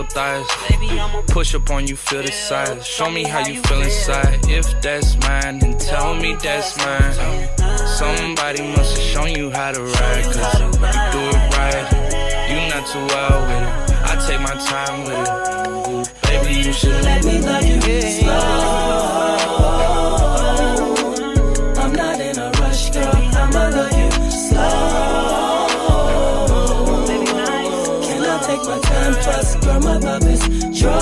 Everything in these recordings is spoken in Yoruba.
your thighs. Push up on you, feel the size. Show me how you feel inside. If that's mine, then tell me that's mine. Somebody must have shown you how to ride, cause you do it right. You not too wild with it. I take my time with it. Baby, you should let me love you slow. take my time, girl, my is strong.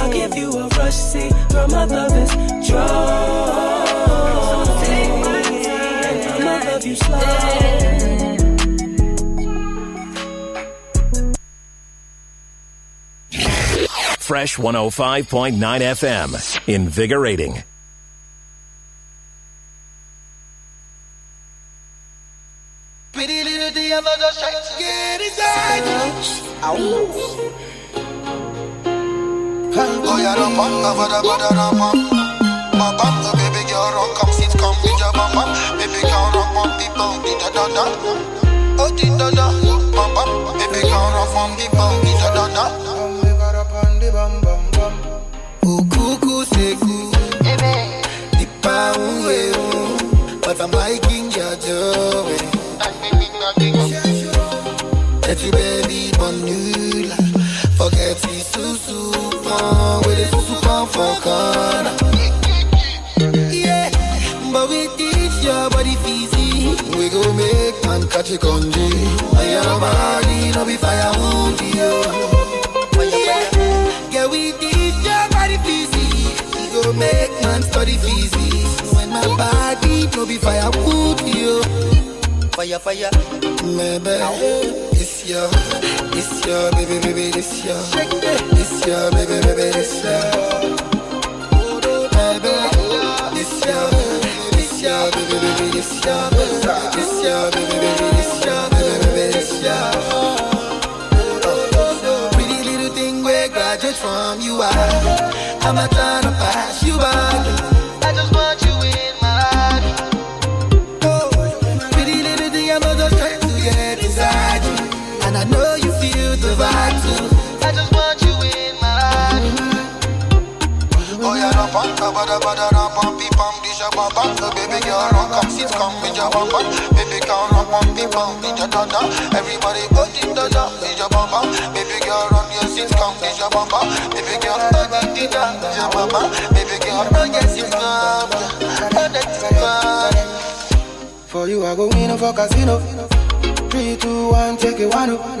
I'll give you a rush, see, girl, my is strong. Take my time, I'ma love you slow. Fresh 105.9 FM. Invigorating. I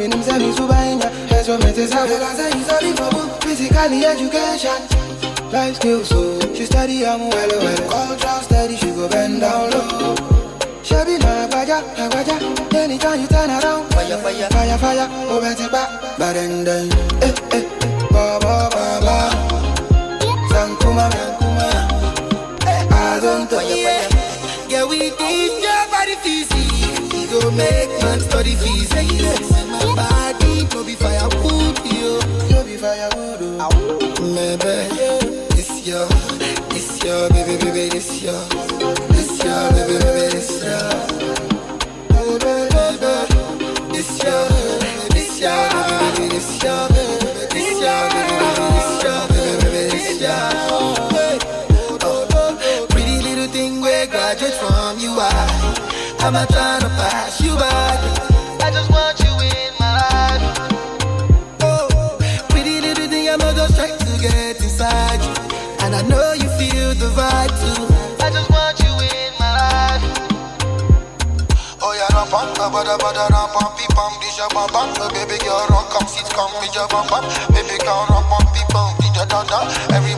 physically education. Life so oh. she study I'm oh, well Cultural study she go bend down low. Shabby na agbaja, agbaja. Anytime you turn around, fire fire fire fire. Oh better ba, ba den den. Eh eh, ba ba ba ba. Sankuma, sankuma. Eh, I don't know. Yeah, yeah, we did make man study fees. My body no be firewood, yo. No be firewood, Maybe oh. it's your, it's your baby, baby, it's your, it's your baby, baby, it's your, baby, baby, it's your. I'm not trying to pass you by. I just want you in my life. Oh, pretty little thing, I'm just trying to get inside you. And I know you feel the vibe too. I just want you in my life. Oh, yeah, ram pam, ba da ba da ram pam, pi pam, di ja bam bam. Baby girl, rock, come sit, come, DJ ja bam bam. Baby girl, rock, pam, pi pam, DJ da da da. Everybody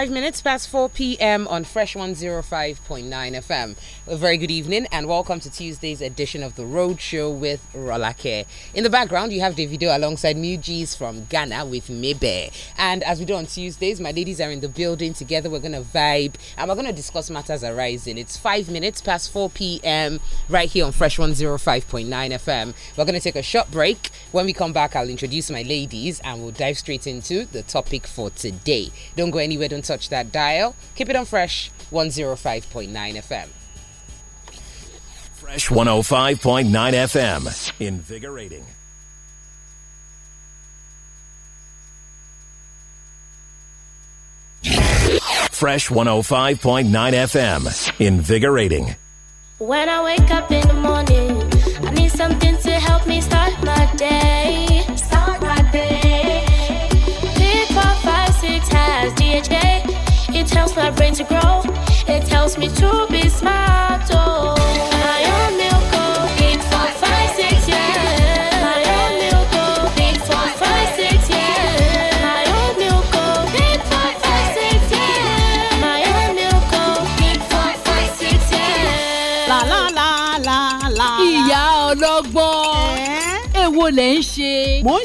five minutes past 4 p.m. on Fresh 105.9 FM. A very good evening and welcome to Tuesday's edition of the Road Show with Rolake. In the background, you have Davido alongside G's from Ghana with Mebe. And as we do on Tuesdays, my ladies are in the building together. We're going to vibe and we're going to discuss matters arising. It's five minutes past 4 p.m. right here on Fresh 105.9 FM. We're going to take a short break. When we come back, I'll introduce my ladies and we'll dive straight into the topic for today. Don't go anywhere, don't touch that dial. Keep it on Fresh 105.9 FM. Fresh 105.9 FM. Invigorating. Fresh 105.9 FM. Invigorating. When I wake up in the morning, I need something to help me start my day. Start my day. Pick four, five, six has DHA. It helps my brain to grow. It helps me to be smart. Oh.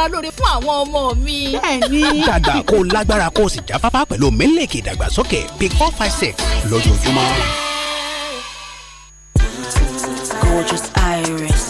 aṣara lóore fún àwọn ọmọ mi. bẹ́ẹ̀ni. dàgbà kó lágbára kó sì jáfáfá pẹ̀lú mílíkì ìdàgbàsókè big four five six lójoojúmọ́. gorgeous iris.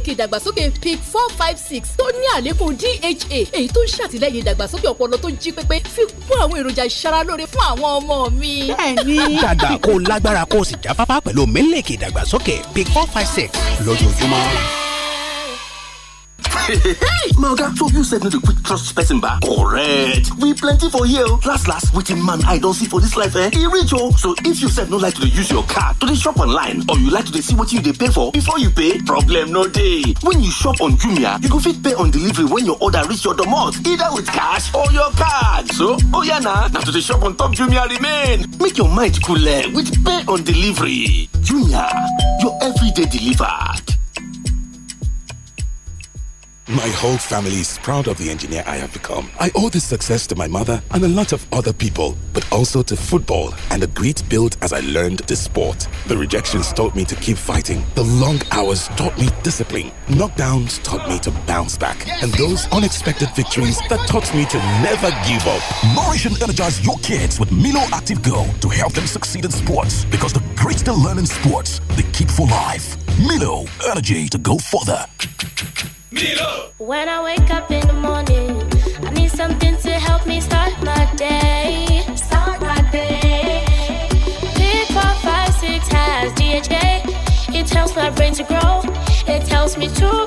mílíkì ìdàgbàsókè pic four five six tó ní àlékún dha èyí tó ń ṣàtìlẹ́yìn ìdàgbàsókè ọpọlọ tó jí pépé fi kún àwọn èròjà ìṣaralóore fún àwọn ọmọ mi. bẹ́ẹ̀ni. dàgbà kó lágbára kó o sì jáfáfá pẹ̀lú mílíkì ìdàgbàsókè pic four five six Hey hey my oga so you said no dey quick trust person ba? correct we plenty for here last last wetin man i don't see for this life eh e reach o so if you said no like to use your card shop online or you like to see what you pay for before you pay problem no day. when you shop on jumia you go fit pay on delivery when your order reach your domot either with cash or your card so oh yeah, na now to the shop on top jumia remain make your mind cooler eh, with pay on delivery jumia your everyday delivered. My whole family is proud of the engineer I have become. I owe this success to my mother and a lot of other people, but also to football and the great build as I learned the sport. The rejections taught me to keep fighting. The long hours taught me discipline. Knockdowns taught me to bounce back. And those unexpected victories that taught me to never give up. Nourish and energize your kids with Milo Active Go to help them succeed in sports. Because the greats they learn in sports, they keep for life. Milo, energy to go further. Milo! When I wake up in the morning, my brain to grow. It helps me to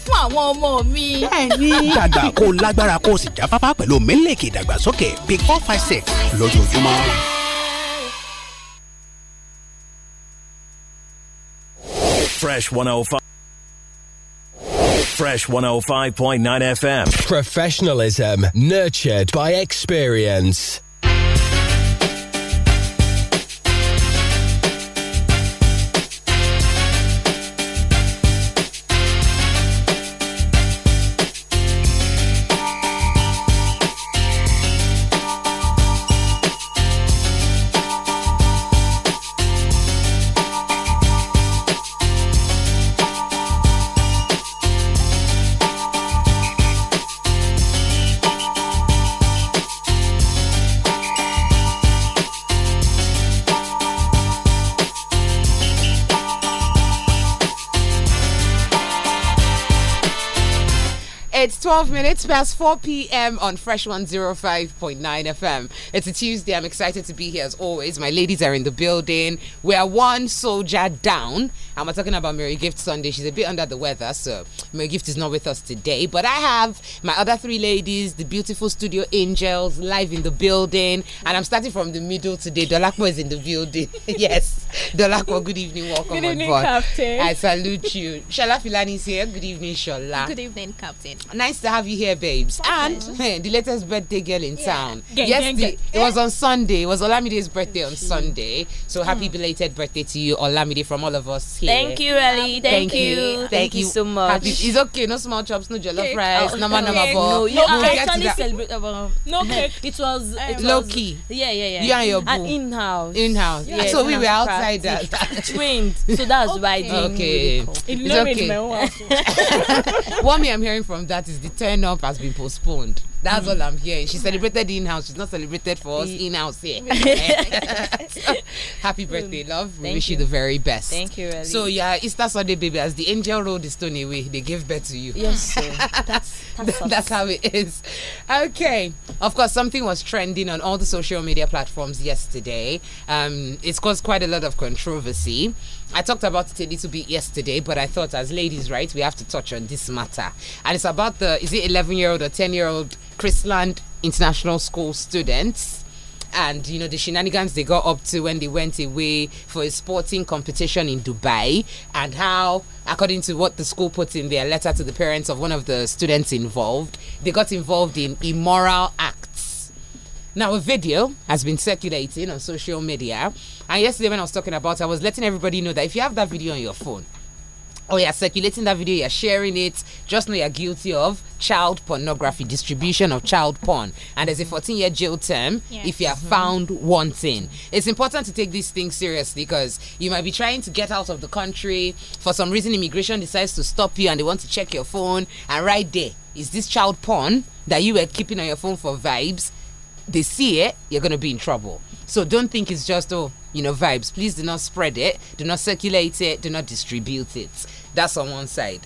fún àwọn ọmọ mi. bẹ́ẹ̀ni dàgbà kó lágbára kó sì jáfáfá pẹ̀lú mílíkì ìdàgbàsókè big four five six lójoojúmọ́. Fresh 105. Fresh 105.9 FM. Professionalism nurtured by experience. 12 minutes past 4 p.m. on Fresh 105.9 FM. It's a Tuesday. I'm excited to be here as always. My ladies are in the building. We are one soldier down. I'm talking about Mary Gift Sunday. She's a bit under the weather, so Mary Gift is not with us today. But I have my other three ladies, the beautiful studio angels, live in the building. And I'm starting from the middle today. Dolakwa is in the building. yes. Dolakwa, good evening. Welcome good evening, on board. Captain. I salute you. Shala Filani is here. Good evening, Shala. Good evening, Captain. Nice to have you here, babes. And the latest birthday girl in yeah. town. yes, the, it was on Sunday. It was Olamide's birthday on Sunday. So hmm. happy mm. belated birthday to you, Olamide, from all of us here. Thank you, Ellie. Thank, Thank you. you. Thank, Thank you. you so much. Happy, it's okay. No small chops, no jello cake. no man, no No, you no, actually no cake. It was, um, it low key. Yeah, yeah, yeah. You and your boo. And in house. In house. Yeah, so we were outside that. Twins. So that's why. Okay. it's okay. One me I'm hearing from that is the turn up has been postponed. That's mm. all I'm hearing. She mm. celebrated in house. She's not celebrated for us in house here. happy birthday, love. We wish you. you. the very best. Thank you. Ellie. So yeah, Easter Sunday, baby. As the angel rolled the stone away, they gave birth to you. Yes, that's that's, that's how it is. Okay. Of course, something was trending on all the social media platforms yesterday. Um, it's caused quite a lot of controversy. I talked about it a little bit yesterday, but I thought as ladies, right, we have to touch on this matter. And it's about the is it 11 year old or 10 year old Chrisland International School students and you know the shenanigans they got up to when they went away for a sporting competition in Dubai, and how, according to what the school put in their letter to the parents of one of the students involved, they got involved in immoral acts now, a video has been circulating on social media. And yesterday, when I was talking about I was letting everybody know that if you have that video on your phone, or you're circulating that video, you're sharing it, just know you're guilty of child pornography, distribution of child porn. And there's a 14 year jail term yes. if you're mm-hmm. found wanting. It's important to take these things seriously because you might be trying to get out of the country. For some reason, immigration decides to stop you and they want to check your phone. And right there is this child porn that you were keeping on your phone for vibes they see it, you're going to be in trouble. So don't think it's just, oh, you know, vibes. Please do not spread it, do not circulate it, do not distribute it. That's on one side.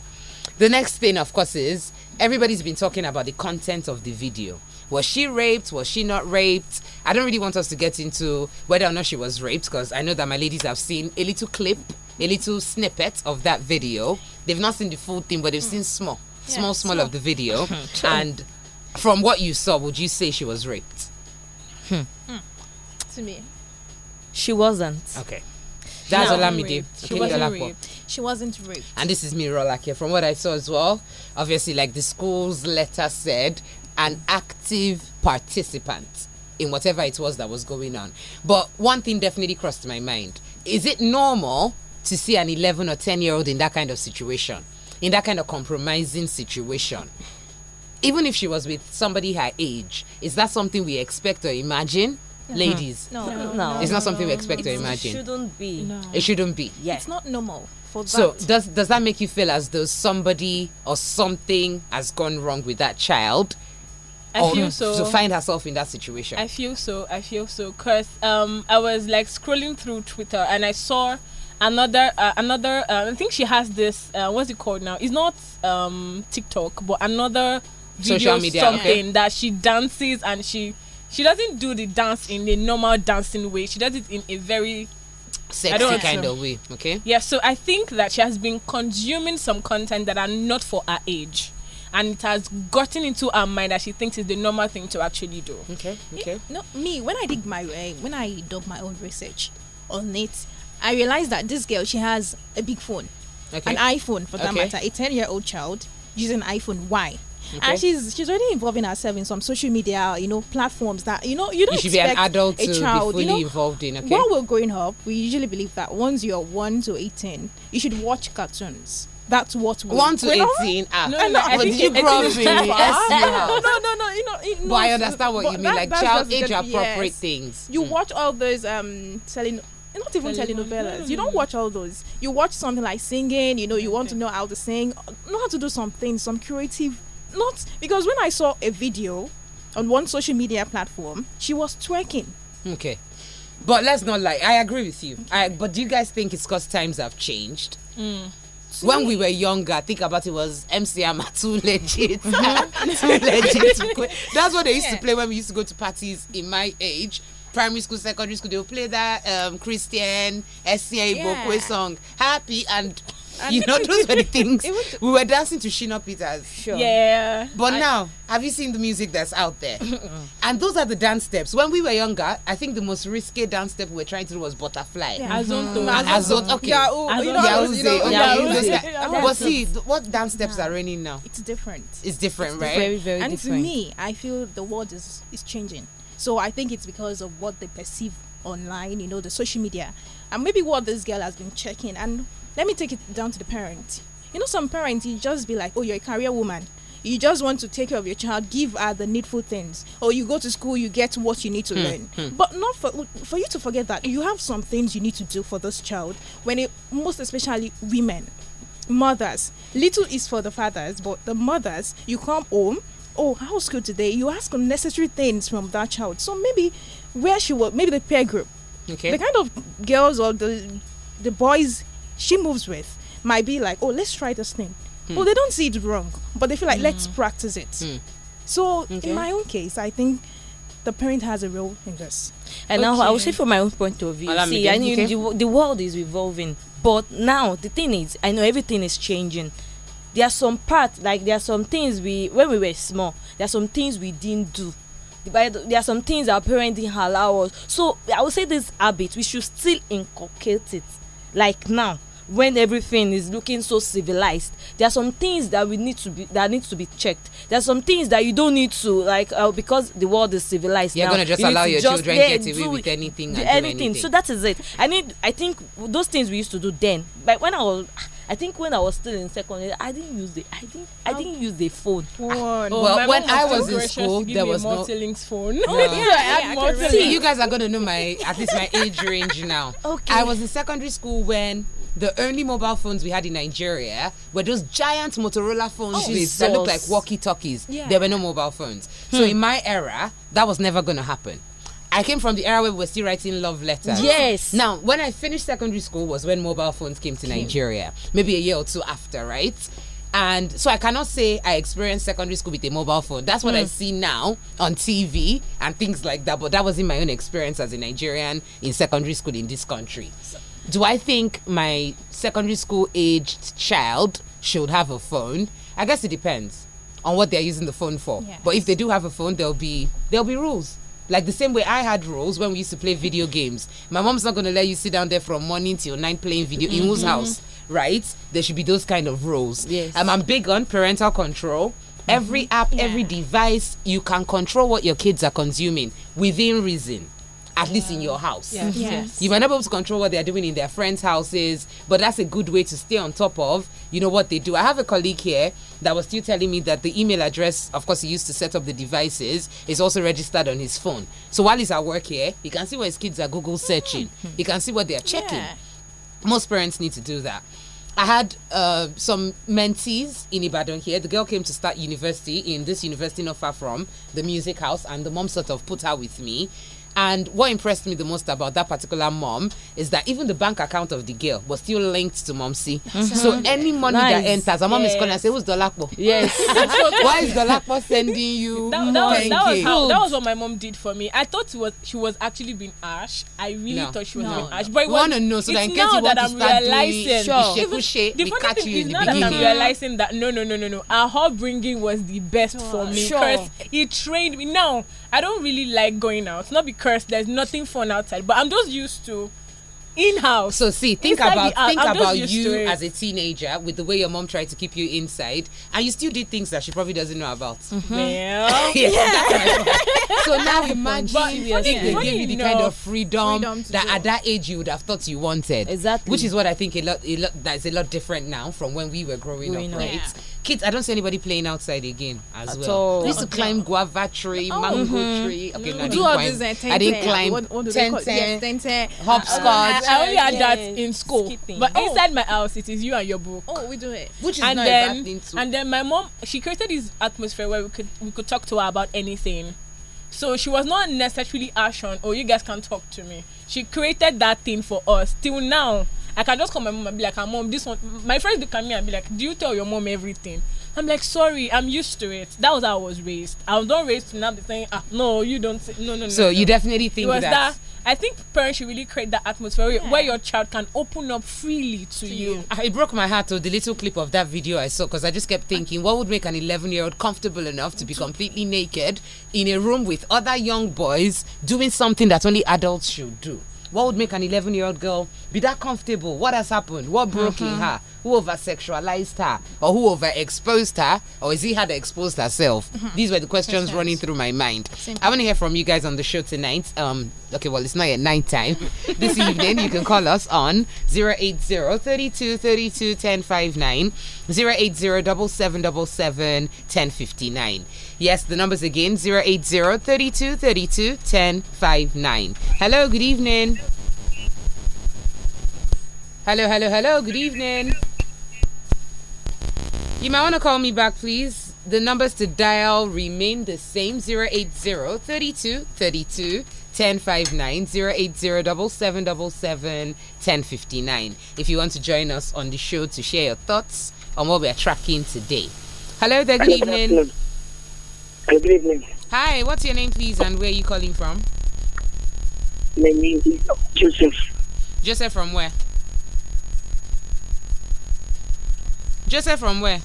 The next thing, of course, is everybody's been talking about the content of the video. Was she raped? Was she not raped? I don't really want us to get into whether or not she was raped because I know that my ladies have seen a little clip, a little snippet of that video. They've not seen the full thing, but they've mm. seen small, yeah, small, small, small, of the video. and from what you saw, would you say she was raped? Hmm. To me. She wasn't. Okay. That's no, Olamide. She okay, wasn't She wasn't raped. And this is me, Rolak here. From what I saw as well, obviously, like the school's letter said, an active participant in whatever it was that was going on. But one thing definitely crossed my mind: is it normal to see an 11 or 10 year old in that kind of situation, in that kind of compromising situation? even if she was with somebody her age, is that something we expect or imagine? Yeah. Ladies, no. No. no. it's not something we expect it's, or imagine. It shouldn't be. No. It shouldn't be. Yeah. It's not normal. So does does that make you feel as though somebody or something has gone wrong with that child? I feel so. To find herself in that situation. I feel so. I feel so. Cause um, I was like scrolling through Twitter and I saw another uh, another. Uh, I think she has this. Uh, what's it called now? It's not um TikTok, but another Social media, something okay. that she dances and she she doesn't do the dance in a normal dancing way. She does it in a very sexy kind of way. Okay. Yeah. So I think that she has been consuming some content that are not for her age. And it has gotten into her mind that she thinks is the normal thing to actually do. Okay. Okay. no, me when I did my uh, when I do my own research on it, I realized that this girl she has a big phone, okay. an iPhone for that okay. matter, a ten year old child using an iPhone. Why? okay. and she's she's already involving herself in some social media, you know, platforms that you know you don't you should be an adult a child, you know, involved in. Okay, while we're growing up, we usually believe that once you're one to eighteen, you should watch cartoons. That's what we one to eighteen. Ah. no, no, no, did you grow up in No, no, no, no. You know, but I understand what you mean, that, like child age appropriate yes. things. You mm. watch all those um selling not even telenovelas. You don't watch all those. You watch something like singing, you know, you okay. want to know how to sing, know how to do something, some creative not because when I saw a video on one social media platform, she was twerking. Okay. But let's not lie. I agree with you. Okay. I, but do you guys think it's because times have changed? Mm. When we were younger, think about it was MC too legit, too legit. That's what they used yeah. to play when we used to go to parties in my age primary school, secondary school, they will play that um, Christian SCA yeah. Bokwe song, Happy and you know, those were the things was, we were dancing to Sheena Peters. Sure. Yeah. But I, now, have you seen the music that's out there? and those are the dance steps. When we were younger, I think the most risky dance step we were trying to do was butterfly. Yeah. Azonto. Mm-hmm. Azonto. Okay. Yeah, oh, you know, But see, what dance steps are raining now? It's different. It's different, it's right? Very, very and different. And to me, I feel the world is is changing. So I think it's because of what they perceive online, you know, the social media, and maybe what this girl has been checking and let me take it down to the parent. You know, some parents, you just be like, oh, you're a career woman. You just want to take care of your child, give her the needful things. Or you go to school, you get what you need to hmm. learn. Hmm. But not for, for you to forget that you have some things you need to do for this child, when it, most especially women, mothers. Little is for the fathers, but the mothers, you come home, oh how's school today you ask unnecessary things from that child so maybe where she was maybe the peer group okay the kind of girls or the the boys she moves with might be like, oh, let's try this thing. Hmm. Well, oh, they don't see it wrong, but they feel like, mm. let's hmm. practice it. Hmm. So, okay. in my own case, I think the parent has a role in this. And okay. now, I will say from my own point of view, well, see, I okay. the, world is evolving, but now the thing is, I know everything is changing. There are some parts, like there are some things we, when we were small, there are some things we didn't do but there are some things our parents didn't allow us. So I would say this habit, we should still inculcate it. Like now, when everything is looking so civilized there are some things that we need to be that need to be checked there are some things that you don't need to like uh, because the world is civilized you're now, gonna just you allow your just, children yeah, get away with anything do anything. anything so that is it i need i think those things we used to do then but when i was I think when I was still in secondary, I didn't use the I didn't I um, didn't use the phone. Oh, well, well when I was in school, there was no Morteling's phone. Oh, yeah, yeah, yeah, yeah See, you guys are gonna know my at least my age range now. Okay. I was in secondary school when the only mobile phones we had in Nigeria were those giant Motorola phones oh, that looked like walkie talkies. Yeah. There were no mobile phones. Hmm. So in my era, that was never going to happen. I came from the era where we were still writing love letters. Yes. Now, when I finished secondary school was when mobile phones came to Nigeria, maybe a year or two after, right? And so I cannot say I experienced secondary school with a mobile phone. That's what mm. I hmm. see now on TV and things like that. But that wasn't my own experience as a Nigerian in secondary school in this country. So, do I think my secondary school aged child should have a phone? I guess it depends on what they're using the phone for. Yes. But if they do have a phone, there'll be there'll be rules. Like the same way I had rules when we used to play video games. My mom's not gonna let you sit down there from morning till night playing video mm -hmm. in whose mm-hmm. house, right? There should be those kind of rules. Yes. Um, I'm big on parental control. Every mm-hmm. app, yeah. every device, you can control what your kids are consuming within reason at least in your house. Yes. Mm-hmm. yes. You might not be able to control what they're doing in their friends' houses, but that's a good way to stay on top of, you know, what they do. I have a colleague here that was still telling me that the email address, of course, he used to set up the devices, is also registered on his phone. So while he's at work here, he can see what his kids are Google searching. Hmm. He can see what they're checking. Yeah. Most parents need to do that. I had uh, some mentees in Ibadan here. The girl came to start university in this university not far from the music house, and the mom sort of put her with me. And what impressed me the most about that particular mom is that even the bank account of the girl was still linked to Momsi. Mm -hmm. So any money nice. that enters, her mom yes. is gonna say, "Who's Dolapo?" Yes. Why is Dolapo sending you? That, that, was, that, was how, that, was, what my mom did for me. I thought was, she was actually being harsh. I really no. thought she was no. being harsh. But you want to know so that in case you want to start doing sure. Even, the funny thing is now that I'm realizing that no, no, no, no, no, our bringing was the best oh, for me because sure. it trained me now. I don't really like going out. Not because there's nothing fun outside, but I'm just used to in-house. So see, think inside about think I'm about you as a teenager with the way your mom tried to keep you inside, and you still did things that she probably doesn't know about. Mm -hmm. Well, yeah. so now imagine if they gave you the kind of freedom, freedom that do. at that age you would have thought you wanted. Exactly, which is what I think a lot, a lot that is a lot different now from when we were growing, up, right? Yeah. kids, I don't see anybody playing outside again as At well. All. We used to climb guava tree, oh, mango mm -hmm. tree. Okay, mm. no, I, didn't climb, ten -ten. Uh, I didn't climb. What, what ten, yes, ten, ten, hopscotch. Uh, I only had that in school, Skipping. but oh. inside my house, it is you and your book. Oh, we do it, which is and not then, a bad thing too. And then my mom, she created this atmosphere where we could we could talk to her about anything. So she was not necessarily ash on, Oh, you guys can talk to me. She created that thing for us. Till now, I can just call my mom and be like, "Her ah, mom, this one." My friends look come me and be like, "Do you tell your mom everything?" I'm like, "Sorry, I'm used to it. That was how I was raised. I was not raised to now be saying, ah, no, you don't. Say, no, no, no." So no. you definitely think it was that. that I think parents should really create that atmosphere yeah. where your child can open up freely to, to you. you. Ah, it broke my heart, to the little clip of that video I saw, because I just kept thinking, what would make an 11 year old comfortable enough to be mm-hmm. completely naked in a room with other young boys doing something that only adults should do? What would make an 11 year old girl be that comfortable? What has happened? What broke mm -hmm. in mm-hmm. her? Who over sexualized her? Or who over exposed her? Or is he had exposed herself? Mm -hmm. These were the questions running through my mind. Simple. I want to hear from you guys on the show tonight. Um, okay, well, it's not yet night time. this evening, you can call us on 080 32 32 1059, 080 Yes, the numbers again 080 32 32 1059. Hello, good evening. Hello, hello, hello, good evening. You might want to call me back, please. The numbers to dial remain the same 080 32 32 1059 1059 if you want to join us on the show to share your thoughts on what we are tracking today. Hello there, good evening. Good evening. Hi, what's your name, please, and where are you calling from? My name is Joseph. Joseph from where? Joseph from where?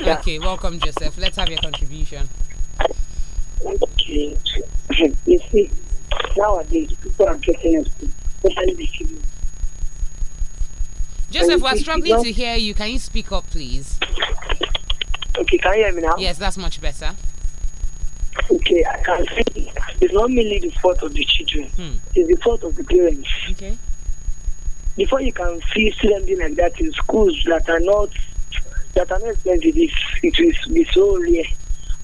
Okay, welcome, Joseph. Let's have your contribution. Okay. you see, nowadays people are getting especially Joseph, we're struggling to hear you. Can you speak up, please? Okay, can you hear me now? Yes, that's much better. Okay, I can see it's not mainly the fault of the children, hmm. it's the fault of the parents. Okay. Before you can see students being like that in schools that are not that are not expensive, it, will be so rare.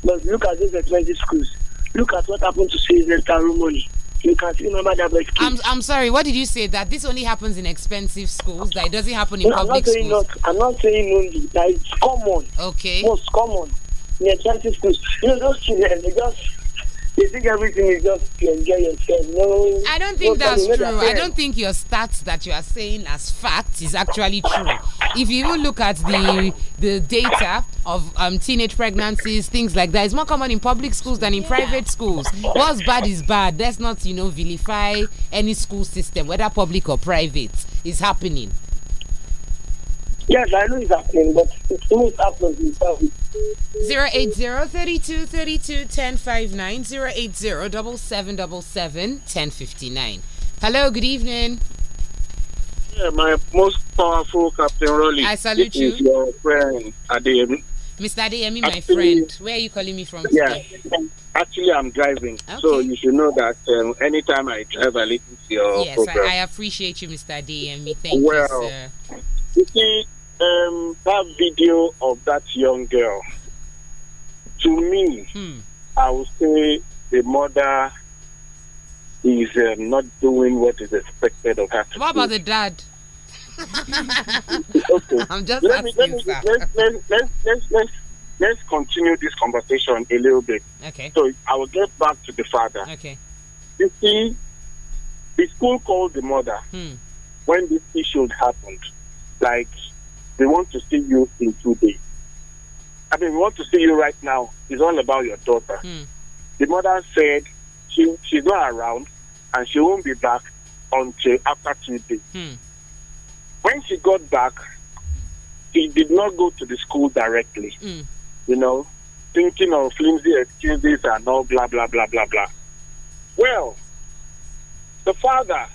But look at those expensive schools. Look at what happened to students' rental money you can still remember that best I'm, I'm sorry, what did you say? That this only happens in expensive schools, that it doesn't happen in no, public I'm schools? Not, I'm not saying only, that it's common. Okay. Most common in expensive schools. You know, those children, they just you think everything is just to enjoy yourself. No, I don't think no that's true. I don't think your stats that you are saying as facts is actually true. If you even look at the the data of um, teenage pregnancies, things like that, it's more common in public schools than in yeah. private schools. What's bad is bad. Let's not you know vilify any school system, whether public or private. Is happening. Yes, I know it's happening, but it's almost happened himself. 080 32 32 1059 Hello, good evening. Yeah, my most powerful Captain Rolly. I salute this you. Is your friend Adem. Mr. Adeyemi, my friend. Where are you calling me from? Yeah, actually, I'm driving, okay. so you should know that um, anytime I drive, I listen to your yes, program. Yes, I, I, appreciate you, Mr. Adeyemi. Thank well, you, sir. You see, um, that video of that young girl, to me, hmm. I would say the mother is uh, not doing what is expected of her. what do. about the dad? okay. I'm just let asking, me, let me, let's, let's, let's, let's, let's, let's continue this conversation a little bit. Okay. So I will get back to the father. Okay. You see, the school called the mother hmm. when this issue happened. Like, we want to see you in two days. I mean, we want to see you right now. It's all about your daughter. Mm. The mother said she she's not around and she won't be back until after two days. Mm. When she got back, she did not go to the school directly. Mm. You know, thinking of flimsy excuses and all blah blah blah blah blah. Well, the father,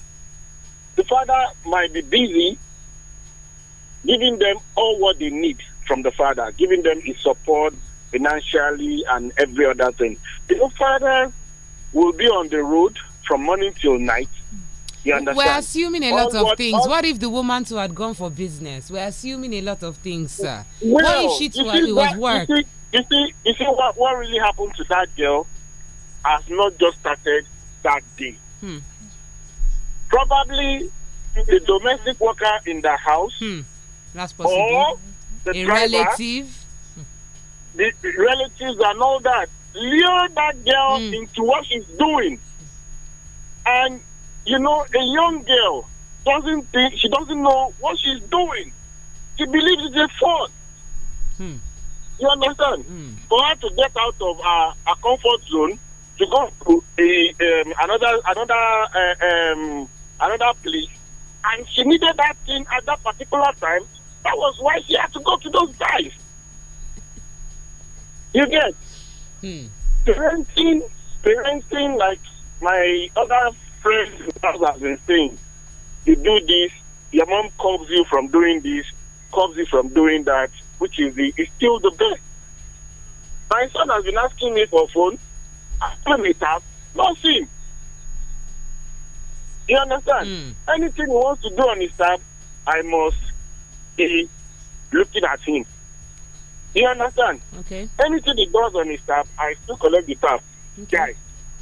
the father might be busy giving them all what they need from the father, giving them his support financially and every other thing. The father will be on the road from morning till night. You understand? We're assuming a all lot of what, things. what if the woman too had gone for business? We're assuming a lot of things, sir. Well, what if she too had, it was work? You see, you see, you see what, what really happened to that girl has not just started that day. Hmm. Probably the domestic worker in the house hmm. That's possible. Or the a driver, relative. The relatives and all that. Lure that girl mm. into what she's doing. And, you know, a young girl doesn't think, she doesn't know what she's doing. She believes it's a fraud. Hmm. You understand? Mm. For her to get out of her, her comfort zone, to go to a, um, another another uh, um, another place, and she needed that thing at that particular time that was why she had to go to those guys. You get hmm. parenting, parenting like my other friends has been saying. You do this, your mom curbs you from doing this, curbs you from doing that, which is the is still the best. My son has been asking me for a phone. I him a tap, You understand? Mm. Anything he wants to do on his tab, I must be looking at him. You understand? Okay. Anything he does on his tab, I still collect the tab. Okay. Guys,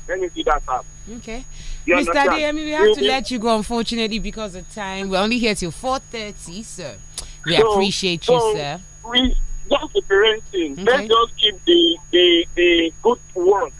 let me see that tab. Okay. You Mr. Adeyemi, we have to let you go, unfortunately, because of time. We're only here till 4.30, sir. We so, appreciate you, so sir. We, just the parenting. Okay. Let's just keep the, the, the good work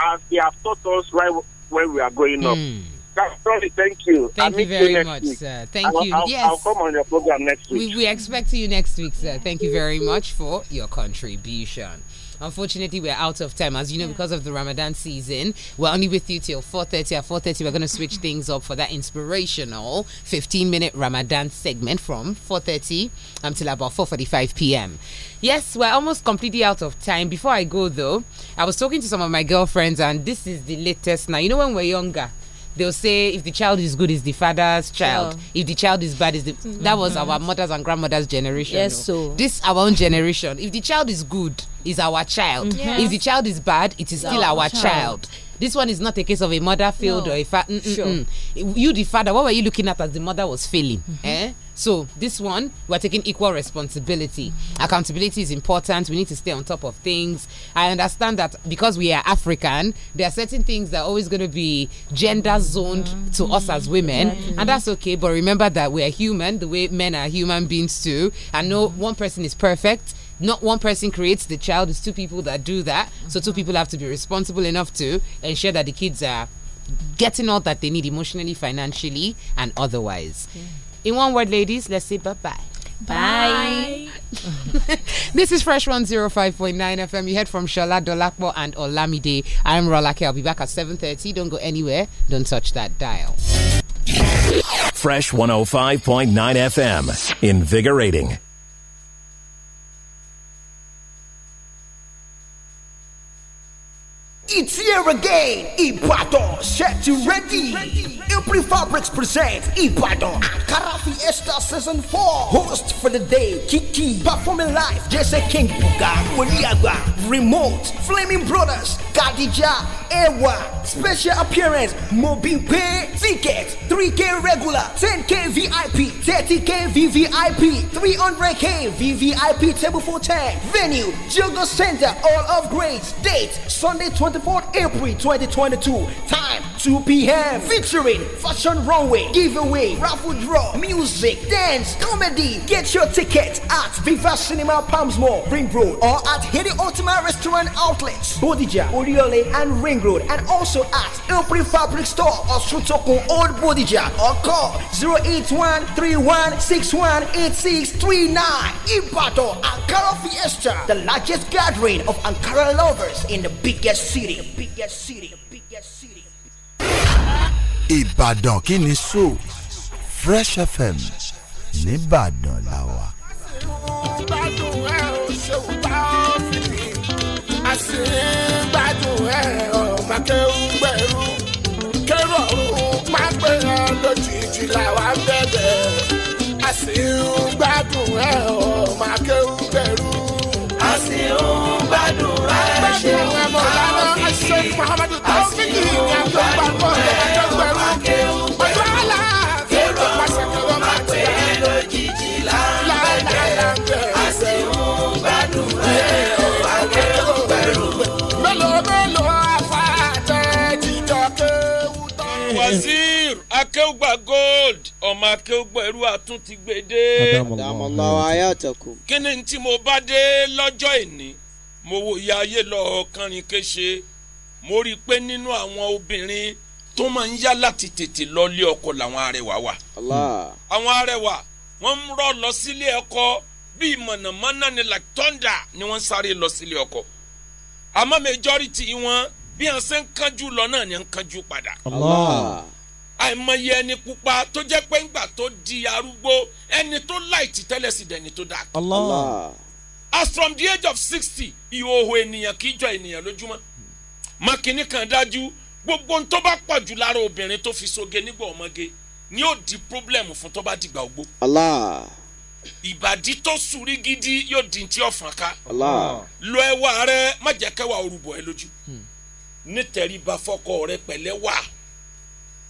as they have taught us right when we are growing mm. up. Hmm. Sorry, thank you. Thank I'll you very much, week. sir. Thank I'll, you. I'll, yes. I'll come on your program next week. We, we expect you next week, sir. Thank you very much for your contribution unfortunately we're out of time as you know because of the ramadan season we're only with you till 4.30 at 4.30 we're going to switch things up for that inspirational 15 minute ramadan segment from 4.30 until about 4.45 p.m yes we're almost completely out of time before i go though i was talking to some of my girlfriends and this is the latest now you know when we're younger they'll say if the child is good, it's the father's child. Sure. If the child is bad, is the mm -hmm. that was our mm-hmm. mothers and grandmothers' generation. Yes, no. so this our own generation. If the child is good, is our child. Mm -hmm. If the child is bad, it is still our, our child. child this one is not a case of a mother failed no. or a father. Sure. you the father what were you looking at as the mother was failing -hmm. eh? So this one, we're taking equal responsibility. Accountability is important. We need to stay on top of things. I understand that because we are African, there are certain things that are always going to be gender zoned mm -hmm. to us as women, and that's okay. But remember that we are human, the way men are human beings too, and no one person is perfect not one person creates the child it's two people that do that so two people have to be responsible enough to ensure that the kids are getting all that they need emotionally financially and otherwise yeah. In one word, ladies, let's say bye bye. Bye. this is Fresh 105.9 FM. You heard from Shola Dolakbo and Olamide. I'm Rolake. I'll be back at 7.30. Don't go anywhere. Don't touch that dial. Fresh 105.9 FM. Invigorating. Here again, Ibadan, set you ready. Impri Fabrics present Ibadan Ankara Fiesta Season 4. Host for the day, Kiki. Performing live, Jesse King Buga, Oliagba, Remote, Flaming Brothers, Kadija, Ewa. Special appearance, Mobin Pay. Tickets, 3K regular, 10K VIP, 30K VVIP, 300K VVIP, table for 10. Venue, Jungle Center, all of grades. Date, Sunday 24th April 2022, time 2 p.m. Featuring fashion runway, giveaway, raffle draw, music, dance, comedy. Get your ticket at Viva Cinema Palms Mall, Ring Road, or at Hedi Ultima Restaurant Outlets, Bodija, Oriole, and Ring Road, and also at April Fabric Store or Sutoko Old Bodija, or call 081 Ibadan Ankara Fiesta, the largest gathering of Ankara lovers in the biggest city. biggest city. Ìbàdàn kí ni so Fresh FM nìbàdàn la wà. Àṣìgbádùn ẹ̀ ò ṣe ò bá ọ́fìsì. Àṣìgbádùn ẹ̀ ọ̀ máa ṣe ò ní muhammadu tasiki ní àgbẹ̀gbà pọ̀ lẹ́ẹ̀dọ́gbẹ̀rún pẹ̀lú àlà fèrò pàṣẹ kí wọ́n máa pè é lójijì láńbẹ̀dẹ̀ a sì ń gbádùn rẹ̀ àgbẹ̀gbẹ̀rún. mélòó mélòó afa tẹ jíjọ kéwú tán. wazir akéwùgbà gold ọmọ akéwùgbà ẹrú atún ti gbé dé. àdàmọ̀lá ayàtọ̀kù. kí ni tí mo bá dé lọ́jọ́ ìní mo wo ìyá ayé lọ kánrin kéṣe mo rí i pé nínú àwọn obìnrin tó máa ń yá láti tètè lọ ilé ọkọ làwọn arẹwà wà. àwọn arẹwà wọ́n ń rọ lọ sílé ọkọ bíi mọ̀nàmọ́ná ni like thunder ni wọ́n sáré lọ sílé ọkọ. àmọ́ majority wọn bí wọ́n ṣe ń kánjú lọ náà ni wọ́n kánjú padà. àìmọye ẹni pupa tó jẹ́ pé ńgbà tó di arúgbó ẹni tó láìtì tẹ́lẹ̀ sí dẹni tó dáa. as from the age of sixty ìhòòhò ènìyàn kì jọ ènìyàn lójúmọ́ mọ́kìnní kan dájú gbogbo tó bá pọ̀ jù lára obìnrin tó fi soge nígbà ọmọge ni yóò di problem fún tó bá dìgbà ogbó. Allah. ìbàdí tó sùrí gidi yóò di ti ọ̀fàn ká. Allah. lo ẹwà rẹ má jẹ́ kẹwà orúbọ ẹ lójú. Hmm. nítorí bá fọkọ rẹ pẹ̀lẹ́ wà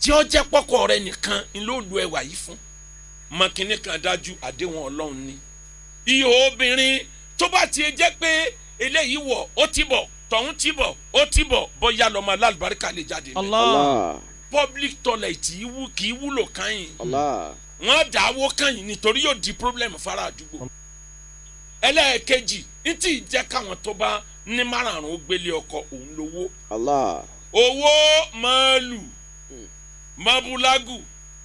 tí ó jẹ́ pọ́kọ rẹ nìkan ni ló lo ẹwà yìí fún. mọ́kìnní kan dájú àdéhùn ọlọ́run ni. ihò obìnrin tó bá ti jẹ́ pé eléyìí wọ̀ ó ti bọ̀ tọ̀hún ti bọ̀ ó ti bọ̀ bóyá lọ́mọ alálùbáríkà lè jáde mẹ́. public toilet kì í wúlò kányìn wọ́n dà á wó kányìn nítorí yóò di problem fara àdúgbò. ẹlẹ́ẹ̀kejì ní tí ì jẹ́ káwọn tó bá ní márààrún gbélé ọkọ òun lówó. owó màálù mabulagu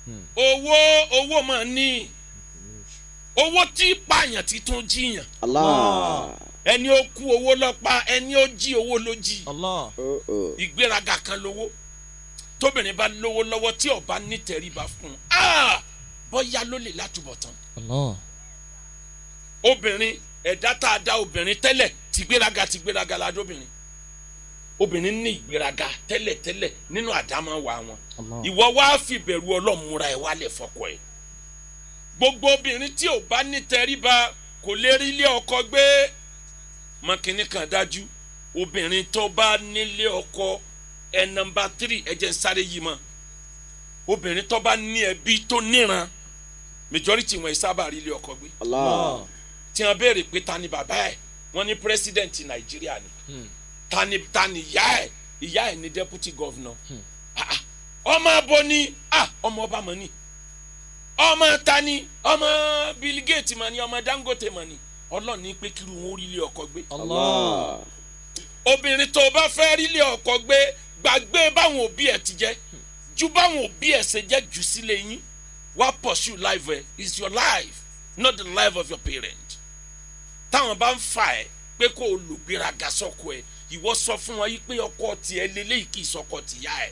hmm. owó owó mà ní owó tí pààyàn ti tún jiyàn ẹni ó kú owó lọ́pa ẹni ó jí owó ló jí ìgbéraga kan lówó tóbìnrin bá lówó lọ́wọ́ tí ọba nítẹríba fún un ah! bọ́yá ló lè látúbọ̀ tán obìnrin ẹ̀dá tá a dá obìnrin tẹ́lẹ̀ tìgbéraga tìgbéraga la dóbìnrin obìnrin ní ìgbéraga tẹ́lẹ̀tẹ́lẹ̀ nínú àdámọ́ wa wọn ìwọ wá fi bẹ̀rù ọlọ́múra ẹ̀ wálẹ̀ fọkọ ẹ̀ gbogbo obìnrin tí ò bá kò lè rí ilé ọkọ gbé Makini kínní kan dájú obìnrin tó bá nílé ọkọ ẹ nọ́mbà tírì ẹ jẹ́ sáré yìí mọ́ obìnrin tó bá ní ẹbí tó níran majority wọn sábà rí ilé ọkọ gbé tí wọ́n béèrè pé ta ni bàbá ẹ̀ wọ́n ní president nàìjíríà ni hmm. ta ni ta ni ìyá ẹ̀ ìyá ẹ̀ ni deputy governor hmm. ah, ah. ọmọ abo ni ah, ọmọ ọba mọ ni ọmọ ta ọmọ Bill Gates mọ ni ọmọ Dangote mọ ni. Hmm ọlọ́run ní pé kírun wọn ó rí ilé ọkọ gbé. obìnrin tó bá fẹ́ rí ilé ọkọ gbé gbàgbé báwọn òbí ẹ̀ ti jẹ́ ju báwọn òbí ẹ̀ ṣe jẹ́ jù sílé yín wá pursue life ẹ̀ is your life not the life of your parent. táwọn bá ń fà ẹ́ pé kó o lò gbéraga sọ́kọ ẹ̀ ìwọ sọ fún wọn yí pé ọkọ tiẹ̀ lélẹ́yìí kì í sọkọ tìyá ẹ̀.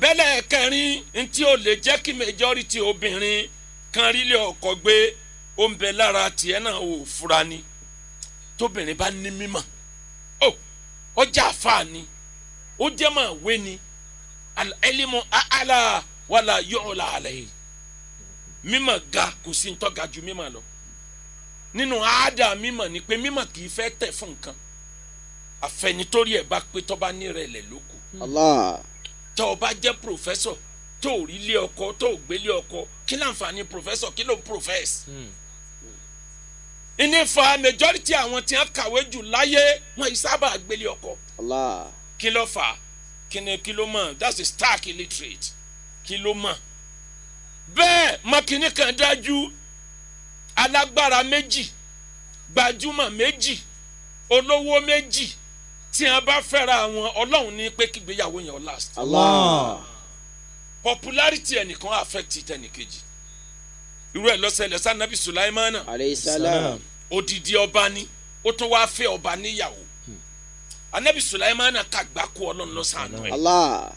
bẹ́lẹ̀ kẹrin ntí o lè jẹ́ kí majority obìnrin kan rí ilé ọkọ gbé o ń bẹ lára tiẹ̀ náà ò fura ni tóbìnrin bá ní mímọ̀ ó ọjà ni ó jẹ́ mọ̀ wé ni ẹlẹ́mọ̀ àlà wàlà yọ̀ọ̀là àlẹ́ yìí ga kò sí ń tọ́ga ju mímọ̀ lọ nínú àádá mímọ̀ ni pé mímọ̀ kì í fẹ́ tẹ̀ fún nǹkan àfẹnitórí ẹ̀ bá pé tọ́ bá nírẹ̀lẹ̀ lóko tọ́ ọ jẹ́ pòfẹ́sọ̀ tó rí lé ọkọ tó gbé ọkọ kí láǹfààní kí ló ìnífà majority àwọn tí wọ́n kàwé jù láyé wọn yìí sábà gbélé ọkọ. kí ló fà kí ni kí ló mọ̀ that's the stark illiterate kí ló mọ̀ bẹ́ẹ̀ mọ̀kìnní kan dájú alágbára méjì gbajúmọ̀ méjì olówó méjì tí a bá fẹ́ra wọn ọlọ́run ní pé kígbéyàwó yẹn last. Allah. popularity ẹnìkan affect tẹnìkejì irú ẹ̀ lọ́sẹ̀lẹ̀ sí anabi sulaimana odidi ọba ni ó tún wáá fẹ́ ọba níyàwó anabi hmm. sulaimana kàgbákò ọlọ́run lọ́sàn-án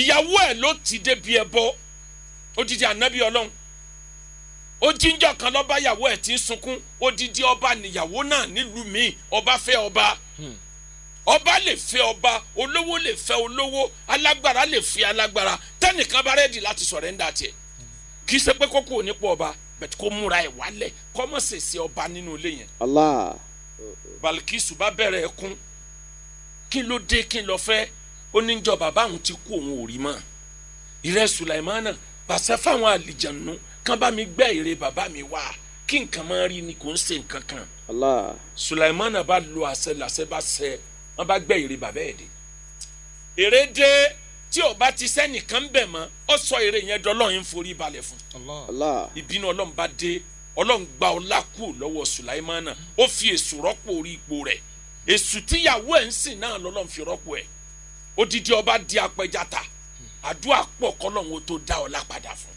ìyàwó ẹ̀ ló ti débi ẹ bọ́ odidi anabi ọlọ́run ó jíjọ kan lọ́ba ìyàwó ẹ̀ tí ń sunkún odidi ọba níyàwó náà nílùú mi ọba fẹ́ ọba hmm. ọba lè fẹ́ ọba olówó lè fẹ́ olówó alágbára lè fẹ́ alágbára tẹ́nìkan bá rẹ́dì láti sọ̀rẹ́ńdà tiẹ̀ kì í ṣe pé kókó nípò ọba bẹ̀tí kó múra ẹ̀ wálẹ̀ kọ́mọ̀ ṣèṣe ọba nínú ilé yẹn. Allah. Balikisu bá bẹ̀rẹ̀ ẹkún kí ló dé kí lọ fẹ́ ó ní jọ bàbá àwọn ti kú òun ò rí mọ́ ìrẹ́ Sùlàìmánà pàṣẹ fáwọn àlìjànú kán bá mi gbẹ́ ère bàbá mi wá kí nǹkan máa rí ni kò ń ṣe nǹkan kan Allah. Sùlàìmánà bá lo àṣẹ làṣẹ bá ṣẹ wọn bá gbẹ́ ère bàbá ẹ̀ dé ère dé tí o bá ti sẹ́nìkan bẹ̀ mọ́ ọ sọ èrè yẹn dọ́lọ́run ń forí balẹ̀ fún. ìbínú ọlọ́run bá dé ọlọ́run gba ọlá kù lọ́wọ́ sùláìmánà ó fi èṣù rọ́pò orí ipò rẹ̀ èṣù tíyàwó ẹ̀ ń sìn náà lọ́lọ́run fi rọ́pò ẹ̀ odidi ọba di apẹjata àdúrà pọ̀ kọ́lọ́run ó tó dá ọlá padà fún.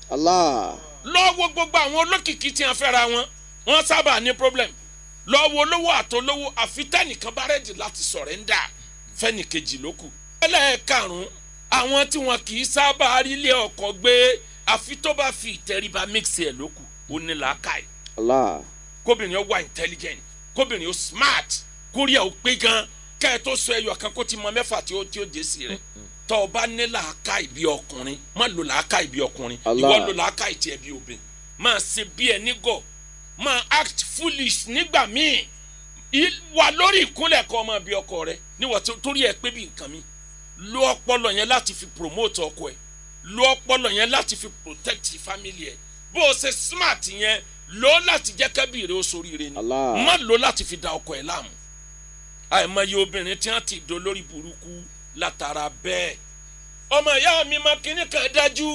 lọ́wọ́ gbogbo àwọn olókìkí tí a fẹ́ra wọn wọ́n sábà ní problem lọ́wọ́ olówó àtolówó àfitẹ́nìkan bá rẹ́dì láti sọ̀rẹ́ńdà fẹ́nìkejì lókù. ẹlẹ́ẹ̀karùn-ún àwọn tí wọn kì í sábà rí ilé ọkọ gbé àfi tó bá fi ìtẹríba mix ẹ lókù ó ní làákàyè. kóbìnrin ó wà intelligent kóbìnrin ó smart kórìà ó pé gan ká ẹ tó sọ ẹyọ kan kó ti mọ mẹ́fà tí ó tí ó dé sí rẹ tọ́ ọ bá ní làákàyè bí ọkùnrin má lo làákàyè bí ọkùnrin ìwọ lo làákàyè tiẹ̀ bí obìnrin máa ṣe bí ẹni gọ̀ máa act foolish nígbà míì wà lórí ìkúnlẹ̀ kọ́ ọmọ bí ọkọ rẹ níwọ̀n torí ẹ pé bí nǹkan míì lo ọpọlọ yẹn láti fi promote ọkọ ẹ lo ọpọlọ yẹn láti fi protect family ẹ bó o ṣe smart yẹn lo láti jẹ́ kẹ́bìrì ó soríire ni má lo láti fi da ọkọ ẹ láàmú àìmọye obìnrin tí wọ́n ti do lórí burúkú látara bẹ́ẹ̀ ọmọ ìyá mi máa kíní kan dájú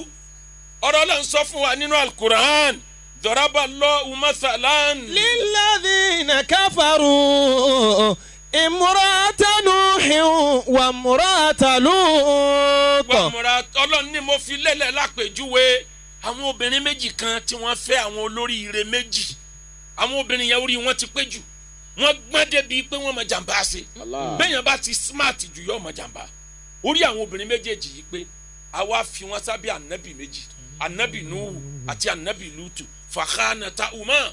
ọ̀rọ̀ là ń sọ fún wa nínú alukur'an dọ̀rọ̀bà lọ́ọ́ umasalan. lílọ́dì nàkàfàrún ìmúratá nùhìn wà múratá lóòótọ́. ọlọ́run ni mo fi lélẹ̀ lápèjúwe àwọn obìnrin méjì kan tí wọ́n fẹ́ àwọn olóríire méjì àwọn obìnrin yẹn orí wọn ti pé jù wọ́n gbọ́n débi pé wọ́n mọ jàǹbá ṣe bẹ́ẹ̀yàn bá ti smart jù yọ ọmọ jàǹbá orí àwọn obìnrin méjèèjì yìí pé àwa fi wọn sábẹ́ ànábì méjì ànábì nuhu àti ànábì lutu fàkànà ta umar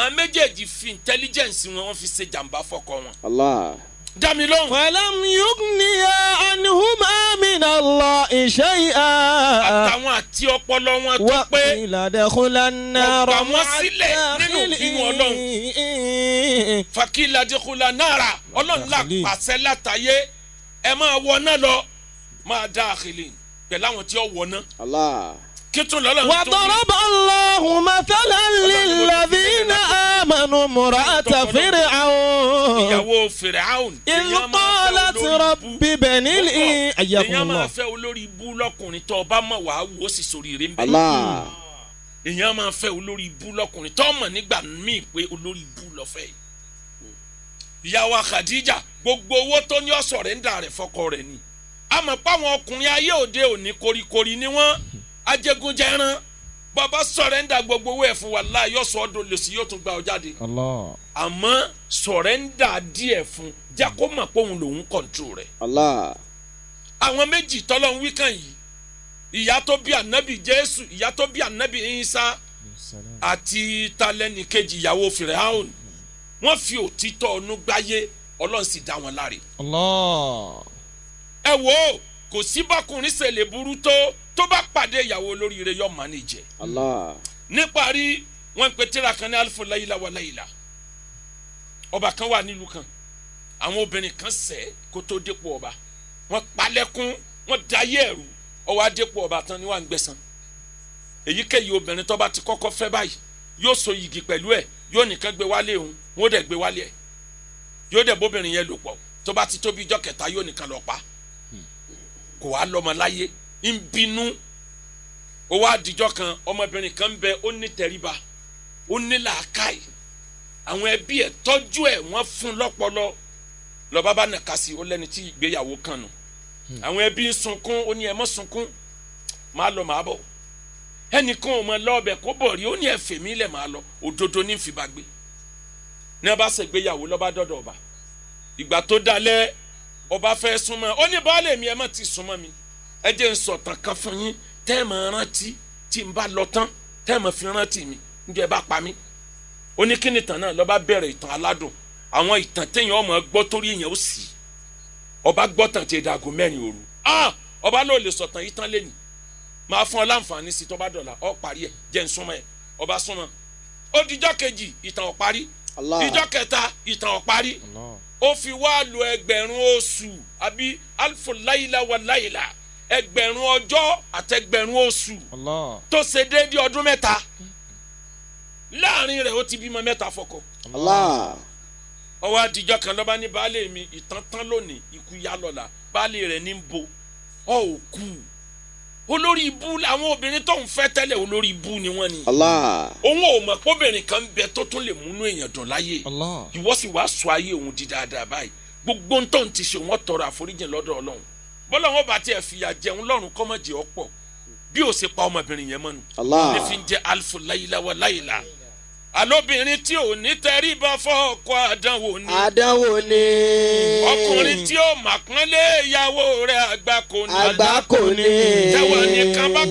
àwọn méjèèjì fi intelligence wọn wọn fi ṣe jàǹbá fọkọ wọn. Allah. dami lóhùn. falam yugniya anhuma min Allahi shay'a. àtàwọn àti ọpọlọ wọn tó pé. waqila dakhula nara. ọgbà wọn sílẹ̀ nínú ìbínú ọlọ́run. fakila dakhula nara ọlọ́run là pàṣẹ látàyé ẹ máa wọ náà lọ máa dá àkìlì pẹ̀lú tí ó wọ náà. Allah kítún lọ́lọ́ wa daraba Allahu mathalan lilladhina amanu murata Fir'aun. ìyàwó Fir'aun. idh qalat rabbi bani li ayyakum Allah. èèyàn máa fẹ́ olórí ibú lọ́kùnrin tó ọba mọ̀ wá wò ó sì sórí rẹ̀ ń bẹ̀. èèyàn máa fẹ́ olórí ibú lọ́kùnrin tó mọ̀ nígbà míì pé olórí ibú lọ́fẹ́ yìí. ìyàwó Khadija gbogbo owó tó ní ọ̀sọ̀ rẹ̀ ń dà rẹ̀ fọkọ rẹ̀ ni. a mọ̀ pé àwọn ọkùnrin ayé òde òní koríkorí ni wọ́n ajẹgunjẹran bàbá sọ̀rẹ́ndà gbogbo owó ẹ̀ fún wa láàyò sọ ọdún lòsì yóò tún gba ọ jáde àmọ́ sọ̀rẹ́ndà díẹ̀ fún jẹ́ kó mọ̀ pé òun lòun kọ̀ǹtró rẹ̀ àwọn méjì tọ́lọ́ ń wí kàn yìí ìyá tó bí ànábì jésù ìyá tó bí ànábì ìsá àti talẹ́nì kejì ìyàwó firaun wọ́n fi òtítọ́ ọ̀nù gbáyé ọlọ́run sì dá wọn láre. ẹ wo kò síbákùnrin ṣẹlẹ̀ burú tó tó bá pàdé ìyàwó olóríire yóò manage Allah. níparí wọn pe tíra kan ní alifu layila wa layila ọba kan wà nílùú kan àwọn obìnrin kan ṣe kó tó dépò ọba wọn palẹ̀kùn wọn dayé ẹ̀rù ó wá dépò ọba tán ni wà ń gbẹ̀san èyíkéyìí obìnrin tó bá ti kọ́kọ́ fẹ́ báyìí yóò so yìgì pẹ̀lú ẹ̀ yóò nìkan gbé wálé òun wọn ò dẹ̀ gbé wálé ẹ̀ yóò dẹ̀ bóbìnrin yẹn lò pọ̀ tó bá ti tóbi ijọ́ kẹta yóò nìkan lọ pa kò wá lọ́mọ láyé ń bínú ó wá àdìjọ kan ọmọbìnrin kan ń bẹ ó ní tẹríba ó ní làákàyè àwọn ẹbí ẹ tọ́jú ẹ wọ́n fún lọ́pọlọ lọ́ba bá nàka sí ó lẹ́ni tí ìgbéyàwó kan nù hmm. àwọn ẹbí ń sunkún ó ní ẹ mọ́ sunkún máa lọ máa bọ̀ ẹnìkan ò mọ lọ́ọ̀bẹ kó bọ̀ rí ó ní ẹ̀fẹ̀ mi lẹ̀ máa lọ òdodo ní fìbà gbé ní ẹ bá ṣègbéyàwó ìgbà tó dalẹ̀ ọba fẹ́ súnmọ́ ó ní bọ́ọ̀lù èmi ẹ má ti súnmọ́ mi ẹ jẹ́ n sọ̀tàn kan fún yín tẹ́ ẹ̀ máa rántí tí n bá lọ tán tẹ́ ẹ̀ máa fi rántí mi njẹ́ ẹ bá pa mí oníkíni tàn náà lọ́ba bẹ̀rẹ̀ ìtàn aládùn àwọn ìtàn téèyàn ọmọ gbọ́ torí èèyàn ó sì ọba gbọ́ tàn tí ìdàgò mẹ́rin òru ah ọba ló lè sọ̀tàn yìí tán lẹ́nu máa fún ọ láǹfààní sí tọ́ba dọ̀là ọ parí ẹ̀ jẹ́ n súnmọ́ ẹ ọba súnmọ́ ó dijọ́ kejì ìtàn ó parí dijọ́ kẹta ìtàn ó parí ó fi wá lo ẹgbẹ̀rún oṣù àbí alfu láyìlá wa láyìlá ẹgbẹ̀rún ọjọ́ àtẹgbẹ̀rún oṣù tó ṣe déédéé ọdún mẹ́ta láàrin rẹ̀ ó ti bímọ mẹ́ta fọkọ. ó wá àdìjọ́ kan ló ní baálé mi ìtàn tán lónìí ikú yá lọ́la baálé rẹ̀ ní bo ọ ò kú olórí ibú làwọn obìnrin tó ń fẹ́ tẹ́lẹ̀ olórí ibú ni wọ́n ni. òun ò mọ̀ pọ́bìnrin kan bẹ tó tún lè múnú èèyàn dùn láyé ìwọ sì wá sọ ayé òun di dáadáa báyìí gbogbo ń tó ń ti ṣe wọ́n tọrọ àforíjìn lọ́dọ̀ ọlọ́run bọ́lá wọn bá tiẹ̀ fìyà jẹun lọ́rùn kọ́mọ̀jì ọ̀pọ̀ bí ó ṣe pa ọmọbìnrin yẹn mọ́nu ní fi ń alifu láyìlá wa láyìlá alóbìnrin tí ò ní tẹríba fọ́ọ̀kọ́ àdánwò ni àdánwò ni ọkùnrin tí ó màpọ́nlé ìyàwó rẹ̀ àgbákò ni àgbákò ni ìyàwó nìkan bá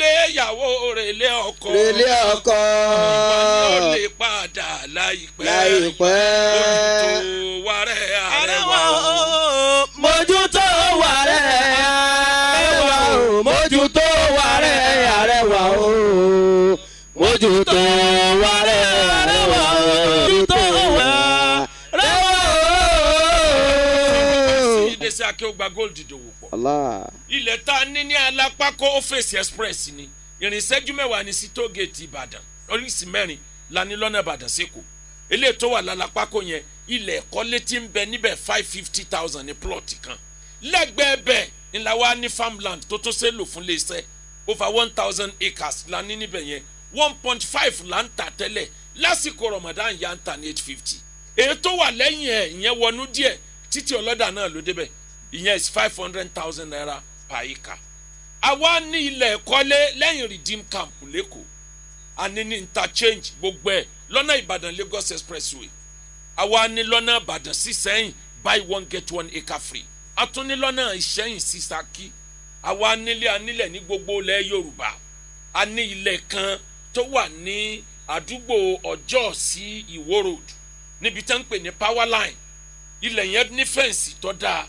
lé ìyàwó rẹ̀ lé ọkọ rẹ̀ lé ọkọ ìwà ni ó lè padà láìpẹ́ láìpẹ́ mojútó wa rẹ̀ àrẹwà mójútó wa. ojú tó wà rẹwà rẹwà ojú wà rẹwà ooo. sí iléeṣẹ́ akéwògbà gold pọ̀. ilẹ̀ tá a ní ní alápákó ọ́fẹ̀sì express ni ìrìnsẹ́jú mẹ́wàá ní sí tóògèètì ìbàdàn oríṣi mẹ́rin la lọ́nà ìbàdàn sẹ́kọ̀ọ́ eléyìí tó wà lálápákó yẹn ilẹ̀ ẹ̀kọ́ létí ń bẹ níbẹ̀ five fifty thousand ní plọ̀tì kan lẹ́gbẹ̀ẹ́ bẹ̀ ńlá wa ní farmland tó tún ṣe lò fún iléeṣẹ́ over one thousand acres la ní níbẹ̀ yẹn one point five là ń tà tẹ́lẹ̀ lásìkò Ramadan yà ń tà ní eight fifty èyí tó wà lẹ́yìn ẹ̀ ìyẹn wọnú díẹ̀ títí ọlọ́dà náà ló débẹ̀ ìyẹn is five hundred thousand naira per acre àwa ní ilẹ̀ ẹ̀kọ́lé lẹ́yìn redeem camp lẹ́kọ̀ọ́ àní ní interchange gbogbo ẹ̀ lọ́nà Ìbàdàn Lagos expressway àwa ní lọ́nà Ìbàdàn sí Ìṣẹ̀yìn buy one get one acre free atúní lọ́nà Ìṣẹ̀yìn sí Ṣakí àwa nílé anílẹ̀ ní gbogbo ilẹ̀ Yorùbá a ní ilẹ̀ kan tó wà ní àdúgbò ọjọ́ sí ìwó road níbi tá ń pè ní power line ilẹ̀ yẹn ní fẹ́ǹsì tó dáa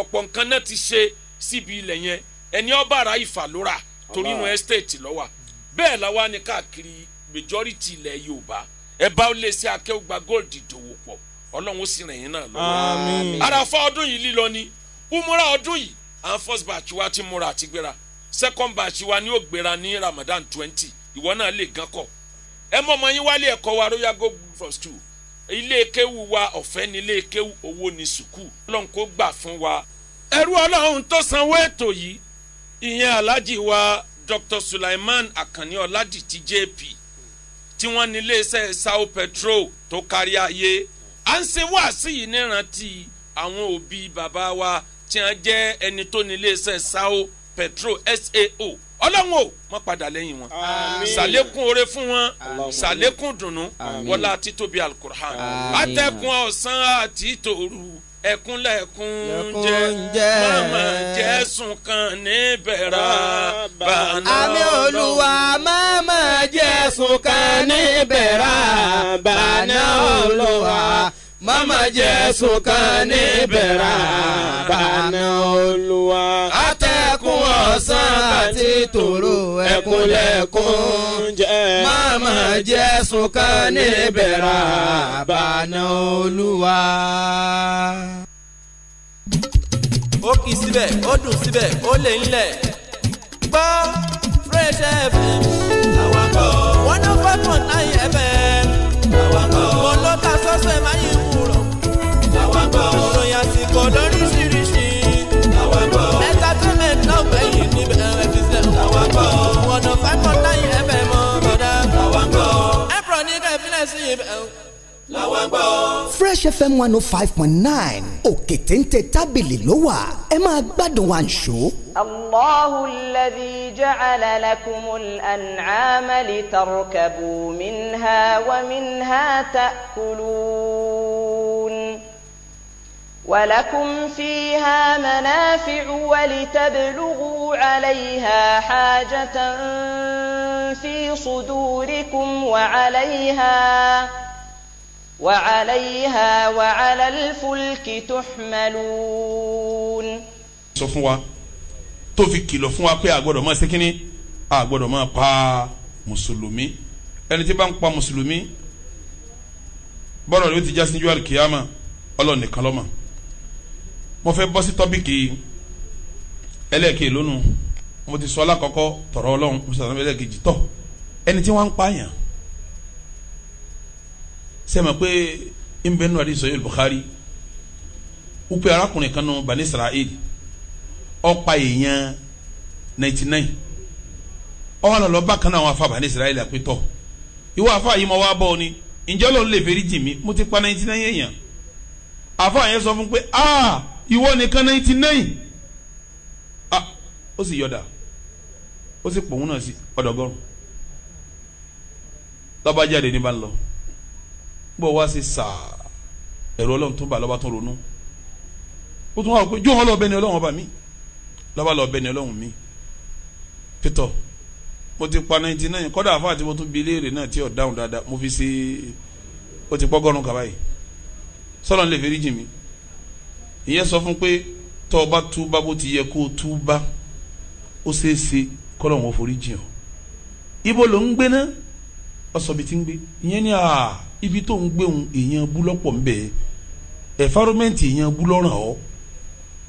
ọ̀pọ̀ nǹkan náà ti ṣe síbi ilẹ̀ yẹn ẹni ọba ara ìfàlóra torí inú estate lọ́wà bẹ́ẹ̀ làwa ni káàkiri majority ilẹ̀ yorùbá ẹ bá lè ṣe akẹ́wùgbà gold ìdòwò pọ̀ ọlọ́run ó sì rìn yín náà lọ́wọ́ àràfà ọdún yìí lílọ ni umura ọdún yìí and first batch wa ti múra àti gbéra second batch wa ni ó gbéra ní ramadan twenty ìwọ náà lè gán kọ ẹ mọ ọmọ yín wálé ẹ̀kọ́ wa royal go from school ilé kéwu wa ọ̀fẹ́ ni ilé kéwu owó ni sùkúù Ọlọ́run kó gbà fún wa ẹrú Ọlọ́run tó sanwó ètò yìí ìyẹn aláàjì wa Dr. Sulaiman Akànní Ọládìtì JP tí wọ́n ní iléeṣẹ́ Sao Petro tó kárí ayé à ń ṣe wáàsí yìí nírántí àwọn òbí bàbá wa tí wọ́n jẹ́ ẹni tó ní iléeṣẹ́ Sao Petro SAO ọlọ́run ò mọ́ padà lẹ́yìn wọn sàlékún oore fún wọn sàlékún dùnú wọlá títóbi alukur'an atẹ́kùn ọ̀sán àti tòru ẹkún lẹkún jẹ mama jẹsùn kan níbẹ̀rẹ̀ bàánà lọ. àmì olúwa mama jẹsùn kan níbẹ̀rẹ̀ bàánà olúwa mama jẹsùn kan níbẹ̀rẹ̀ bàánà olúwa lọ́sàn àti tòrò ẹkúnlẹ̀kún jẹ́. Máàmá jẹ́ sunkan níbẹ̀rẹ̀ àbànà olúwa. Ó kì í síbẹ̀, ó dùn síbẹ̀, ó lè ń lẹ̀. Gbọ́ Fresh FM, àwọn akọ. one oh five point nine. làwọn gbọ́. fresh fm one oh five point nine òkè téńté tábìlì ló wà ẹ máa gbádùn àǹṣó. الله الذي جعل لكم الأنعام لتركبوا منها ومنها تأكلون ولكم فيها منافع ولتبلغوا عليها حاجة في صدوركم وعليها حاجة وعليها وعلى الفلك تحملون sọ fún wa tó fi kìlọ̀ fún wa pé àgbọ̀dọ̀ máa ṣe kínní àgbọ̀dọ̀ máa pa mùsùlùmí ẹni tí bá ń pa mùsùlùmí bọ́dọ̀ ló ti já síjú àlùkìyàmà ọlọ́run nìkan ló mo fẹ́ bọ́ sí tọ́pìkì ẹlẹ́ẹ̀kẹ́ lónìí mo ti sọ alákọ̀ọ́kọ́ tọ̀rọ̀ ọlọ́run mo sọ ẹlẹ́ẹ̀kejì tọ̀ ẹni tí wọ́n ń pààyàn sẹ́mi pé ń bẹ́ẹ̀ nù àdìsọ yìí Bukhari wípé arákùnrin kan nù Bani Israel ọ̀pá èèyàn ninety nine ọ̀hún lọ́lọ́ bákan náà àwọn afa Bani Israel àpétọ́ ìwọ afa yìí mọ wá bọ́ ni ǹjẹ́ ló lè fèrè jì mí mo ti pa ninety nine èèyàn afa yẹn sọ fún pé aa ìwọ nìkan ninety nine ah ó sì yọ̀dà ó sì pòun náà sí ọ̀dọ̀gọ́rùn lọ́ba jáde ní bá ń lọ bó wá sí sà ẹ̀rọ ọlọ́run tó bá lọ́ba tó ronú ó tún wá wò pé jó wọn lọ bẹ ni ọlọ́run ọba mi lọ́ba lọ bẹ ni ọlọ́run mi pétọ́ mo ti pa ninety nine kọ́dà àfa àti mo tún bi léèrè náà tí ò dáhùn dáadáa mo fi ṣe ó ti pọ́gọ́rùn kaba yìí sọ́dọ̀ ń lè fẹ́rí jì mí ìyẹn sọ fún pé tọ́ ọba túbá bó ti yẹ kó túbá ó ṣeéṣe kọ́dọ̀ wọn forí jì hàn ibo ló ń gbé náà ọ̀sọ̀ bìí ti ń gbé ìyẹn ni àá ibi tó ń gbéhùn èèyàn bú lọ́pọ̀ ń bẹ̀ ẹ̀fárómẹ́ǹtì èèyàn bú lọ́ràn ọ́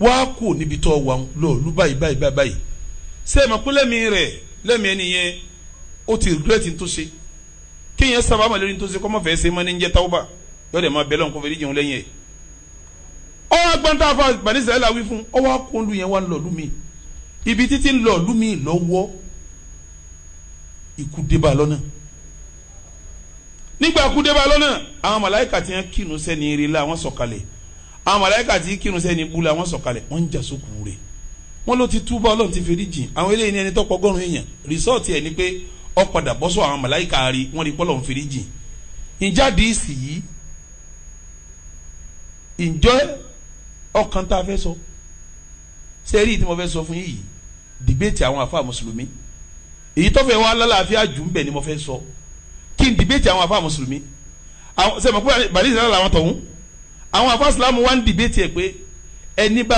wá kò níbi tó wà lọ lú báyìí báyìí báyìí ṣé ẹ̀ mọ̀ pé lẹ́mìí rẹ̀ lẹ́mìí ẹni yẹn ó ti rìgírẹ́tì tó ṣe kéèyàn sábà máa lórí tó ṣe kọ́ mọ̀fẹ́ ṣe mọ́ni ń jẹ́ táwọ́bà yọ̀dẹ̀ máa bẹ̀lẹ̀ nǹkan fẹ́ẹ́ jẹun lẹ́yìn ẹ̀ ọ́ agbọ́ntà afa nígbà kú dé bá lọ́nà àwọn màláìka tí wọ́n kírun sẹ́ni eré la wọ́n sọ̀kalẹ̀ àwọn màláìka tí kírun sẹ́ni bú la wọ́n sọ̀kalẹ̀ wọ́n ń jà sókù rẹ̀ wọ́n ló ti túbọ̀ ọlọ́run ti fèrè jìn àwọn eléyìí ní ẹni tó pọgọ́rùn èèyàn rìsọ́ọ̀tì ẹ̀ ni pé ó padà bọ́sọ̀ àwọn màláìka rí wọ́n rí pọ́lọ́run fèrè jìn ìjà díìsì yìí ìjọ ọkàn tá a fẹ́ sọ sẹ́rí tí mo fẹ́ sọ fún yìí dìbẹ́tì àwọn àfa mùsùlùmí èyí tó fẹ́ wá lálàáfíà jù ń bẹ̀ ni mo fẹ́ sọ so kí n dìbẹ́tì àwọn afa mùsùlùmí àwọn sẹ́mi pé bàdí ìsìlámù làwọn tọ̀hún àwọn afa ìsìlámù wá ń dìbẹ́tì ẹ̀ pé ẹni bá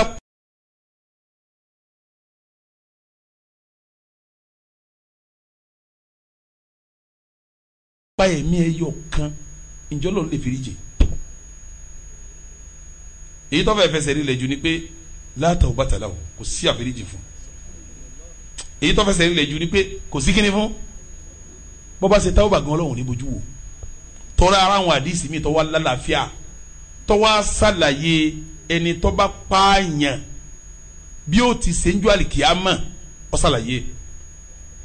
pa ẹ̀mí ẹ yọ kan ǹjọ́ lọ́n lè fi ríje èyí tó fẹ́ fẹsẹ̀ rí lẹ́jù ni pé látàwọn bàtàlà kò sí àfẹ́ríjì fún èyí tó fẹsẹ̀ rí lẹ́jù ni pé kò sí kíni fún bó bá ṣe táwọn bàgán ọlọ́run ní bójú wò tọ́ra ara àwọn àdìsí mi tọ́wọ́ lálàáfíà tọ́wọ́ ṣàlàyé ẹni tó bá pààyàn bí ó ti ṣe ń jọ àlìkíyàmọ̀ ó ṣàlàyé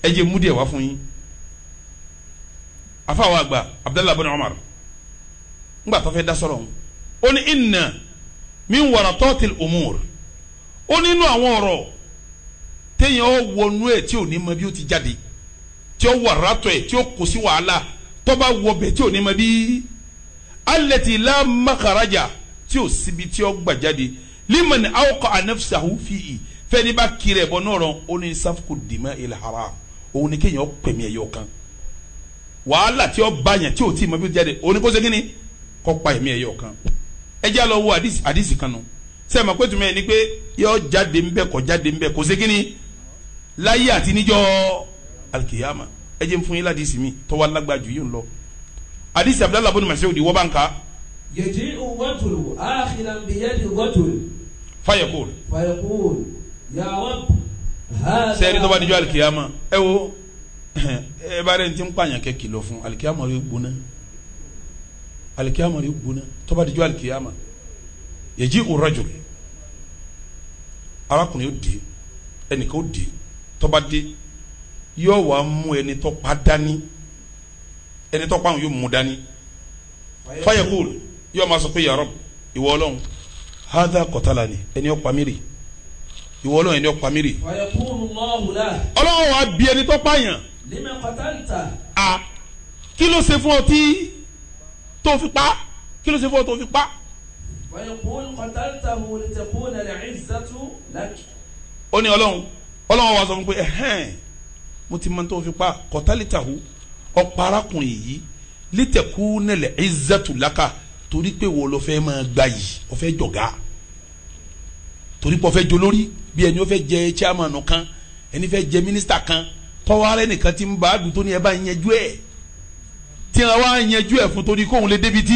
ẹ jẹ́ mú wá fún yín afaawa àgbà abdullahi bin umar ńgbà tó fẹ́ dá sọ̀rọ̀ ń ó ní inna min waratotil umur ó nínú àwọn ọ̀rọ̀ téèyàn ó wọnú ẹ̀ tí ò ní mọ bí ó ti jáde tí ó wà ratọ̀ ẹ̀ tí ó kò sí wàhálà tó bá wọ bẹ̀ tí ò ní ma bí alẹ́tì ilá makaraja tí ò síbi tí ó gbà jáde limani awokọ anafsahu fihi fẹ́ni bá kiri ẹ̀ bọ́ nọ́ọ̀rọ̀ ó ní sáfùkù dìmọ̀ ilẹ̀ haram òun ni kéèyàn pẹ̀mí ẹ̀ yọ kan wàhálà tí ó bá yàn tí ò tí ma bí jáde òun ni kó segin ni kó pa ẹ̀mí ẹ̀ yọ kan ẹ jẹ́ àlọ́ wo àdìsí àdìsí kan nù sẹ́yìn mọ̀ pé ni pé yọ jáde ńbẹ kọ jáde ńbẹ kó segin ni láyé àti níjọ́ alikiyama ẹ jẹ́ n fún yín ládìsí mi tó wà lágbára jù yín lọ àdìsí abdallah abu mas'ud wọ́n bá ń ka. yèjì wọ́tòlù àkìlàn bìyẹ́dì wọ́tòlù. fayekul. fayekul yàwọ́. sẹ́yìn tó bá dijọ́ alikiyama ẹ wo ẹ bá rẹ̀ ń ti ń pààyàn kẹ́ kìlọ̀ alikiyama rẹ̀ gbóná alikiyama rẹ̀ gbóná tó bá dijọ́ alikiyama yèjì rajul di ẹnìkan di tó di yóò wá mú ẹni tó pa dání ẹni tó pa àwọn yóò mú dání fayakul yóò máa sọ pé ya Rabb ìwọ Ọlọ́run hadha qatalani ẹni ó pa mí rè ìwọ Ọlọ́run ẹni ó pa mí rè. Ọlọ́run wa bí ẹni tó pààyàn. lima qatalta. a kí ló ṣe fún ọ tí tó fi pa kí ló ṣe fún ọ tó fi pa. ó ní ọlọ́run ọlọ́run wa sọ fún pé ẹ̀hẹ́n mo ti máa tó fi pa kọ́tálítàwó ọ̀pá arákùnrin yìí lítẹ̀kú nílẹ̀ ẹ̀zẹ̀tùlákà torí pé wo lọ fẹ́ máa gba yìí ọ fẹ́ jọ̀gá torí pé ọ fẹ́ jolórí bí ẹni ó fẹ́ jẹ chairman kan ẹni fẹ́ jẹ minister kan tọ́wọ́ ara ẹnìkan ti ń bá a ní ẹ bá yẹjú ẹ̀ tí wọn wá yẹjú ẹ̀ fún torí kóun lè débi tí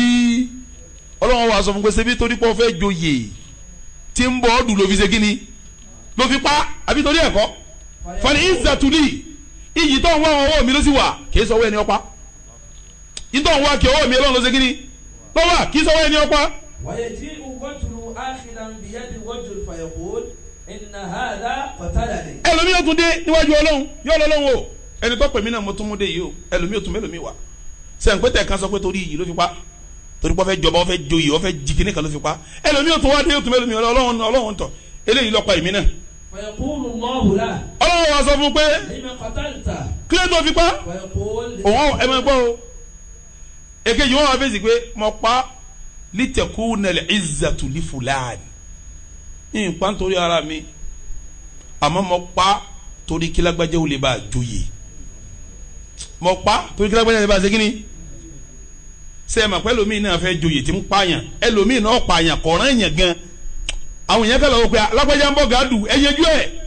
ọlọ́wọ́n wa sọ fún pé ṣebí torí pé ọ fẹ́ joyè tí ń bọ̀ ọ́ dùn fi ṣe kí ni ló fi pa àbí torí ẹ̀kọ́ fani ìzàtúlì iyì tó ń wá ọwọ́ mi ló sì wà kì í sọ wẹ́ni ọ̀pá iyì tó ń wá kí ọwọ́ mi ọlọ́run ṣe kíni lọ́wọ́ kì í sọ wẹ́ni ọ̀pá. wàyẹ̀ tí ugbọ́tulu áhìlán bìyẹ́dì wọ́jú fàyẹ̀kó iná hàdá kọ̀tàdà ni. ẹlòmíì ó tún dé níwájú ọlọ́run yóò lọ lọ́wọ́ ẹni tó pè mí náà mo tún mú dé yìí o ẹlòmíì ó tún mélòmíì wà sẹ̀ǹpẹ́tẹ̀ kan sọ pé torí iyì ló fi pa torí pé fẹ́ jọba ọlọ́run wa sọ fún un pé kí ló tó fi pa òun ẹ máa gbọ́ o èkejì wọn wá fèsì pé mo pa lítẹ̀kù nẹ̀lẹ̀ ìzàtù ní fúláàdì ní nǹkan torí ara mi àmọ́ mo pa torí kílágbájẹ́ ò lè bá a joyè mo pa torí kílágbájẹ́ ò lè bá a ṣe kí ni ṣe mà pẹ́ lómi náà fẹ́ joyè tí ń pààyàn ẹlòmíì náà pààyàn kọ̀ọ̀rán èèyàn gan àwọn èèyàn kẹlẹ́ wọ́n pé alágbájá ah, ń bọ̀ gàdù ẹ yẹjú ẹ̀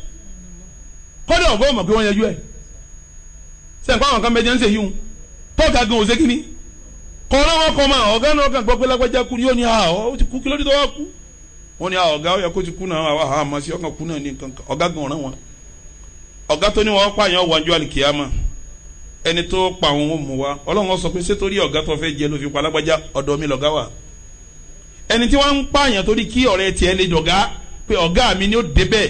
kọ́dọ̀ ọ̀gá ọmọ pé wọ́n yanjú ẹ̀ sẹ́ǹkọ́ àwọn kan mẹ́jẹ ń ṣe yíwù tọ́ka gan òṣè kínní kọ́nà wọn kọ́ máa ọ̀gá náà kàn gbọ́ pé lágbájá kú ni yóò ní àhọ́ ó ti kú kí lóde tó wá kú wọ́n ní ọ̀gá ó yẹ kó ti kú náà àwọn àhọ́ àmọ́ sí ọkàn kú náà ní nǹkan ọ̀gá gan ọ̀ràn wọn ọ̀gá tó ní wọn pa àyàn wájú àlìkìyàmà ẹni tó pa àwọn ohun mú wa ọlọ́run sọ pé sétórí ọ̀gá tó fẹ́ jẹ ló fi pa lágbájá ọ̀dọ̀ mi lọ̀gá wà ẹni tí wọ́n ń pààyàn torí kí ọ̀rẹ́ tiẹ̀ lè dọ̀gá pé ọ̀gá mi ni ó débẹ̀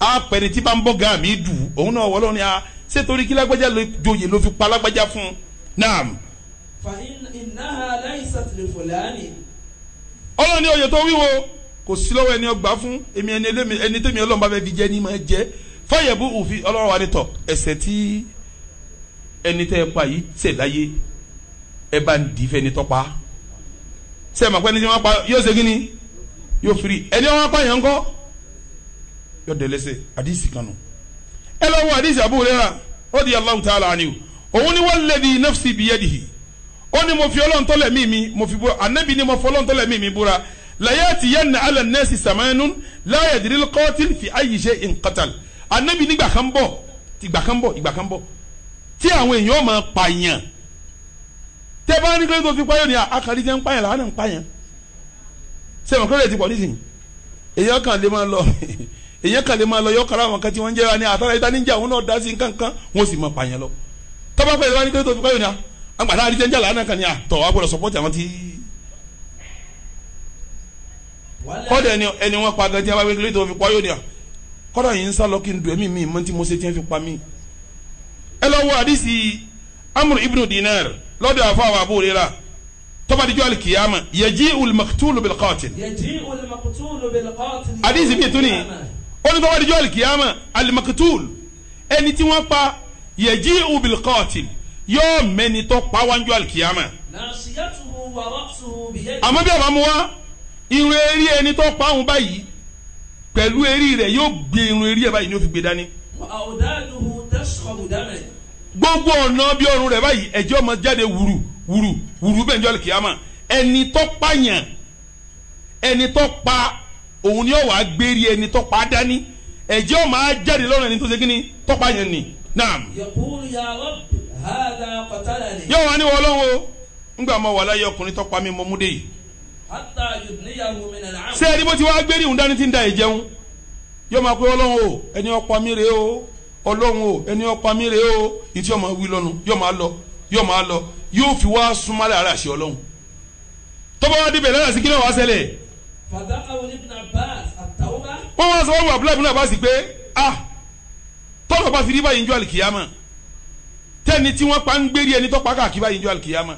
apẹ̀rẹ̀ tí bá ń bọ́ ga mi dù òun náà wọ́lọ́ ni a ṣé torí kí lágbájá lè joyè ló fi pa lágbájá fún un naam. fa innaha laysat li fulani. ọlọ́run ní oyè tó wíwo kò sí lọ́wọ́ ẹni ọgbà fún èmi ẹni ẹlẹ́mi ẹni tẹ́mi ọlọ́run bá fẹ́ fi jẹ́ ni máa jẹ́ fàyẹ̀bù òfin ọlọ́run wa ni tọ̀ ẹ̀ṣẹ̀ tí ẹni tẹ́ ẹ pa yìí tẹ̀ láyé ẹ bá ń dì fẹ́ ni tọ́ pa sẹ́ẹ̀ mọ̀ pé ẹni tí wọ́n pa yóò ṣe kí ni yóò firi ẹni wọ́n pa yẹn ń yóò dẹlẹsẹ àdìsí kanu ẹ lọ wọ àdìsí Abu Hurairah radiyallahu ta'ala anhu òun ni walladhi nafsi biyadihi ó ní mo fi ọlọ́ntọ́lẹ̀ mí mi mo fi búra anabi ni mo fi ọlọ́ntọ́lẹ̀ mí mi búra layati yanna ala nẹ́ẹ̀sì samanun la yadri al-qatil fi ayyi shay'in qatal anabi nígbà kan bọ̀ ìgbà kan bọ̀ ìgbà kan bọ̀ tí àwọn èèyàn máa pààyàn tẹ bá ní kí ló tó fi pààyàn ni àkàrí jẹ́ ń pààyàn làwọn ń pààyàn sẹ́wọ̀n kí ti pọ̀ nísìnyí èèyàn kan lè máa lọ èyàn kan lè máa lọ yọkàrà àwọn kan tí wọ́n ń jẹ́ wa ní àtàlà ìta níjà òun náà dá sí nǹkankan wọ́n sì máa pààyàn lọ tọ́ba fẹ́ẹ́ wá ní kí tó fi kọ́ yóò ní àgbàdo àdìjẹ́njà lánàá kan ní àtọ̀ wa gbọ́dọ̀ sọ́pọ́tì àwọn tí kọ́dà ẹni ẹni wọn pa gàdí abáwé kílódé tó fi pa yóò ní à yìí ń sá lọ kí n dùn ẹ̀mí mi mọ́ tí mo ṣe tí wọ́n fi pa mí. dinar lọ́dọ̀ àfọ àwọn àbúrò rẹ̀ la tọ́ba díjọ́ alikiyama yaji'ul maqtul bil qatil. yaji'ul maqtul bil qatil. àdìsí bíi tuni olùbọ̀wọ́ di jọ́ọ̀lì kìyàmà alimakitul ẹni tí wọ́n pa yẹjí ubil qatil yóò mẹ́ni tó pa wá ní jọ́ọ̀lì kìyàmà. àmọ́ bí àbámu wá irun eré ẹni tó pa òun báyìí pẹ̀lú eré rẹ̀ yóò gbé irun eré ẹ̀ báyìí ni ó fi gbé dání. gbogbo ọ̀nà bí ọrùn rẹ̀ báyìí ẹ̀jẹ̀ ọmọ jáde wùrù wùrù wùrù bẹ́ẹ̀ ní jọ́ọ̀lì ẹni tó pààyàn ẹni tó pa òun ni ó wàá gbérí ẹni tó pa á dání ẹ̀jẹ̀ ó máa jáde lọ́rùn ẹni tó ṣe kíni tó pa yẹn nì naam. yóò wá ní wọlọ́wọ́ ngbà máa wà láyé ọkùnrin tó pa mí mọ́ yìí. ṣé ẹni bó ti wá gbérí òun dání ti ń da ẹ̀jẹ̀un yóò máa pé ọlọ́run o ẹni ó pa mí o ọlọ́run o ẹni ó pa mí rèé o ìtí ọmọ wí lọ́nu yóò máa lọ yóò máa lọ yóò fi wá súnmọ́ lára àṣẹ ọlọ́run tọ́ba wá débẹ̀ lára sí kí náà wá ṣẹlẹ̀ Bàbá àwọn Ibn Abbas àtàwọn. Wọ́n wá sọ wọ́n wà Abdullahi Ibn Abbas pé ah tọ́lọ̀ bá fi rí báyìí ń jọ àlìkìyàmọ̀ tẹ́ni tí wọ́n pa ń gbérí ẹni tó káàkiri báyìí ń jọ àlìkìyàmọ̀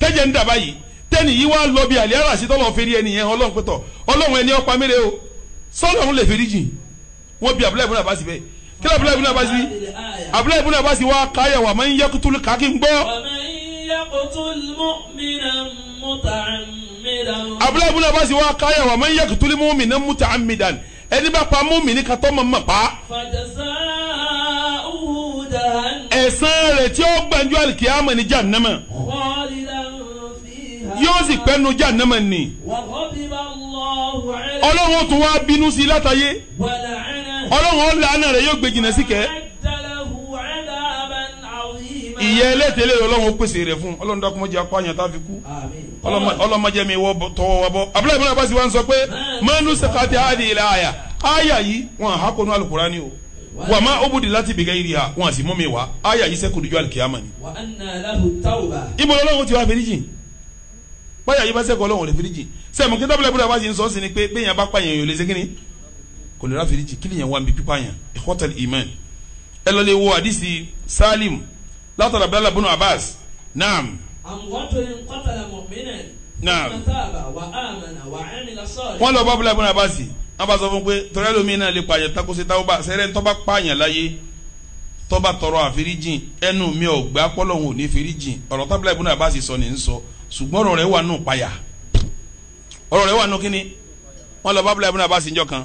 tẹ́jẹ̀ ń dà báyìí tẹ́ni yìí wá lọ bí àlẹ́ àràsí tọ́lọ̀ fi rí ẹni yẹn ọlọ́run pẹ̀tọ̀ ọlọ́run ẹni ọ̀pá mẹ́rẹ̀ o sọ́lọ́run lè fèrè jìn wọ́n bí Abdullahi Ibn abúlé abúlé abasi wa káyà wà máa ń yàgò tóli mọ́mí náà mú ta àmì dàn ẹni bá pa mọ́mí ní katọ́ mọ́ mọ́ pa. ẹ̀sán rẹ̀ tí ó gbànjú alikiyama ní jàǹnàmà yóò sì pẹ́nu jàǹnàmà ni ọlọ́run tó wá bínú sí látàyé ọlọ́run ọ̀làánà rẹ̀ yóò gbé jìnnà sí kẹ́ẹ́ ìyá ẹlẹ́tẹ̀lẹ́ ọlọ́run ó pèsè rẹ̀ fún ọlọ́run dákun mọ́jẹ́ akọ àyàn tá a fi kú ọlọ́mọdé mi wọ́ tọwọ́ wa bọ́ abúlé ìbúlẹ̀ bá sì wá ń sọ pé mẹ́nu sèkàtì àdì ilẹ̀ àyà àyà yìí wọn àhá kọnu alukurani o wà má obìnrin láti bìgẹ́ yìí ha wọn àti mọ́mi wa àyà yìí sẹ́kù díjọ́ alikiyama ni. ibo ọlọ́run ti wá fèrèjì báyà yìí bá sẹ́kù ọlọ́run lè fèrèjì sẹ́mu kí tábìlẹ̀ ìbúlẹ̀ bá sì ń sọ sí ni pé Salim látara abdallah bunu abbas naam. àmọ́tò kọ́tàlá mọ̀mínẹ̀. naam wọ́n lọ bá abdallah bunu abbas wọ́n bá sọ fún pé tọ́lá lómi náà lè pààyàn tako sí táwọn bá sẹ́rẹ́ tó bá pààyàn láyé tó bá tọrọ àforíjìn ẹnu mi ò gbà pọ́lọ́hún ò ní foríjìn ọ̀rọ̀ tábìlà ibùdó abbas sọ ní sọ ṣùgbọ́n ọ̀rọ̀ rẹ̀ wà nù payà ọ̀rọ̀ rẹ̀ wà nù kíni wọ́n lọ bá abúlé ibùdó abbas njọ́ kan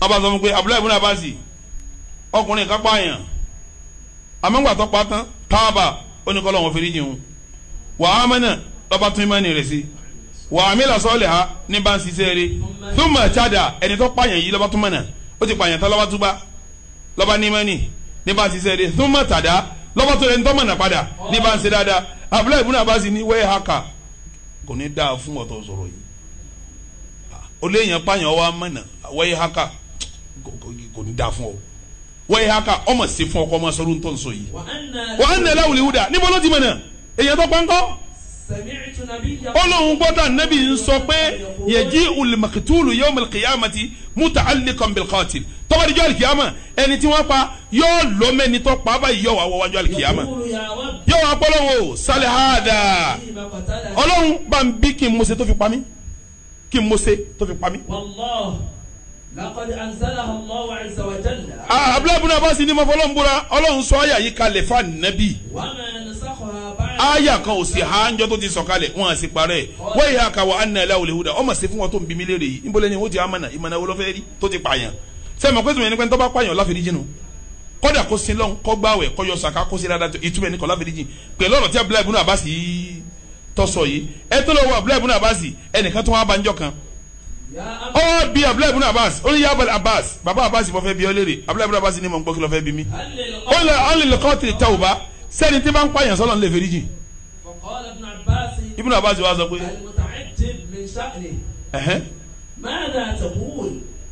wọ́n bá sọ fún pé abúlé ibùdó abbas ọkùnrin kápá yàn amẹ́ngbà pa tán tábà ó ní kọ́ lọ́wọ́ fèrè jẹun wà á mẹ́nà lọ́ba tún ìmọ̀ ní rẹ̀ sí wà á mílà sọ́ọ̀lì ha ní bá ń ṣiṣẹ́ rẹ̀ túmọ̀ chada ẹni tó pààyàn yìí lọ́ba tún mọ̀nà ó ti pààyàn tán lọ́ba túbá lọ́ba ní mẹ́nì ní bá ń ṣiṣẹ́ rẹ̀ túmọ̀ tàdá lọ́ba tó ni tó mọ̀nà padà ní bá ń ṣe dáadáa abúlé ìbúná abasi ní wẹ́ẹ́ haka kò ní dáa fún ọ̀tọ̀ sọ̀rọ̀ yìí ó ah, léèyàn pààyàn wa mọ̀nà wẹ́ẹ́ haka kò ní dáa fún ọ wọ́n yẹ haka ọmọ ṣe fún ọkọ ọmọ sọ̀rọ̀ ntọ́ nsọ yìí. wà á nà láwùlì wúdà níbo ló ti mọ̀ náà èyàn tó pọ́nkọ́. olóhùn gbọ́dọ̀ nẹ́bí ń sọ pé yẹjí olùmọ̀kìtúlù yawm al-qiyamati muta'alliqan bil-qatil tọ́ba di jọ́ alikiyama ẹni tí wọ́n pa yóò lọ mẹ́ni tó pa báyìí yóò wá wọ́n wájú alikiyama yóò wá pọ́lọ́wọ́ oh, salihada ọlọ́run bá ń bí kí n mọ̀ laqad anzalaha Allahu azza wa jalla. aa ah, abdulayi ibn abbas ni ma fọlọ́ ń búra ọlọ́run sọ àyà yìí kalẹ̀ fún ànábì. wa ma nasakha ba'da. àyà kan ò sí ha ń jọ tó ti sọ kalẹ̀ wọn à sì parẹ́ wọ́n yìí àkà wà ánà ẹ̀lá òlè húdà ọmọ sí fún wọn tó ń bimi léèrè yìí níbo lẹ́yìn ó ti amànà ìmọ̀nà wo ló fẹ́ rí tó ti pààyàn sẹ́mi pé tùmẹ̀ nípa tó bá pààyàn láfẹ̀ríjì nù kódà kó sin lọ́n kó gbàwẹ̀ kó yọ sàká kó sin dáadáa ìtumẹ̀ ní kọ́ láfẹ̀ríjì pẹ̀lú ọ̀rọ̀ tí abdulayi ibn abbas yìí tọ́sọ yìí ẹ tó lọ wọ abdulayi ibn abbas ẹnìkan tó ọ bí abdullahi ibn abbas ó ní yá abdullahi abbas baba abbas mo fẹ́ bi ọ́ léèrè abdullahi ibn abbas ni mo ń gbọ́ kí ló fẹ́ bi mí ó lọ ọ lè lọkọ tètè tẹ òbá sẹni tí bá ń pààyàn sọlọ nílẹ fèrè jì ibn abbas wa sọ pé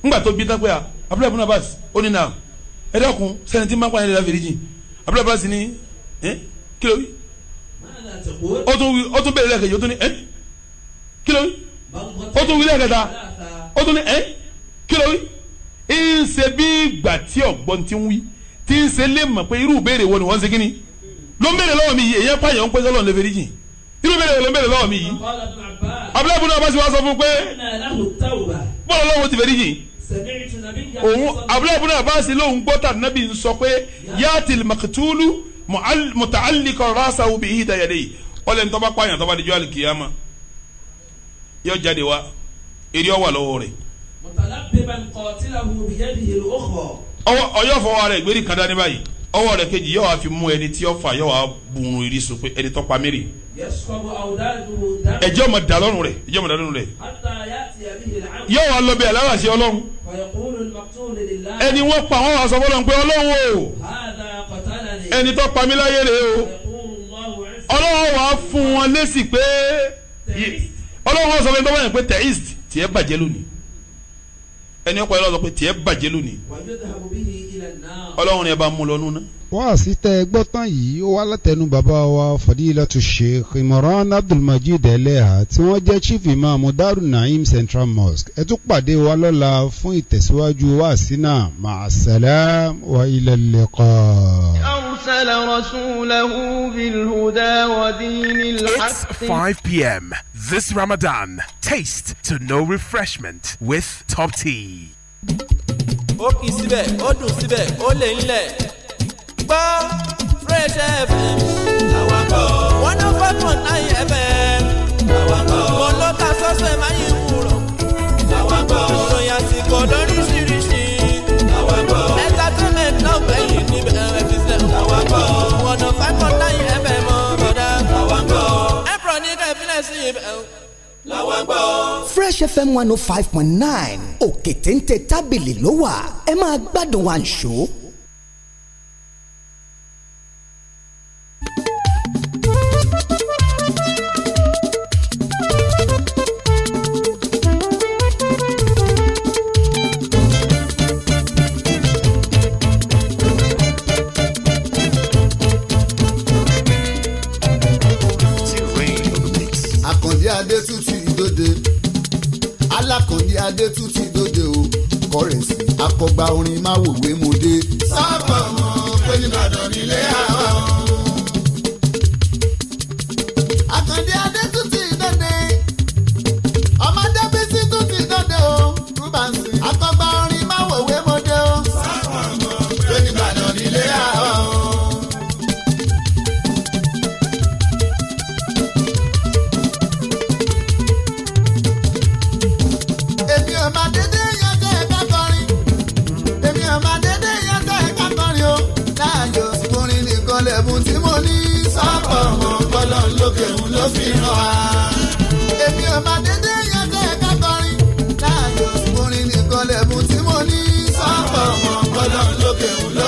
ngbà tó bí dágbé a abdullahi abbas ó ní nà ẹ dẹ́kun sẹni tí bá ń pààyàn nílẹ fèrè jì abdullahi ibn abbas ni kí wí ó bẹ̀rẹ̀ lẹ́kẹ̀ẹ́ yìí ó tún ní wí ó tún wílẹ̀ kẹta ó tún ní ẹ́ kí ló wí ń ṣe bí ìgbà tí ọ̀gbọ́n ti ń wí tí ń ṣe lè mọ̀ pé irú ìbéèrè wo ni wọ́n ń ṣe kí ni ló ń béèrè lọ́wọ́ mi yìí èyàn pààyàn ń pẹ́ sọ́lọ́ lè fẹ́rí jìn irú ìbéèrè ló ń béèrè lọ́wọ́ mi yìí abúlé abúlé ọba sì wá sọ fún un pé bọ́ọ̀lù lọ́wọ́ ti fẹ́rí jìn òun abúlé abáàsì lòun gbọ́ tà nábì ń sọ pé yáàtì màkìtúlù mùtàlíkọ̀ rásà òbí ìdáyàdé ọlẹ́ni tó yóò jáde wá eré ọwà lọ́wọ́ rẹ̀. mọ̀tàlá bíbá nǹkan tí làwọn òbíyẹ́ di èrò ọkọ̀. ọwọ́ ọyọ́ fọwọ́ rẹ̀ ìgbérí kan dání báyìí ọwọ́ rẹ̀ kejì yóò wá fi mú ẹni tí ó fà yóò wá bùnrùn irí so pé ẹni tó pa mẹ́rin. ẹjọ́ ma dà lọ́rùn rẹ̀ ẹjọ́ ma dà lọ́rùn rẹ̀. yóò wá lọ bí aláwàsí ọlọ́run. ẹni wọ́n pa wọ́n wá sọ fọlọ́run pé ọlọ́run o ẹni tó pa mí o ọlọ́run wàá fún wọn lésì pé ọlọ́run sọ fún mi tó wáyà pé theist tiẹ̀ bàjẹ́ lónìí ẹni ọkọ̀ yẹn lọ sọ pé tiẹ̀ bàjẹ́ lónìí ọlọ́run ni bá mú lọ núná. wá sí tẹ ẹ tán yìí ó wá látẹnu bàbá wa fadilatu sheikh imran abdulmajid eleha tí wọ́n jẹ́ chief imam daru naim central mosque ẹ tún pàdé wa lọ́la fún ìtẹ̀síwájú wá sí náà wa ilal liqa. أرسل رسوله بالهدى ودين الحق It's 5 p.m. This Ramadan, taste to no refreshment with Top Tea. síbẹ̀ síbẹ̀ gbọ́ Fresh FM àwàkọ́ one oh FM àwàkọ́ mo sọ́sẹ̀ yí wúrọ̀ àwàkọ́ sí. làwọn gbọ́. fresh fm one oh five point nine òkè téńté tábìlì ló wà ẹ máa gbádùn àǹṣó. adétutù dòde alákànní adétútì dòde o kọrẹsì akọgbà orin máwòwe mo dé. sábà mọ pé nìbàdàn nílé àwọn.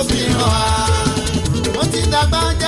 fi hàn á. Mo ti dàgbà jẹ́.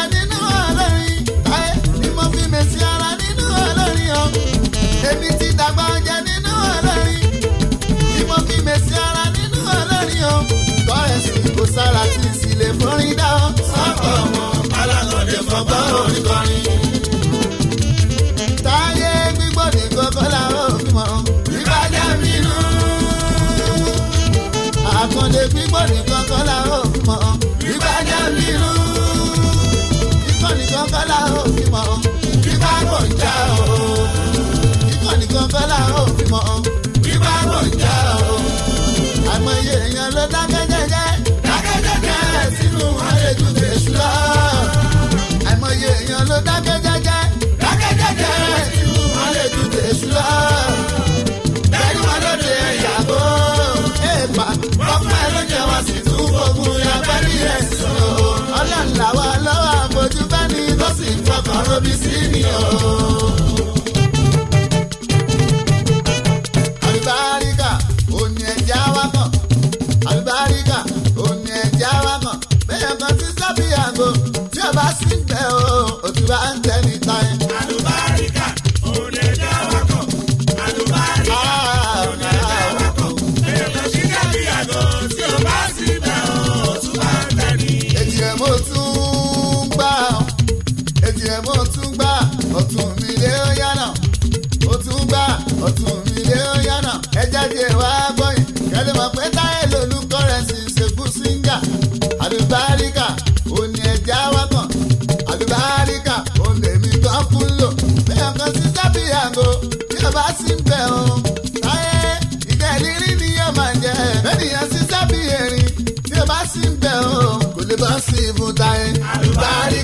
somebody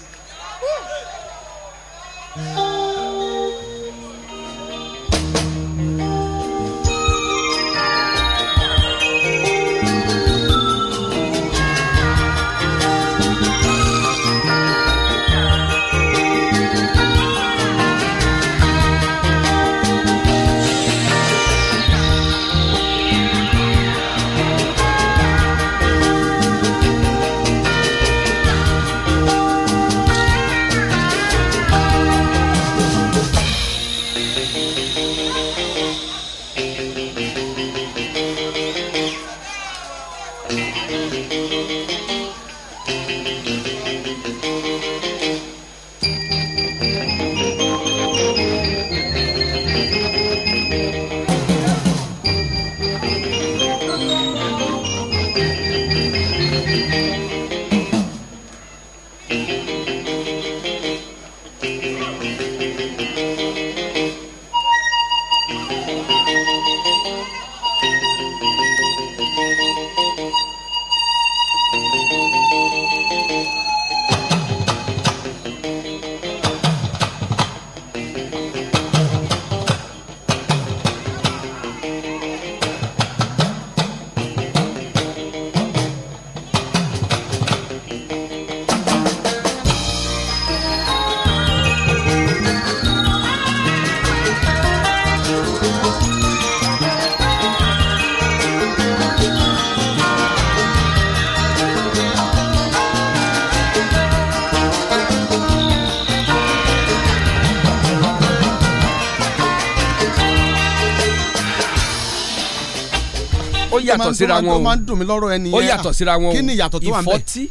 síra wọn o tó máa ń dùn mí lọ́rọ̀ ẹni yẹn ó yàtọ̀ síra wọn o kí ni ìyàtọ̀ tó wà ń bẹ ìfọ́tí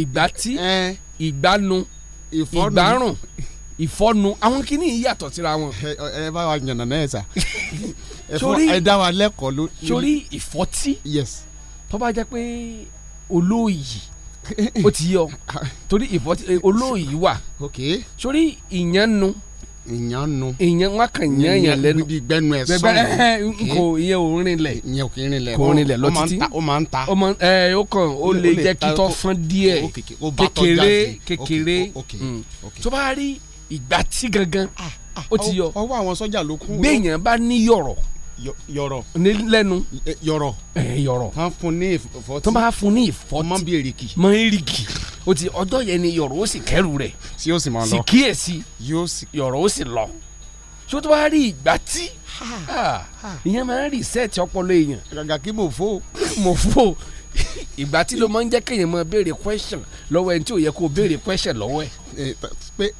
ìgbátí ìgbánu ìgbárùn ìfọ́nu àwọn kìíní yìí yàtọ̀ síra wọn. ẹ bá wa yànnà náà ẹ sà ẹ dá wa lẹ́kọ̀ọ́ ló. sórí ìfọ́tí tó bá jẹ́ pé olóòyì ó ti yọ torí ìfọ́tí olóòyì wà sórí ìyànnu ìyàn nu. ìyàn wọn kàn yàn yàn lẹ́nu gbẹnu ẹ sọ̀rọ̀ bẹbẹ nkò ìyẹn ò rinlẹ̀ ìyẹn ò kì í kò rinlẹ̀ lọ títí ó máa ń ta ó máa ń ta ẹ ó kàn ó lè jẹ́ kí fún díẹ̀ kékeré kékeré hmm. tó bá rí ìgbà tí gangan ah, ah, ó ti yọ ọwọ́ àwọn sọ́jà ló kún. béèyàn bá ní yọ̀rọ̀ yọrọ. ní lẹ́nu. yọrọ. ẹ yọrọ. tán fún ní ìfọtí. tán bá fún ní ìfọtí. mọ bí erigi. mọ erigi o ti ọjọ́ yẹn ni yọrọ ó sì kẹrù rẹ̀. tí yóò sì máa lọ. sì kíyèsí. yóò sì. yọrọ ó sì lọ. tó tó bá rí ìgbà tí. ìyẹn máa ń rí sẹ́ẹ̀tì ọpọlọ èèyàn. gàgà kí mo fò. mo fò ìgbà tí ló máa ń jẹ́ kéèyàn máa béèrè question lọ́wọ́ ẹni tí ò yẹ kó béèrè question lọ́wọ́ ẹ̀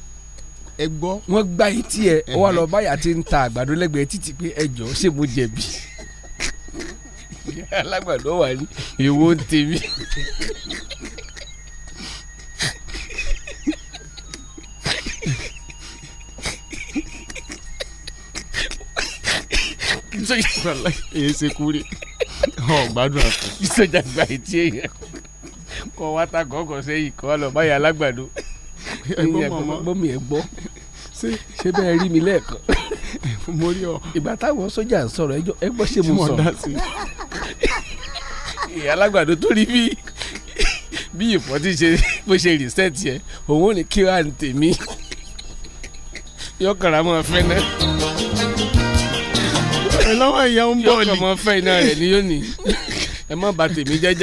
ẹ gbọ́. wọ́n gbá etí ẹ ó lọ báyà tí ń ta àgbàdo lẹ́gbẹ̀ẹ́ títí pé ẹ jọ ṣé mo jẹ̀bi alágbàdo wà ní ìwo tèmi. èyí gba etí èèyàn kọ wá ta kọkọ sẹ́yìn kọ lọ báyà alágbàdo. ẹgbọ́n mọ̀ mọ́ gbọ́n mi ẹ̀ gbọ́ ṣé bẹ́ẹ̀ rí mi lẹ́ẹ̀kan mo rí ọ. ìgbà táwọn sójà ń sọ̀rọ̀ ẹjọ́ ẹ gbọ́ ṣé mo sọ. ìyá alágbàdo tó rí bí bí ìfọ́ ti ṣe bó ṣe rìsẹ́ẹ̀tì ẹ̀ òun ò ní kí wàá ní tèmi yóò kàrà mọ́ fẹ́ náà. ẹ lọ́wọ́ ìyá ń bọ̀ ni. yóò kàn fẹ́ iná rẹ̀ ni yóò ẹ má bà tèmi jẹ́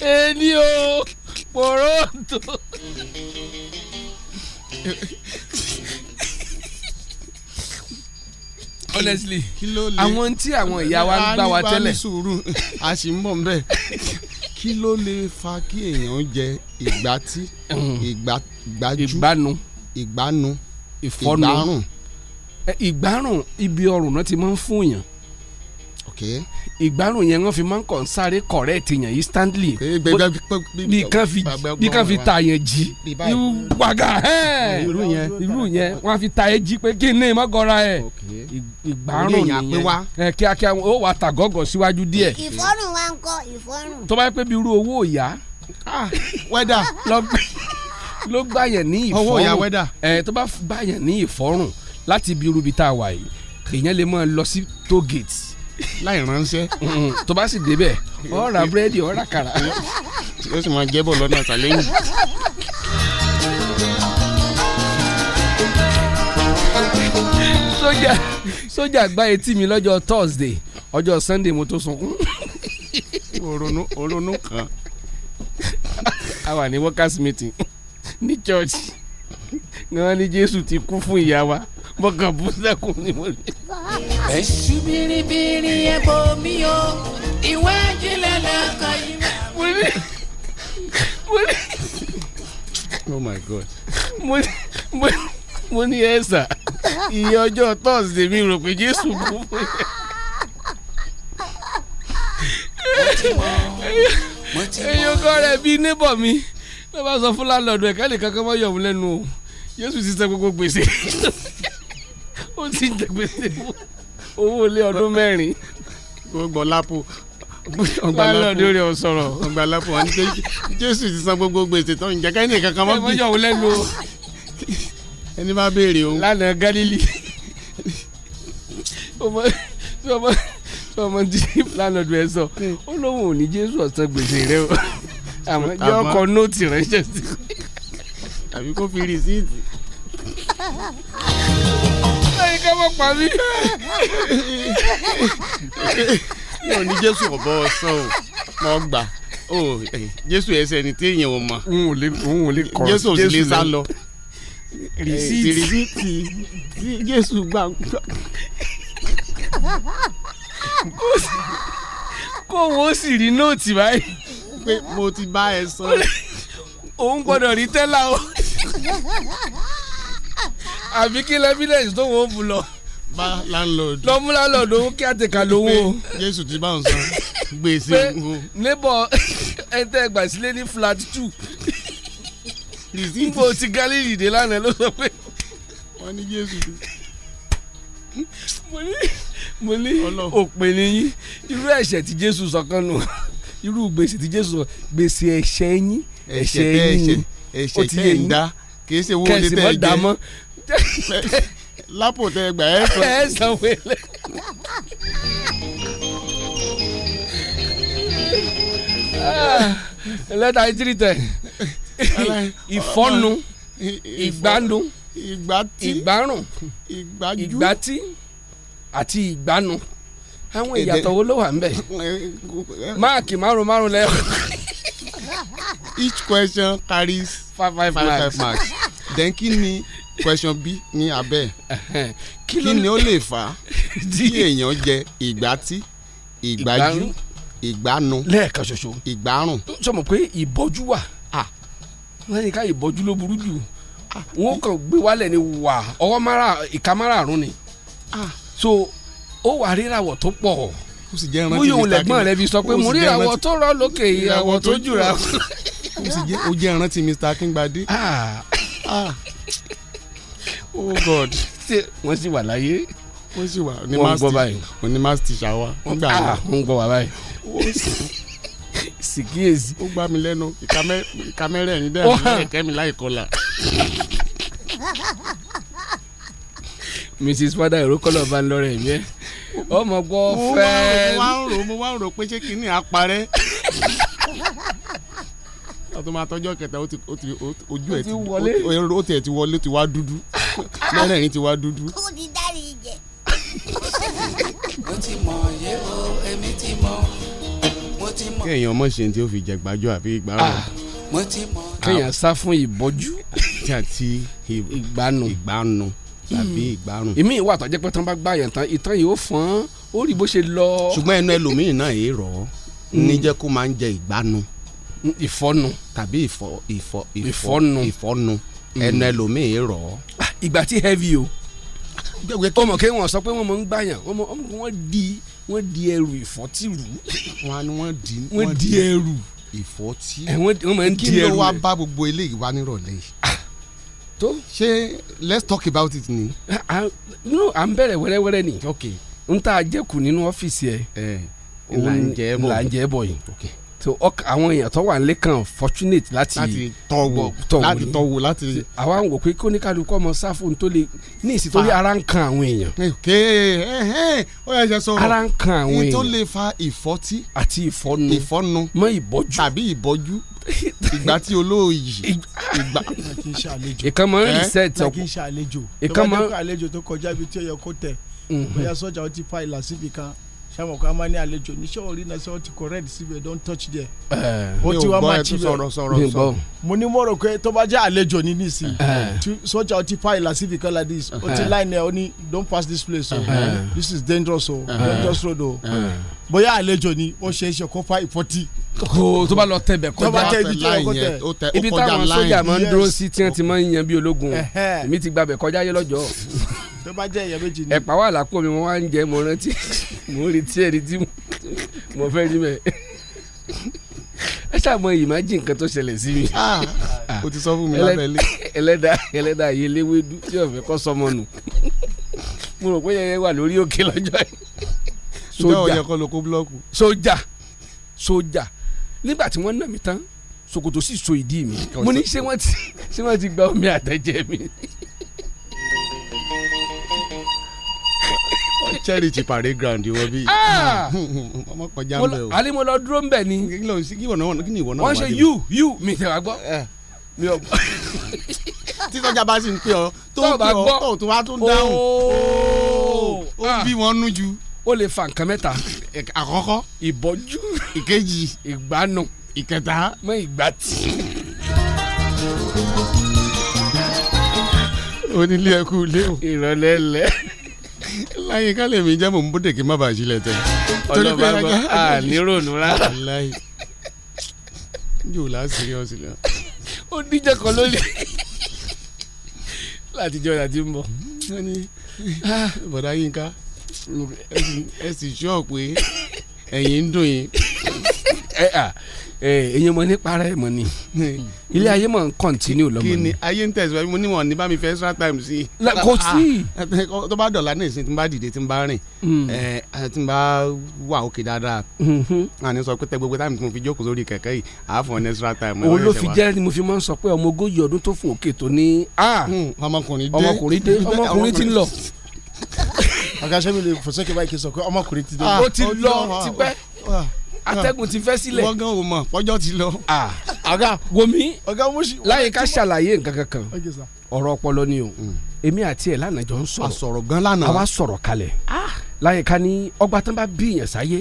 ẹ ní o pòròǹtò. honestly àwọn tí àwọn ìyá wa ń gbà wá tẹ́lẹ̀. a sì ń bọ̀ nbẹ̀ kí ló lè fa kí èèyàn jẹ ìgbátí ìgbájú ìgbánu ìgbánu ìfọnu ìgbárùn ibi ọrùn náà ti máa ń fún yàn ìgbárùn yẹn wọ́n fi máa ń kàn sáré correct yẹn yìí Stanley bí kan fi ta yẹn jí wàgà irú yẹn irú yẹn wọ́n fi ta yẹn jí pé kí ni mọ́gọ́ra ẹ̀ ìgbárùn yẹn kíákíá ó wà tà gọ́gọ́ síwájú díẹ̀. ìfọ́rùn wa ń kọ ìfọ́rùn. tó bá yẹ pé bí irú owó ìyá ah, wẹ́dà ló gbà yẹn ní ìfọ́rùn owó ìyá wẹ́dà ẹ̀ tó bá gbà yẹn ní ìfọ́rùn láti ibi irú ibi tá a wà yìí èèyàn lè máa lọ sí toll gate láì ránṣẹ́ mm-hmm. tó bá sì débẹ̀ ó ra búrẹ́dì ó ra kàrà. ó sì máa jẹ́bọ̀ lọ́nà àtàlẹ́yìn. sójà sójà gba etí mi lọ́jọ́ Thursday ọjọ́ Sunday mo tó sunkún. oronú oronú kan a wà ní workers meeting ní church ni wọ́n ní Jésù ti kú fún ìyá wa mo kàn bú sẹ́kùn ni mo lè. ṣùbìrìbìrì ẹ bò mí o ìwé ìjìnlẹ̀ lẹ́kọ̀ọ́ yìí máa. mo ní mo ní. oh my god mo ní mo ní mo ní ẹ sà iye ọjọ́ tọ́sídẹ̀ẹ́ mi rò pé jésù kú fún yẹn. èyí ọkọ rẹ bíi nébọ̀ mi ló bá sọ fún láńlọ́ọ̀dù ẹ̀ká lè kankan mọ́ yọ̀ọ́ lẹ́nu o jésù ti ṣe gbogbo gbèsè ó sì jẹ gbèsè owó ilé ọdún mẹ́rin. gbogbo lápò lálọ́ọ̀dún rẹ̀ ò sọ̀rọ̀. ọgbà lápò wọn ni pé jésù ti san gbogbo gbèsè tó ń jẹ́ kẹ́hìn kankan mọ́ bí. ẹ̀mọ́jọ́ wò lẹ́nu o. ẹni bá béèrè o. lánàá galili ọmọ ọmọ ọmọ tí lánàá rẹ̀ sọ ó lóun ò ní jésù ọ̀sán gbèsè rẹ o àmọ́ yọ ọkọ̀ nóòtì ránṣẹ́ sí. àbí kó fi rìsíìtì ní ká mọ̀ pa mí. yóò ní jésù ọ̀bọ ọ̀sán o mọ̀ gbà o jésù ẹsẹ̀ ni téèyàn ò mọ̀ jésù ò sì lè sá lọ rìsíìtì jésù gbà kó wo sì rí nóòtì báyìí. pé mo ti bá ẹ sọ. òun gbọ́dọ̀ rí tẹ́lá o àbí kí lẹ́fídẹ̀nsì tó wọ́n bu lọ. bá landlord. lọ́mú landlord owó kí àtẹ̀kà lówó. jésù ti bá òun san gbèsè ngo. neighbor ẹni tẹ́ gbà sílé ní flat two. nbọ ti galilei dé lánàá ló sọ pé. wọ́n ní jésù ti mo ní òpin nìyí irú ẹ̀ṣẹ̀ tí jésù sọ kan nù irú gbèsè tí jésù sọ gbèsè ẹ̀ṣẹ̀ yín ẹ̀ṣẹ̀ yín ẹ̀ṣẹ̀ tẹ́ ẹ̀ dá kì í ṣe owó ilé tẹ́ ẹ̀ jẹ́ lápò tẹ gbà ẹ sọ. ẹ sàn wẹlẹ. Ah, lẹ́tà ìtìrì tẹ̀ ìfọ́nu ìgbánu ìgbárùn ìgbátí àti ìgbánu àwọn ìyàtọ̀ wo ló wà ń bẹ̀ máàkì márùn márùn lẹ́yìn. each question carries five five, five, five marks. then kí ni question b ní abẹ́ kí ni ó lè fà á tí èèyàn jẹ ìgbátí ìgbájú ìgbánu lẹ́ẹ̀kan ṣoṣo ìgbárùn. sọmọ pé ìbọjú wà wọ́n ní ká ìbọjú ló burú jù wọ́n kàn gbé wálẹ̀ ni wà ọwọ́ mara ìka márààrún ni so ó wà ríràwọ̀ tó pọ̀ bóyá òun lẹ́gbọ́n rẹ fi sọ pé mo ríràwọ̀ tó rọ lókè ìràwọ̀ tó jùra. ó jẹ́ ìrántí Mr. Akíngbadé oh god wọ́n sì wà láyé wọ́n sì wà ní mass teacher wọ́n ní mass teacher wa wọ́n gbà wá ah. wọ́n gbọ́ wá báyìí sìkíyèsí. ó gbá mi lẹ́nu ìka mẹ́rẹ̀ẹ̀rin bẹ́ẹ̀ ni ẹ̀kẹ́ mi láì kọlà. mrs fada ìrókọlọ bá ń lọrẹ mi ẹ ọmọ gbọ́ fẹẹ. mo wá ń rò mo wá ń rò pé ṣé kinní àparẹ́ ọtọ máa tọjọ kẹta ojú ẹ ti wọlé o tiẹ ti wọlé ti wá dúdú mẹ́rẹ̀ẹ̀rin ti wá dúdú. kó o ti dárí jẹ. mo ti mọ̀ yé o èmi ti mọ̀ mo ti mọ̀. kéèyàn mọ̀ ṣe tí ó fi jẹ gbájú àbí ìgbà ah, mo ti mọ̀. kéèyàn sá fún ìbọjú àti ìgbánu ìgbánu tàbí hmm. ìgbárùn. èmi ìwà àtọ̀jẹ́ pé tán bá gbà yàn tán ìtàn yìí ó fọ́n ó rí bó ṣe lọ. ṣùgbọ́n ẹnu ẹlòmíì náà yìí rọ̀ ọ́ hmm. níjẹ́ kó máa ń jẹ ìgbánu ìfọnu tàbí ìfọ ìfọ ìfọnu ìfọnu mm. ẹnu ẹlòmíì rọ. Ah, ìgbà tí heavy o ọmọ kí wọn sọ pé wọn mọ ń gbàyàn wọn di wọn di ẹrù ìfọtìrù. wọn ni wọn di wọn di ẹrù ìfọtí. ẹ wọn máa ń di ẹrù rẹ kí ló wá bá gbogbo eléyìí wá nírọ̀lẹ́ yìí. Ah. tó ṣe let's talk about it ni. Ah, no à ń bẹ̀rẹ̀ wẹ́rẹ́wẹ́rẹ́ ni. ok n ta jẹ́kù nínú ọ́fíìsì ẹ̀. ẹ là ń jẹ́ bọ̀ yìí so àwọn èèyàn tó wà nílé kan fortunate láti tọwọ láti tọwọ láti. àwa ń wò pé kó ní kálukú ọmọ sáfù tó lè ní ìsìtòrí ara ń kan àwọn èèyàn. ó yẹ ṣe sọ̀rọ̀ ara ń kan àwọn èèyàn. ní tó lè fa ìfọ́tí. àti ìfọ́nu ìfọ́nu mọ ìbọ́jú tàbí ìbọ́jú ìgbà tí olóòyì ìgbà. ìkan mọ reset ọkọ ìkan mọ. tó bá dé kó àlejò tó kọjá ibi tí ó yẹ kó tẹ mhm. bóyá sọjà ó ti fa ìlà síbi kan sàmọ kó máa ní àlejò níṣẹ́ orí náà sọ ti correct síbẹ̀ don touch there. Eh, ó ti wá máa ti bẹ̀ mo ní mọ̀rọ̀ pé tó bá jẹ́ àlejò ní nísìnyí eh. sọ́jà ó ti pa ìlà síbi kan like this ó ti eh. line ẹ̀ ó ní don't pass this place o oh. this is dangerous o oh. dangerous road o oh. bóyá àlejò ni ó ṣe é ṣe kó fa ìfọ́tí tó bá lọ tẹbẹ kọjá ibi táwọn sójà máa ń dúró sí tí wọn ti máa ń yan bí ológun èmi ti gbàbẹ kọjá yẹ lọ́jọ́ tó bá jẹ ìyá méjì ni ẹ̀pà wà lápò mi wọ́n wá ń jẹ mo rántí mo ń retí ẹni tí mo fẹ́ rí mẹ́ ẹ ṣàmọ ìmájì nǹkan tó ṣẹlẹ̀ sí mi. Ah, ah, ah. o ti sọ fún mi lábẹ́lé. ẹlẹ́dà ẹlẹ́dà yìí léwédú tí ọ̀fẹ́ kọ́ sọmọ nù mo rò pé yẹn wà lórí òkè lọ́jọ́ yìí. sójà sójà sójà nígbà tí wọ́n nà mí tán ṣòkòtò sì so ìdí mi mo ní ṣé wọ́n ti ṣé wọ́n ti gba omi àtẹ̀jẹ̀ mi. charity parade ground wọ bí. Ah! ọmọ kọjá ń o. alẹ́ mo lọ dúró ń ni. kí ló ń sí kí ìwọ náà kí ni ìwọ náà wá dé. wọ́n ṣe you you mi tẹ̀ wá gbọ́. Eh. tí sọjà bá sì ń pè ọ tó ń pè ọ tó tó wá tó ń dáhùn oh. ó bí ah. wọn nú ju ó lè fa nǹkan mẹ́ta. àkọ́kọ́ ìbọ́jú ìkejì ìgbánu ìkẹta mọ ìgbà tí. onílé ẹkú lé o. ìrọ̀lẹ́ lẹ́ láyé ká lè mi jẹ́ mò ń bóde kí n má bàa sílẹ̀ tẹ̀. ọlọ́ba gbọ́ a nírònú rárá. láyé yóò lá síríọ́sì lọ. ó díjẹ́ kan lónìí látijọ́ láti ń bọ̀. Ah, bọ̀dá yín ká ẹ sì sọ pé ẹ̀yin ń dùn yín ẹ̀yin mọ ní para ẹ̀ mọ ni ilé ayé mọ̀ ń kọ́ntínú lọ́mọ ni. kí ni ayé ń tẹ̀síwájú mo níwọ̀n ní bá mi fẹ́ extra time sí. kò ah, sí. Ah, tó bá dọ̀la ní ìsìn tí n bá dìde tí n bá rìn hmm. tí n bá wà òkè dáadáa àní mm-hmm. sọ pé tẹ gbogbo táìmù tí mo fi jókòó sórí kẹ̀kẹ́ yìí àáfọ̀ ní extra time. òun ló fi jẹ́ ni mo fi máa ń sọ pé ọmọ ogójì ọdún tó fò òkè tó ní. Hmm, ọmọkùnrin dé ọmọkùnrin dé ọmọkùnrin ti lọ. ọ̀gá sẹ́mi lè fò sókè báyìí kì í sọ pé ọmọkùnrin ti dé. Ah, ó ti lọ tipẹ́ ah, ah. atẹ́gùn ti fẹ́ sílẹ̀. wọ́n gan o mọ̀ pọ́jọ́ ti lọ. ọ̀gá gomi láyé ká ṣàlàyé nǹkan kankan ọ̀rọ̀ ọpọlọ ni o mm. èmi àti ẹ̀ lánàá jọ ń sọ̀rọ̀ àsọ̀rọ̀ gan lánàá àwa sọ̀rọ̀ kalẹ̀ láyé ká ní ọgbà tán bá bí èèyàn sáyé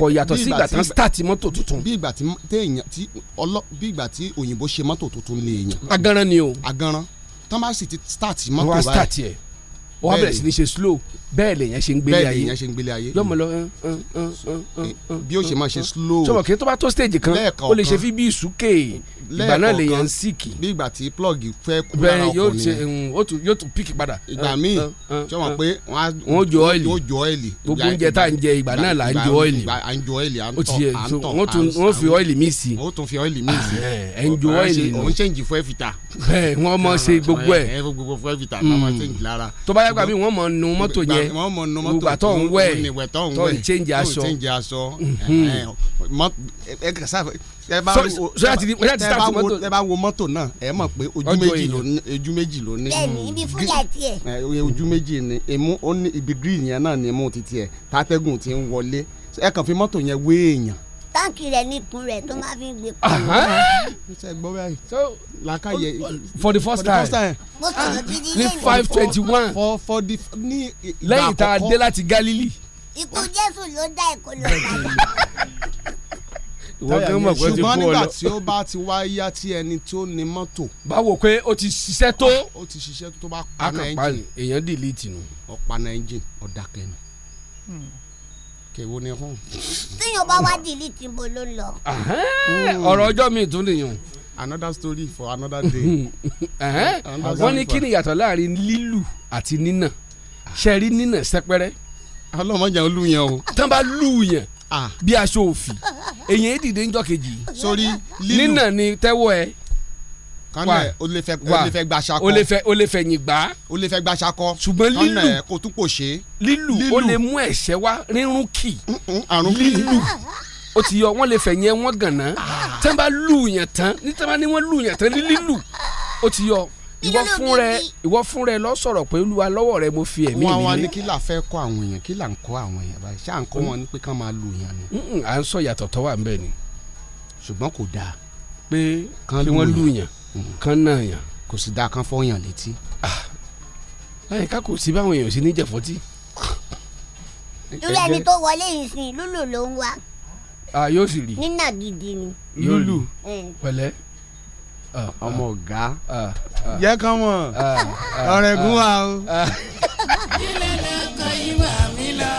kò yàtọ̀ sí ìgbà tán start mọ́tò tuntun. bí ìgbà tí téèyàn tí ọlọ bí ìgbà tí òyìnbó ṣe mọ́tò tuntun lè yàn. agaran ni o. agaran tán bá sì ti start mọ́tò báyìí. wọ́n á start yẹ wọ́n á bẹ̀rẹ̀ sí ní ṣe slow bẹ́ẹ̀ lèyàn ṣe ń gbélé ayé bẹ́ẹ̀ lèyàn ṣe ń gbélé ayé yọmọ lọ bí o ṣe máa ṣe slow sọmọ kí n tó bá tó stage kan o lè ṣe fi bí ìsúkè ìgbà náà lèyàn ń síkì bí ìgbà tí plug fẹ́ kú lára ọkùnrin yóò tún píkì padà ìgbà míì sọmọ pé wọn ó jọ ọ́ìlì wọn ó jọ ọ́ìlì gbogbo oúnjẹ tá à ń jẹ ìgbà náà là ń jọ ọ́ìlì à ń jọ ọ́ìlì à ń tọ̀ à ń tọ̀ wọn fi ọ́ìlì míì sí wọn tún fi ọ́ìlì míì sí ẹ̀ ń jọ ọ́ìlì nù òun ṣèǹjì fún ẹ̀fìtà bẹ́ẹ̀ wọ́n mọ̀ ṣe gbogbo ẹ̀ mm. tó bá yàgbà bí wọ́n mọ̀ nu mọ́tò ìgbà tó ń wẹ̀ tó ń change aṣọ. Mm-hmm. ẹ bá wo mọ́tò náà ẹ mọ̀ pé ojú méjì ló ní. bẹ́ẹ̀ni ibi fúlà tiẹ̀. ojú méjì ni imú ibi green yẹn náà ni imú titi ẹ tàtẹ́gùn ti ń wọlé ẹ kàn fi mọ́tò yẹn wé èèyàn táǹkì rẹ̀ nìkún rẹ̀ tó máa fi gbé kúrò. làákàyè oh, for the first time ní five twenty one lẹ́yìn tá a dé láti Galilee. ikú Jésù ló dá ikú ló dá ṣùgbọ́n nígbà tí ó bá ti wá yá tí ẹni tó ní mọ́tò. báwo pé ó ti ṣiṣẹ́ tó. ó ti ṣiṣẹ́ tó bá pa náà engine. akànpá èèyàn dìlítì nù. ọ̀pá náà engine ọ̀dà kẹ́nu kèwo ni hún. tíyàn bá wá delete níbo ló lọ. ọ̀rọ̀ ọjọ́ mi tún nìyẹn. another story for another day. wọ́n ní kí ni yàtọ̀ láàrin lílù àti nínà ṣe rí nínà sẹ́pẹ́rẹ́. ọlọ́mọdé olú yẹn o. tán bá lù yẹn ah. bí aṣọ òfì èyàn èdìdé ńjọ́ kejì. sórí lílù nínà ni tẹ́wọ́ ẹ kánlẹ̀ o lè fẹ́ o lè fẹ́ gbàṣà kọ o lè fẹ́ o lè fẹ́ yìn gbá o lè fẹ́ gbàṣà kọ ṣùgbọ́n lílù kánlẹ̀ kò tún kò ṣe. lílù o lè mú ẹ̀ṣẹ̀ wá rírun kì lílù o ti yọ wọn lè fẹ̀yìn ẹ wọn gànà ah. tán lù yàn tán ní tán bá wọn lù yàn tán lílù o ti yọ ìwọ fún rẹ ìwọ fún rẹ lọ sọ̀rọ̀ pé olúwa lọ́wọ́ rẹ mo fi ẹ̀mí mi lé. wọn wá ní kí la fẹ́ kọ́ àwọn èèyàn kí la ń kọ́ àwọn èèyàn báyìí ṣáà ń kọ́ wọn ní pé kán máa lu èèyàn ni. à ń sọ yàtọ̀ tó wà ń bẹ ni. ṣùgbọ́n kò dáa. pé kí wọ́n lu èèyàn kán náà yàn. kò sì dáa kán fọyàn létí. Ah. láyìíká kò sí báwọn èèyàn sí ní jẹ̀fọ́tì. lórí ẹni tó wọlé yìí sìn lúlù ló ń wá. a yóò sì rí. nínà gidi ni. lúlù pẹ̀lẹ́ ah, ah. ọmọ ọ̀gá jẹ́ kán mọ̀ ọ̀rẹ́gun wa o. ilé lẹ́kọ̀ọ́ yìí wà mí lọ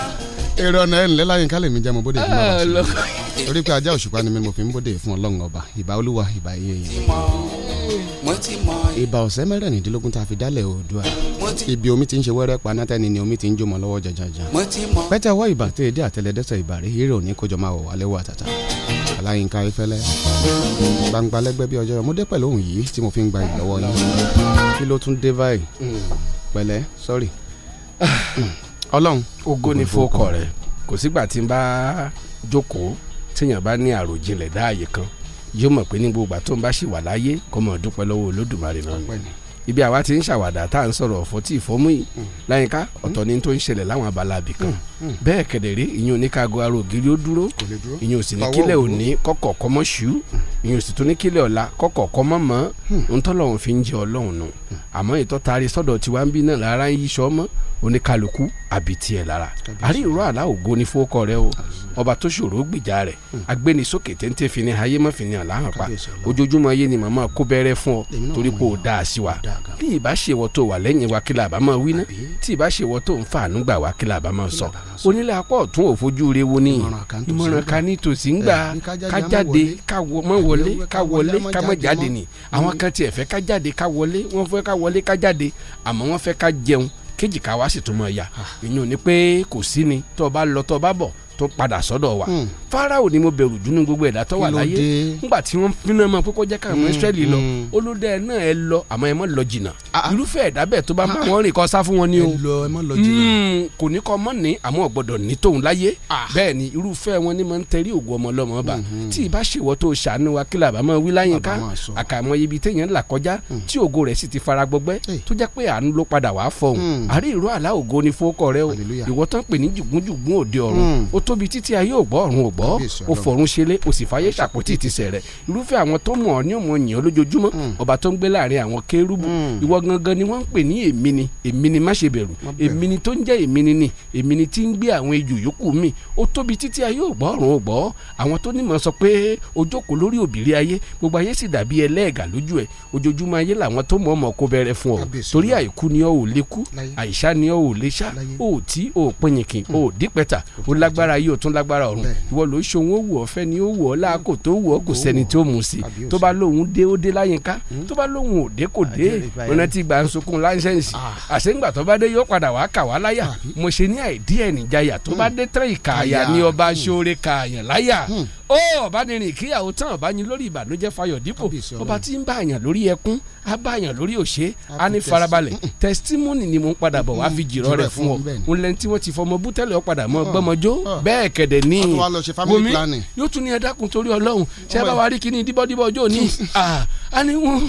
èrè ọ̀nà ẹ̀ ńlẹ́ láyé nkálẹ̀ mi jẹ́ mo bóde fún bàbá sí ah, torí pé ajá òṣùpá ni mi mo fi ń bóde fún ọlọ́run ọba ìbà olúwa ìbà iye yẹn ìbà ọ̀sẹ̀ mẹ́rẹ̀ẹ́rìndínlógún tá a fi dálẹ̀ oòdùà ibi omi ti ń ṣe wẹ́rẹ́ panátẹ́ni ni omi ti ń jómọ lọ́wọ́ jàjàjà pẹ́tẹ́ ọwọ́ ìbà tẹ́ èdè àtẹlẹdẹ́sẹ̀ ìbà rẹ̀ eré òní kójọ máa wọ̀ wálé wà tàtà aláyínká ifẹ́lẹ́ gbangba lẹ́gbẹ́ bí ọjọ́ mo dé pẹ̀lú òun yìí tí mo fi ń gba ìlọ́wọ́ yín kí ló tún dé báyìí hmm. pẹ̀lẹ́ sọ́rí ọlọ́run ògo ni fọkọ rẹ kò sígbà tí n bá jókòó tíyàn bá ní àròjinlẹ̀ dáàyè kan yóò mọ̀ pé ní gbogbo àtọ́ n bá ṣì wà láyé kó mọ̀ dúpẹ́ lọ́wọ́ olódùmarè náà ni ibi àwa ti ń ṣàwàdà tá à ń sọ̀rọ̀ ọ̀fọ̀ tí ìfọ́mú yìí mm. láyínká mm. ọ̀tọ̀ ni tó ń ṣẹlẹ̀ láwọn abala àbí kan mm. bẹ́ẹ̀ kẹ̀dẹ̀rẹ́ ìyẹn oníka agoaro ògiri ó dúró ìyẹn òsì ní kílẹ̀ òní kọ́kọ̀ kọ́mọ́ ṣú ìyẹn òsì tó ní kílẹ̀ ọ̀la kọ́kọ̀ kọ́mọ́ mọ́ ń tọ́lọ́run fi ń jẹ ọlọ́run nù àmọ́ ìtọ́ taari sọ́dọ̀ tiwa ń bí náà rárá ń yíṣọ́ mọ́ oníkálukú àbí tiẹ̀ lára àrí ìró àlá ògo ni fowókọ rẹ o ọba tó ṣòro gbìjà rẹ hmm. agbénisókè téńté fi ni ayé mọ́ fi ni àláhàn pa ojoojúmọ́ ayé ni màmá kó bẹ́rẹ́ fún ọ torí pé o dáa sí wa bí ìbá ṣèwọ tó wà lẹ́yìn wa kí la bá máa wí ná tí ìbá ṣèwọ tó ń fàánú gbà wá kí la bá máa sọ onílé apá ọ̀tún òfojú rẹ wo ni ìmọ̀ràn kan ní tòsí ń gbà ká jáde ká wọlé ká wọlé ká má jáde ni àwọn kan tiẹ̀ fẹ́ ká jáde ká wọlé wọ́n fẹ́ ká wọlé ká jáde àmọ́ wọ́n fẹ́ ká jẹun kéjìká wa sì tún mọ̀ ya ah. ìyẹn ò ní pé kò sí ni tó lọ tó o tó padà sọ́dọ̀ wa hmm. farao ni mo bẹ̀rù jù gbogbo ẹ̀dá tó wà láyé nígbà tí wọ́n finá mọ́ kókó jẹ́ káwọn hmm, Ísírẹ́lì lọ hmm. olódé náà ẹ lọ àmọ́ ẹ mọ́ lọ jìnnà ah, ah. irúfẹ́ ẹ̀dá bẹ́ẹ̀ tó bá ah, bá wọn rìn kọ́ sá fún wọn ni o kò ní kọ́ mọ́ ní àmọ́ ọ̀gbọ́dọ̀ ní tòun láyé bẹ́ẹ̀ ni irúfẹ́ wọn ni mo ń tẹrí ògùn ọmọ lọ́mọ bá tí ì bá ṣèwọ tó ṣàánú wa kí làbá tóbi títí ayé ò gbọ́ ọ̀run ò gbọ́ ó fọ̀run ṣeré ó sì fàyè ṣàpótì ti sẹ̀rẹ̀ irúfẹ́ àwọn tó mọ̀ ọ́ ní òmò yìí lójoojúmọ́ hmm. ọba tó ń gbé láàrin àwọn kérúbù hmm. ìwọ gangan ni wọ́n ń pè ní èmi ni èmi ni má ṣe bẹ̀rù èmi ni tó ń jẹ́ èmi ni ni èmi ni tí ń gbé àwọn ejò yòókù mi ó tóbi títí ayé ò gbọ́ ọ̀run ò gbọ́ àwọn tó nímọ̀ sọ pé ojókòó lórí òbírí ayé gbogbo ayé sì dàbí ẹlẹ́ẹ̀gà lójú ẹ̀ ojoojúmọ́ ayé làwọn tó mọ̀ ọmọ kó bẹ̀rẹ̀ fún ọ torí àìkú ni ọ ò lè kú àìsá ni ọ ò lè sá ò tí ò pinyikin ò dípẹ́ta ò lágbára agbára yìí ò tún lágbára ọ̀run ìwọ ló ṣohun ó wù ọ́ fẹ́ ni ó wù ọ́ láàkó tó wù ọ́ kò sẹ́ni tó mú sí tó bá lóhun dé ó dé láyínká hmm? tó bá lóhun ò dé kò dé rántí gbà ń sunkún láńsẹ̀nsì ah. àṣẹ́ngbà tó bá dé yóò padà wá kà wá láyà mo ṣe ní àìdí ẹ̀ níjàyà tó bá hmm. dé tẹ́ ìkààyà ni ọba hmm. ṣoore kààyàn láyà ó ọ̀bánirin ìkíyàwó tán ọ̀bánirin lórí ìbànújẹ́ fayọ̀ dípò ọba tí ń bá àyàn lórí ẹkún á bá àyàn lórí òṣè á ní farabalẹ̀ testimony ni mo ń padà bọ̀ wá fi jìrọ̀ rẹ̀ fún ọ òun lẹ́ni tí wọ́n ti fọmọ bútẹ́lẹ̀ ọ̀padà mọ́ gbọ́mọjó bẹ́ẹ̀ kẹ̀dẹ̀ ní wòmí yóò tún ní ẹ dákun torí ọlọ́run ṣé bá wa rí kíní díbọ́díbọ́ ọjọ́ ní àní wọn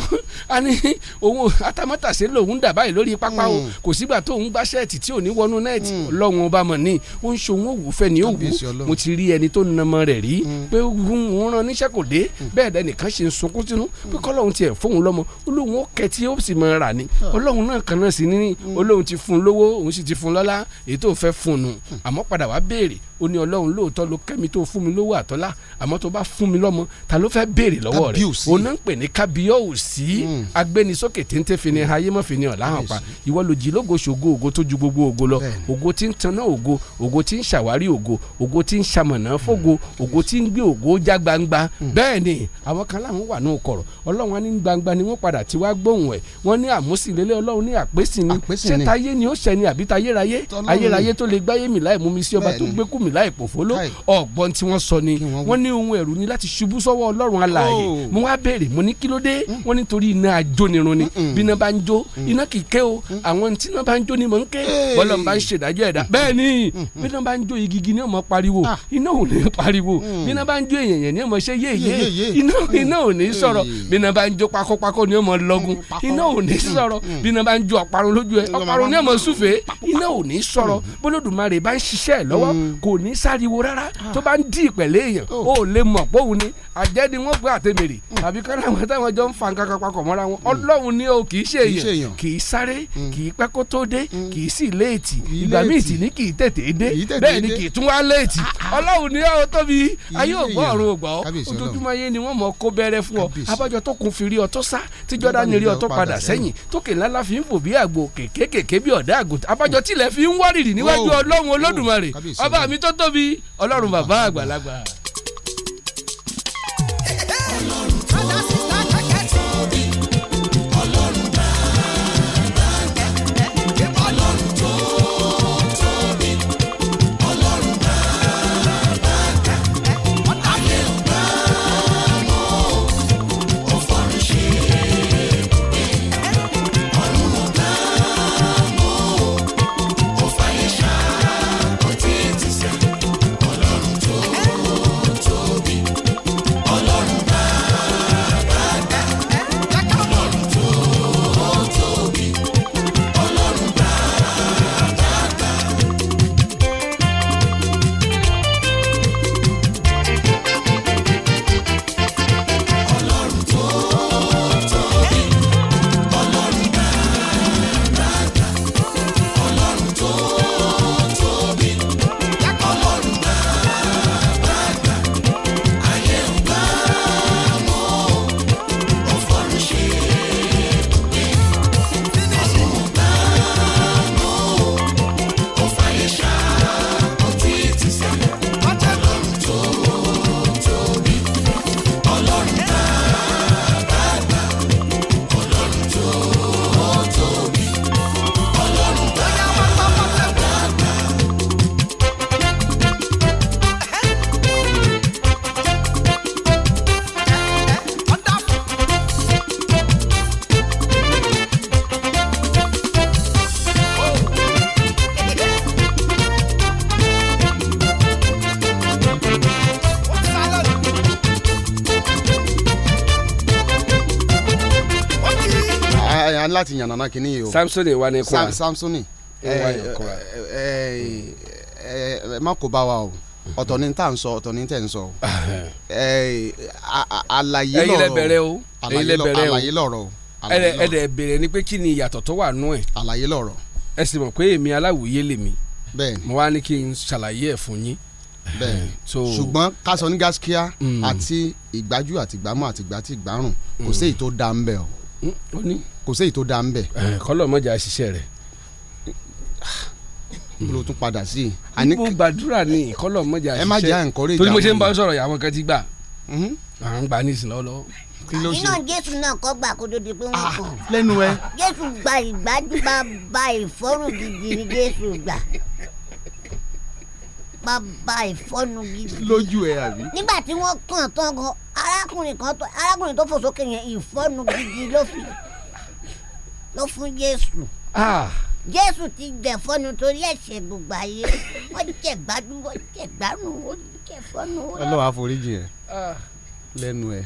àní òun atamátàsé lòun dà báyìí lórí pápá o kò sígbà tó ń gbá ṣẹ́ẹ̀tì tí ò ní wọnú nẹ́ẹ̀tì ọlọ́run ọba mọ̀ ní ó ń ṣòwò òwúfẹ́ ni ó wù mo ti rí ẹni tó ń rẹ̀ rí pé òun rán níṣẹ́ kò dé hmm. bẹ́ẹ̀ dẹ́ nìkan ṣe ń sunkún sínú pé kọ́lọ́hún tiẹ̀ fóun lọ́mọ olóhùn ó kẹ́ tí ó sì máa rà ní hmm. ọlọ́hun náà kan náà sí ní hmm. olóhùn ti fún lówó òun sì ti fún lọ́lá èyí tó fẹ́ fún un àmọ́ padà wá béèrè ó ní ọlọ́run lóòótọ́ ló kẹ́mi tó fún mi lówó àtọ́lá àmọ́ tó bá fún mi lọ́mọ ta ló fẹ́ béèrè lọ́wọ́ rẹ̀ òun náà ń pè ní kábíyọ̀sí agbénisókè téńté fi ni ayé mọ́ fi ni ọ̀la hàn pa ìwọ ló jí lógo ṣògo ògo tó ju gbogbo ògo lọ ògo tí ń tanná ògo ògo tí ń ṣàwárí ògo ògo tí ń ṣamọ̀nà fógo ògo tí ń gbé ògo já gbangba hmm. bẹ́ẹ̀ ni àwọn kan láwọn wà ní kọ̀rọ̀ ọlọ́run ní gbangba ni wọ́n padà ti wá gbóhùn ẹ̀ wọ́n ní àmúsìlélẹ́ ọlọ́run ní àpèsè ni ṣé tayé ni ó ṣẹni àbí tayérayé ayérayé tó lè gbáyé mi láì mú mi sí ọba tó gbé kú mi láì pòfóló ọ̀gbọ́n tí wọ́n sọ ni wọ́n ní ohun ẹ̀rù ni láti ṣubú sọ́wọ́ ọlọ́run alààyè oh. mo wá béèrè mo ní kílódé hmm. wọ́n nítorí iná ajónirun ni hmm. bí iná bá ń jó iná kì o àwọn tí iná bá ń jó ni mò ń ké bọ́lọ̀ bá ń ṣèdájọ́ ẹ̀dá bẹ́ẹ̀ ni bí iná bá ń jó igi ni ọmọ pariwo ah. iná iná bá ń jó èèyàn yẹn ní ọmọ ṣe yéèyé iná iná ò ní sọ̀rọ̀ bí iná bá ń jó pakópakó ní ọmọ lọ́gùn iná ò ní hmm. sọ̀rọ̀ hmm. bí iná bá ń jó ọ̀parun lójú ẹ ọ̀parun ní ọmọ súfèé iná ò ní sọ̀rọ̀ hmm. bólódùmarè bá ń ṣiṣẹ́ lọ́wọ́ kò ní sáriwo rárá ah. tó bá ń dí ìpẹ̀lẹ́ èèyàn ó oh. lè mọ̀ póun ni àjẹ́ ni wọ́n gbé àtẹ̀mẹ̀rẹ̀ àbí kára wọn táwọn jọ ń fa nǹkan kan papọ̀ mọ́ra wọn ọlọ́run ni o kì í ṣe èèyàn kì í sáré kì í pẹ́ kó tó dé kì í sì léètì ìgbà míì sì ní kì í tètè dé bẹ́ẹ̀ ni kì í tún wá léètì ah, ah. ọlọ́run ni ó tóbi ayé yóò gbọ́ ọ̀run ògbà ọ́ ojoojúmọ́ ayé ni wọ́n mọ̀ kó bẹ́rẹ́ fún ọ abájọ tó kun fi rí ọ tó sá tí Jọ́dánì rí ọ tó padà sẹ́yìn tókè ńláńlá fi ń fò bí àgbò kékèké bí ọ̀dà àgùntàn abájọ tilẹ̀ fi ń wárìrì níwájú ọlọ́run olódùmarè ọba mi tó tóbi ọlọ́run bàbá àgbàlagbà. ọlọ́run a láti yànnàná kínní yìí o. samsoni wa ni kura samsoni ẹ má kó bá wa o ọ̀tọ̀ ni tá à ń sọ ọ̀tọ̀ ni tẹ̀ ń sọ o. àlàyé lọ̀rọ̀ ẹ̀yin lẹ bẹ̀rẹ̀ o ẹ̀yin lẹ bẹ̀rẹ̀ o àlàyé lọ̀rọ̀ ẹ dẹ̀ bẹ̀rẹ̀ ni pé kí ni ìyàtọ̀ tó wà nú ẹ̀. àlàyé lọ̀rọ̀. ẹ sì mọ̀ pé èmi aláwòye lèmi. bẹ́ẹ̀ni mo wá ní kí n ṣàlàyé ẹ̀ fún yín bẹ́ẹ̀ ṣùgbọ́n kásán ní gaskiya hmm. àti ìgbájú àtìgbámọ̀ àtìgbátìgbárùn kò hmm. sí èyí tó dáa ń bẹ o kò sí èyí tó dáa ń bẹ̀. kọ́lọ̀ mọ́jà ṣiṣẹ́ rẹ̀. ló tún padà sí i. ibo gbàdúrà ni kọ́lọ̀ mọ́jà ṣiṣẹ́ ẹ má jẹ́ àǹkọ́rẹ́ ìjà torí mo ṣe ń bá sọ̀rọ̀ yàwọn kan ti gbà mhm. à ń gbà ní ìsìn lọ́wọ́lọ́wọ́ kí ló jésù náà kọ́ gbà kó dòdì pé wọ́n ah, kàn. lẹ́nu ẹ. jésù gba ìgbàdúrà ba ìfọ́rùn gidi ni jésù gbà bàbá ìfọ́nu gidi. lójú ẹ àbí. nígbà tí wọ́n kàn tán gan arákùnrin kan tó arákùnrin tó fò sókè yẹn ìfọ́nu gidi ló fi ló fún Jésù. Ah. Jésù ti jẹ̀fọ́nu torí ẹ̀ṣẹ̀ gbogbo ayé wọ́n jẹ̀ gbádùn wọ́n jẹ̀ gbádùn wọ́n jẹ̀ fọ́nu. Ọlọ́run àforíjì ẹ ah. lẹ́nu ẹ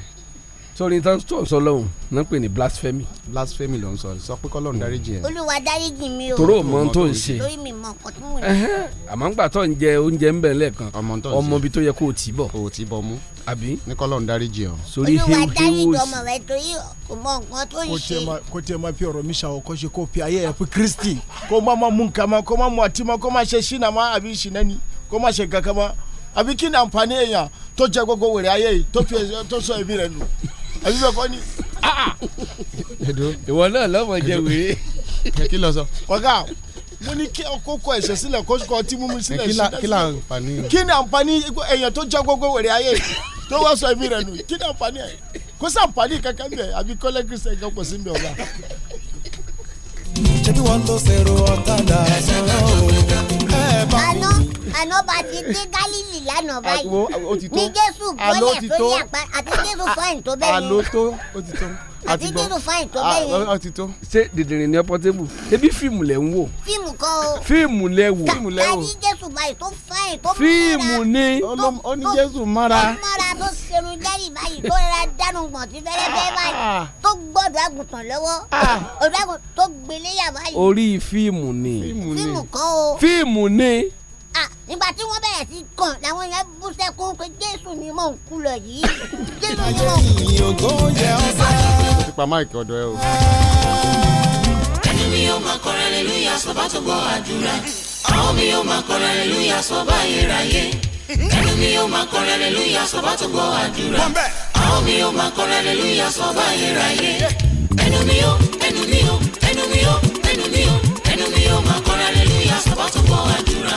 sórí tó ń sọ lọ́hùn náà pè ní blasphemy. blasphemy ló ń sọ sọ pé kọ́lọ́run dáríjì ẹ̀. olúwa dáríjì mi o. toró mọ tó ń ṣe. lórí mi mọ nǹkan tó ń wẹ̀. àmọ́ ń gbà tó ń jẹ oúnjẹ ń bẹ̀ lẹ́ẹ̀kan ọmọ ibi tó yẹ kó o tì bọ̀. o tì bọ̀ mú. àbí. ní kọ́lọ́run dáríjì ọ. sórí hewu hewu. olúwa dáríjì ọmọ rẹ torí kò mọ nǹkan tó ń ṣe. kó tiẹ̀ máa fi ọ̀rọ̀ mi ṣàwọ̀ kó ṣe kó fi ayé ẹ̀ fi kristi kó má má mú nǹkan má kó má mú ọtí má kó má ṣe ṣínà má àbí ṣìnà ni kó má ṣe nǹkan kan má àbí kí ni àǹfààní èèyàn tó jẹ gbogbo wèrè ayé yìí tó fi tó sọ ẹbí rẹ nù àbí bẹ́ẹ̀ kọ́ ni. Ah, ah. ìwọ náà lọ́mọ jẹ wèrè. kí ló sọ. ọ̀gá mo ní kí ọkọ kọ ẹsẹ sílẹ̀ kó kọ tí mímú sílẹ̀ sílẹ̀ kí ni àǹfààní. kí ni àǹfààní èèyàn tó jẹ gbogbo wèrè ayé tó wá sọ ẹbí rẹ nù kí ni àǹfààní ẹ kó sàǹfààní kankan bẹ àbí kọlẹ kristian kan pọ̀ sí mi ọ̀gá. ṣé bí wọ́n tó ṣèrò ọ̀tá dà ọ́ bá kú. àná àná bá ti dé Gálílì lánàá báyìí ní Jésù bọ́lẹ̀ sórí àpá àti Jésù sọ ẹ̀ tó bẹ́ẹ̀ ni. àló tó ó ti tó àti gbọ́ àti tó. ṣé dìndìnrín ni ọ pọtébù ṣébí fíìmù lẹ ń wò. fíìmù kọ́ o. fíìmù lẹ wò. fíìmù lẹ wò. káyí jésù báyìí tó fẹ́ẹ̀ tó mara. fíìmù ni ó ní jésù mara. tó mara tó serun jẹ́rìí báyìí tó rẹ̀ dánú gbọ̀n tí fẹ́rẹ́fẹ́ ah. báyìí tó gbọ́dọ̀ àgùntàn lọ́wọ́ ah. òdùdàgùn tó gbélé yà báyìí. orí fíìmù ni. fíìmù kọ́ o. fíìmù ni. Ah, nígbà tí wọ́n bẹ̀rẹ̀ sí kàn làwọn yẹn bú sẹ́kún pé jésù ni mò ń kú lọ yìí jésù ni mò ń kú. ayé mi yẹ ọ̀sẹ̀. o ti pa máìkì ọ̀dọ̀ ẹ o. ẹni mi yóò máa kọrin aleluya sọ bá tó gbọ́ àdúrà àwọn mi yóò máa kọrin aleluya sọ bá ayérayé ẹni mi yóò máa kọrin aleluya sọ bá tó gbọ́ àdúrà àwọn mi yóò máa kọrin aleluya sọ bá ayérayé ẹnu mi yóò ẹnu mi yóò ẹnu mi yóò ẹnu mi yóò máa kọrin aleluya sọ bá tó gbọ́ àdúrà.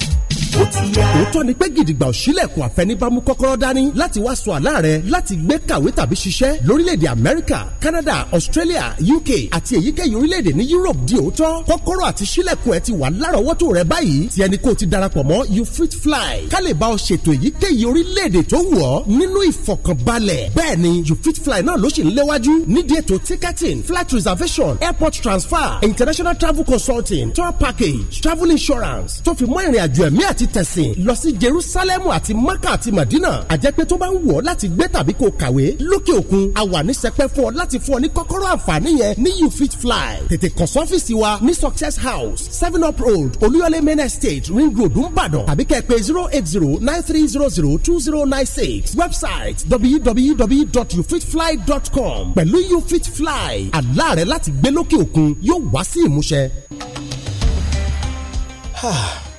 ó ti yá. òótọ́ ni pé gidigba òṣìlẹ̀kùn àfẹnibámú kọ́kọ́rọ́ dání láti wá sọ àlá rẹ láti gbé kàwé tàbí ṣiṣẹ́ lórílẹ̀‐èdè amẹ́ríkà canada australia uk àti èyíkéyìí orílẹ̀‐èdè ní europe di òótọ́ kọ́kọ́rọ́ àti ṣílẹ̀kùn ẹ ti wà lárọ̀ọ́wọ́tò rẹ báyìí tí ẹni kò ti darapọ̀ mọ́ you fit fly ká lè bá ọ ṣètò èyíkéyìí orílẹ̀‐èdè tó wù ọ́ nínú ìfọ̀kànbalẹ̀ bẹ́ẹ̀ ni fly náà ló sì ń léwájú nídìí flight reservation airport transfer international travel consulting tour package travel insurance tó fi mọ́ ìrìn àti tẹ̀sìn lọ sí Jerusalemu àti Maka àti Madina àjẹpẹ́ tó bá ń wọ̀ láti gbé tàbí kó kàwé lókè òkun a wà ní sẹpẹ́ fún ọ láti fún ọ ní kọ́kọ́rọ́ àǹfààní yẹn ní you fit fly tètè kàn sọ́fíìsì wa ní Success House seven up road Olúyọlé main estate ring road ńbàdàn tàbí kẹ́ẹ̀pẹ́ zero eight zero nine three zero zero two zero nine six website www.youfitfly.com pẹ̀lú you fit fly àlá rẹ láti gbé lókè òkun yóò wá sí ìmúṣẹ. Ah.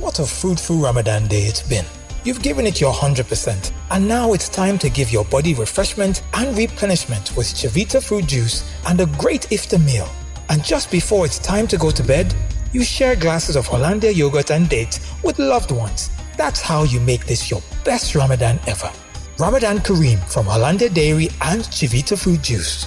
What a fruitful Ramadan day it's been. You've given it your 100%, and now it's time to give your body refreshment and replenishment with Chavita fruit juice and a great iftar meal. And just before it's time to go to bed, you share glasses of Hollandia yogurt and dates with loved ones. That's how you make this your best Ramadan ever. Ramadan Kareem from Hollandia Dairy and Chivita Fruit Juice.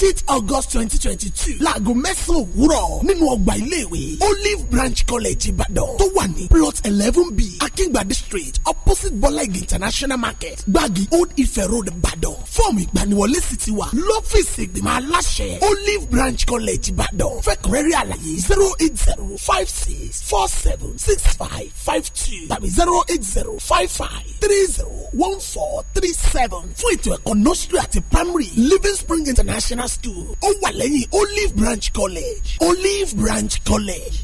thirtieth august twenty twenty two láago mẹ́sàn-án òwúrọ̀ nínú ọgbà iléèwé olive branch college ìbàdàn tó wà ní plot eleven b akíngbàdé street opposite bọ́láìgì international market gbági old ife road ìbàdàn fọ́ọ̀mù ìgbaniwọlé sì ti wà lọ́fíìsì ìgbìmọ̀ aláṣẹ olive branch college ìbàdàn fẹ́kùrẹ́rì àlàyé zero eight zero five six four seven six five five two tàbí zero eight zero five five three zero one four three seven fún ètò ẹ̀kọ́ nursery àti primary living spring international school ó wà lẹ́yìn olive branch college olive branch college.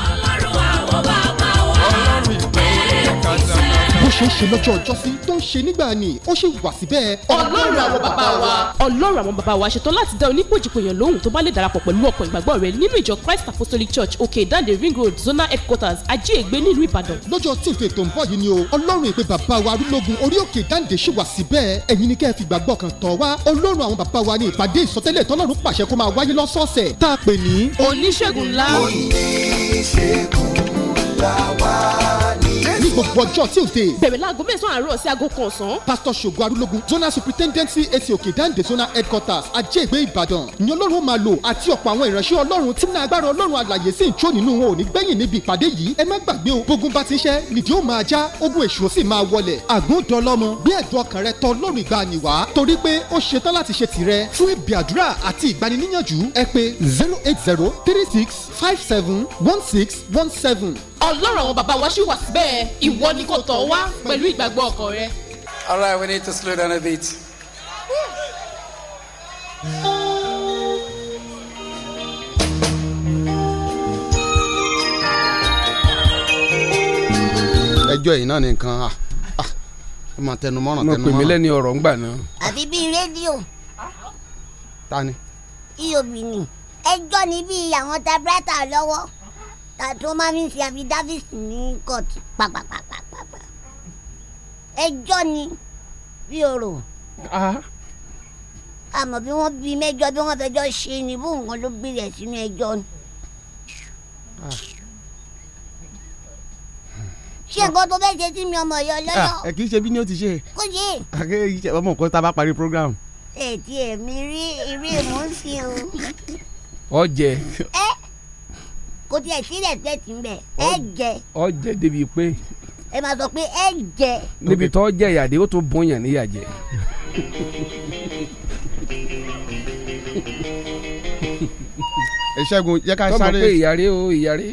ọlọ́run àwọn bàbá wa ọlọ́run ṣe ń ṣe lọ́jọ́ ìjọsìn tó ń ṣe nígbà ni ó sì wà síbẹ̀. ọlọ́run àwọn bàbá wa. ọlọ́run àwọn bàbá wa ṣetán láti dá onípòjìpòyàn lóhùn tó bá lè darapọ̀ pẹ̀lú ọkọ̀ ìgbàgbọ́ rẹ nínú ìjọ Christ Apostolic Church òkè ìdáǹdè ring road zona headquarters ajíègbé nílùú Ìbàdàn. lọ́jọ́ tí ìfẹ́ tó ń bọ̀ yìí ni o ọlọ́run ìpè bàbá wa arúgbógun orí òkè ìdáǹdè ṣì wà síbẹ̀ ẹ̀yin ni kẹ́ ẹ fi gbàgbọ́ kan tọ̀ wá ọlọ́run àwọn bàbá wa ni ìpàdé ìsọtẹ́lẹ̀ tọ́lọ́run pàṣẹ kó máa wáyé lọ́sọ̀ọ̀sẹ̀ tá a pè ní. oníṣègùn ńlá. oníṣègùn ńlá wá ní gbogbo ọjọ́ Tuesday. bẹ̀rẹ̀ láago mẹ́sàn-án àárọ̀ sí aago kan ọ̀sán. pásítọ̀ ṣògo arúlógún zonal superintendency etí òkè dáǹdè zonal headquarters ajégbé ìbàdàn ni ọlọ́run máa lò àti ọ̀pọ̀ àwọn ìránṣẹ́ ọlọ́run tí náà agbára ọlọ́run àlàyé sì ń tó nínú wọn ò ní gbẹ̀yìn níbi ìpàdé yìí ẹ má gbàgbé o bógun bá ti ṣẹ́ nìdí ó máa já ogun èṣù sì máa wọlẹ̀ àgúndọ̀lọ́mọ zero eight zero three six five seven one six one seven ọlọ́run àwọn bàbá wa ṣì wà síbẹ̀ ìwọ ni kò tọ̀ wá pẹ̀lú ìgbàgbọ́ ọkọ rẹ. All right, we need to slow down a bit. ẹjọ́ yìí náà nìkan ah ah ẹ mo pè mí lẹ́ni ọ̀rọ̀ ńgbà náà. àfi bíi rédíò. ta ni. iyobi ni ẹjọ́ ni bíi àwọn tabrata lọ́wọ́ àti wọ́n máa fi ń ṣe affidavit ní kóòtù pàpàpàpàpà ẹjọ́ ni bí ọ̀rọ̀ ah. àmọ́ bí wọ́n bí mẹ́jọ bí wọ́n fẹjọ́ ṣe ni bó nǹkan ló gbé rẹ̀ sínú ẹjọ́ ni. Ah. ṣé nǹkan tó fẹ́ ṣe sí mi ọmọ ìyá ọlọ́yọ̀. Ah, ẹ kì í ṣe bí ni ó ti ṣe. kò yé. àkẹ́yẹ ọmọ nǹkan tá a bá parí program. ètí ẹ̀mí rí eré mò o. ọjẹ. ẹ kò tiẹ̀ sí respect ńbẹ ẹ jẹ. ọ jẹ débi pé. ẹ máa sọ pé ẹ jẹ. níbi tó jẹ ìyàdé ó tún bún yàn níyà jẹ. ẹ ṣẹ́gun jẹ́ ká sáré. tọ́mọ̀ pé ìyàrí o ìyàrí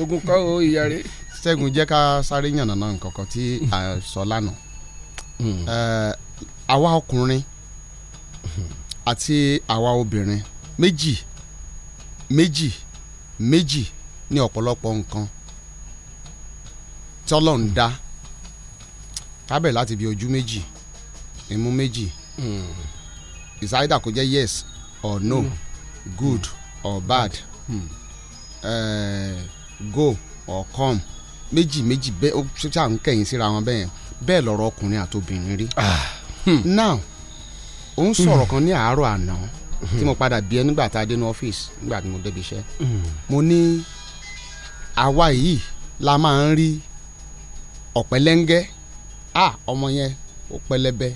ogun kọ́ o ìyàrí. ṣẹ́gun jẹ́ ká sáré yànnàná nkankan tí a sọ lánàá. Hmm. àwa ọkùnrin àti àwa obìnrin méjì méjì méjì ní ọ̀pọ̀lọpọ̀ nǹkan tọ́lọ́run dá kábẹ̀ láti bí ojú méjì imú méjì hmm. it's either kó jẹ́ yes or no mm. good or bad mm. uh, go or come méjì méjì bẹ́ẹ̀ ó ṣáà ń kẹ̀yìn síra wọn bẹ́ẹ̀ bẹ́ẹ̀ lọ́rọ̀ ọkùnrin àtobìnrin rí ah. hmm. now ó ń sọ̀rọ̀ hmm. kan ní àárọ̀ àná tí mo padà bí ẹ nígbà tá a dé ní ọ́fíìsì nígbà tí mo débi iṣẹ́ mo ní àwa yìí la máa ń rí ọ̀pẹ̀lẹ́ngẹ́ à ọmọ yẹn ó pẹlẹbẹ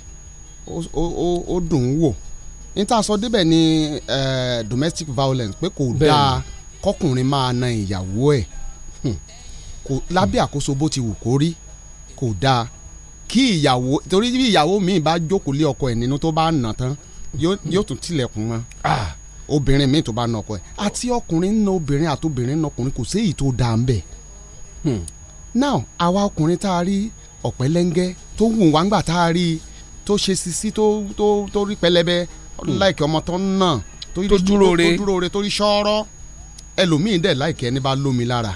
ó dùn ún wò níta sọ débẹ̀ ni domestic violence pé kò dáa kọkùnrin máa na ìyàwó ẹ̀ hmm. lábẹ́ àkóso bó ti wù kó rí kò dáa kí ìyàwó torí bí ìyàwó mi bá jókòó lé ọkọ ẹ̀ nínú tó bá nà tán yóò tún tilẹ̀kùn mọ́ ah, obìnrin mi tó bá nà ọkọ ẹ̀ àti ọkùnrin ń na obìnrin àti obìnrin ń na ọkùnrin kò sí èyí tó dáa ń bẹ̀. Hmm. now àwa ọkùnrin tá a rí ọ̀pẹ́lẹ́ngẹ́ tó wù wá ńgbà tá a rí tó ṣe sisi tó tó tó rí pẹlẹbẹ hmm. láìkí ọmọ tó ń nà tó dúró re tó dúró re tó rí ṣọ́ọ́rọ́ ẹlòmíín dẹ̀ láìkí ẹni bá lómi lára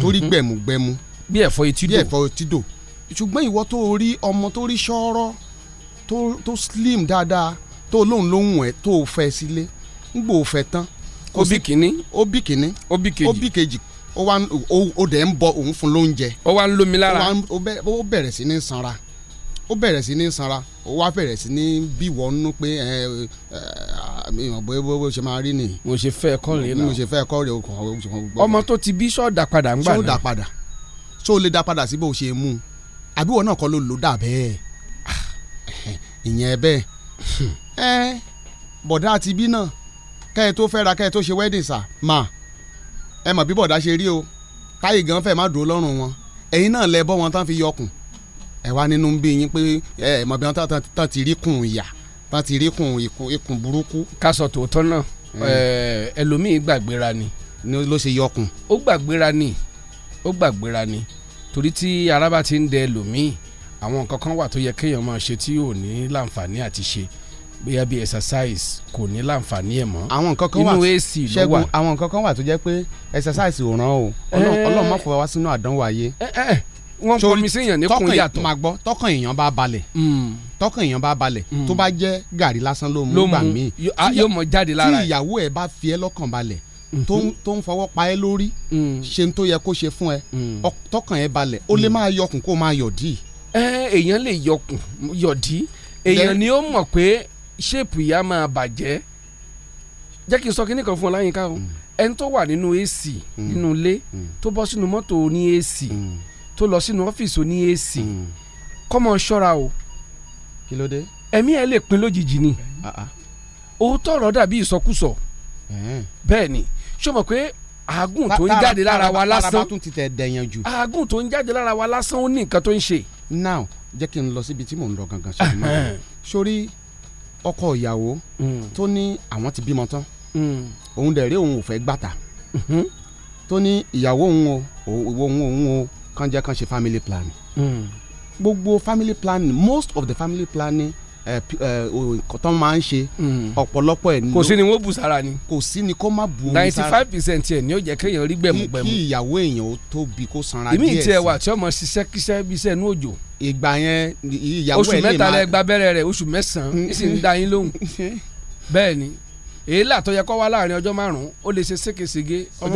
tó rí mhm. gbẹ̀mùgbẹ̀mù bí ẹ̀fọ́ etí dò bí ẹ̀fọ́ etí dò ṣùgbọ́n ìwọ tó rí ọmọ tó rí ṣọ́ọ́rọ́ tó slim dáadáa tó lóun lóhùn ẹ̀ tó fẹ́ sílé ń gbò fẹ́ tán. ó bí kínní ó bí kínní ó bí kejì ó bí kejì ó wá ó dẹ̀ ń bọ òun fún lóúnjẹ. ó wá ń lómi lára ó bẹ̀rẹ̀ sí ní sanra ó bẹ̀rẹ̀ sí ní sanra ó wá bẹ̀rẹ̀ sí ní bíwọ́ nú pé ẹ ẹ mi ò bóyá bó ṣe máa rí ni. mo ṣe fẹ́ ẹ̀kọ́ rẹ̀ náà mo ṣe fẹ́ ẹ̀kọ́ rẹ̀ o. ọmọ tó ti bí sọ́ọ̀dà padà ń gbà náà. sọ́ọ̀dà padà ṣó o lè dá padà sí bó o ṣe mú un àbí wọn náà kọ́ ló lò dà bẹ́ẹ̀ ah, ìyẹn bẹ́ẹ̀ ẹ bọ̀dá àti bí náà kẹ́ ẹ tó fẹ́ ra kẹ́ ẹ tó ṣe wedding sa ma. ẹ mọ̀ bí bọ̀dá ṣe rí o táyì gan fẹ́ má dúró lọ́rùn wọn ẹ̀yin náà lẹ bọ́ wọn tán fi yọkùn ẹ wá nínú ń bí yín pé ẹ mọ̀ bí wọn tán ti rí kùn ìyà tán ti rí kùn ikùn burúkú. ká sọ tòótọ́ náà mm. ẹlòmíì gbàgbéra ni. ni ló ṣe yọkùn. ó gbàgbéra ni ó gbàgbéra ni torí tí ara bá ti ń dẹ ẹlòmíì àwọn nǹkan kan wà tó yẹ kéèyàn máa ṣe tí ò ní láǹfààní àti ṣe bóyá bí exercise kò ní láǹfààní ẹ̀ mọ́. àwọn nǹkan kan wà inú ac ló wà. àwọn nǹkan kan wà tó jẹ́ pé exercise ò ràn o ọlọ́run eh. má fọwọ́ wá sínú àdánwò ayé. Eh, eh, wọ́n pọnmi séèyàn ní kun yàtọ̀. máa gbọ́ tọkàn èèyàn bá balẹ̀ hmm. tọkàn èèyàn bá balẹ̀ hmm. tó bá jẹ́ gàrí lásán ló mú gbà mí. yóò mọ jáde lára ẹ. tí ìyàwó ẹ bá fi ẹ lọ́kàn balẹ̀ mm-hmm. tó ń fọwọ́ pa ẹ lórí hmm. ṣe ń tó yẹ kó ṣe fún ẹ tọkàn ẹ balẹ̀ ó lè máa yọkùn kó máa yọ̀dí. èèyàn lè yọkùn yọ̀dí èèyàn ni ó mọ̀ pé ṣéèpù yìí á máa bàjẹ́ jẹ́ kí n sọ kí nìkan fún ọ láyìnká o mm. ẹni tó wà nínú AC mm. nínú ilé mm. tó bọ́ sínú mọ́tò ní AC tó lọ sínú ọ́fíìsì ní AC kọ́mọ ṣọ́ra o kí ló dé ẹ̀mí ẹ̀ lè pin lójijì ni ah, ah. òótọ́ ọ̀rọ̀ dàbí ìsọkúsọ bẹ́ẹ̀ ni ṣó mọ̀ pé àágùn tó ń jáde lára wa lásán àágùn tó ń jáde lára wa lásán ó ní nǹkan tó ń ṣe. now jẹ́ kí n lọ síbi tí mò ń lọ gangan sórí mọ́ sórí ọkọ ìyàwó hmm. tó ní àwọn ti bímọ tán hmm. òun dẹ̀ rí òun ò fẹ́ gbàtà mm-hmm. tó ní ìyàwó òun o òun òun o kàn jẹ́ kàn ṣe family planning hmm. gbogbo family planning most of the family planning Eh, eh, nǹkan tó máa ń ṣe hmm. ọ̀pọ̀lọpọ̀ ẹ̀ ni. kò sí ni wọ́n bù sára ni. kò sí ni kó má bu omi sára. ninety five percent ẹ̀ ni ó jẹ́ kéèyàn rí gbẹ̀mùgbẹ̀mù. kí ìyàwó èèyàn ó tóbi kó sanra díẹ̀ sí. ìmí tiẹ̀ wà tí ọmọ ṣiṣẹ́ kíṣẹ́ bí iṣẹ́ inú òjò. ìgbà yẹn ìyàwó ẹ̀ lè máa. oṣù mẹ́ta lẹ gba rẹ̀ oṣù mẹ́sàn-án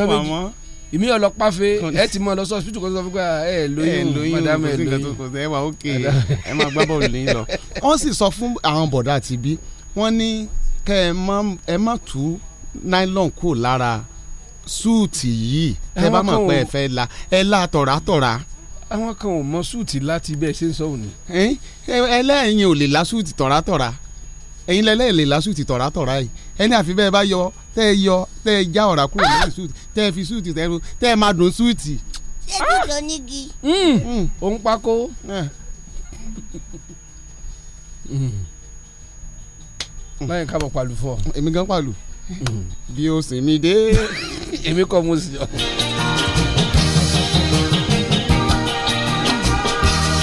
hmm. ìmí ọlọpàá fe ẹ ti mọ lọ sọ hospital kan sọ fún wa ah, eh, ẹ lóyún madam ẹ lóyún ẹ wà ókè ẹ máa gbá bọ́ọ̀lù lẹ́yìn lọ. wọ́n sì sọ fún àwọn bọ̀dà àti bí wọ́n ní kẹ́ ẹ má tú nylon kù lára súùtì yìí tẹ́ bá mọ̀ pé ẹ fẹ́ la ẹ la tọ̀ràtọ̀rà àwọn kan ò mọ súùtì láti bẹ́ẹ̀ ṣe ń sọ òní. ẹlẹ́yin ò lè la súùtì tọ̀ràtọ̀rà ẹ̀yin lẹ́lẹ́yìn lè la súùtì tọ̀ràtọ̀rà yìí tẹ́ ẹ yọ tẹ́ ẹ já ọ̀rá kúrò lórí súùtì tẹ́ ẹ fi súùtì tẹ́ ẹ tẹ́ ẹ máa dùn súùtì. ṣé kí ló ní gi. òun pákó. láyé eh. hmm. kábọ̀ pàlù fọ. èmi gan pàlù hmm. bí o sì mí dé. èmi kọ́ mo sì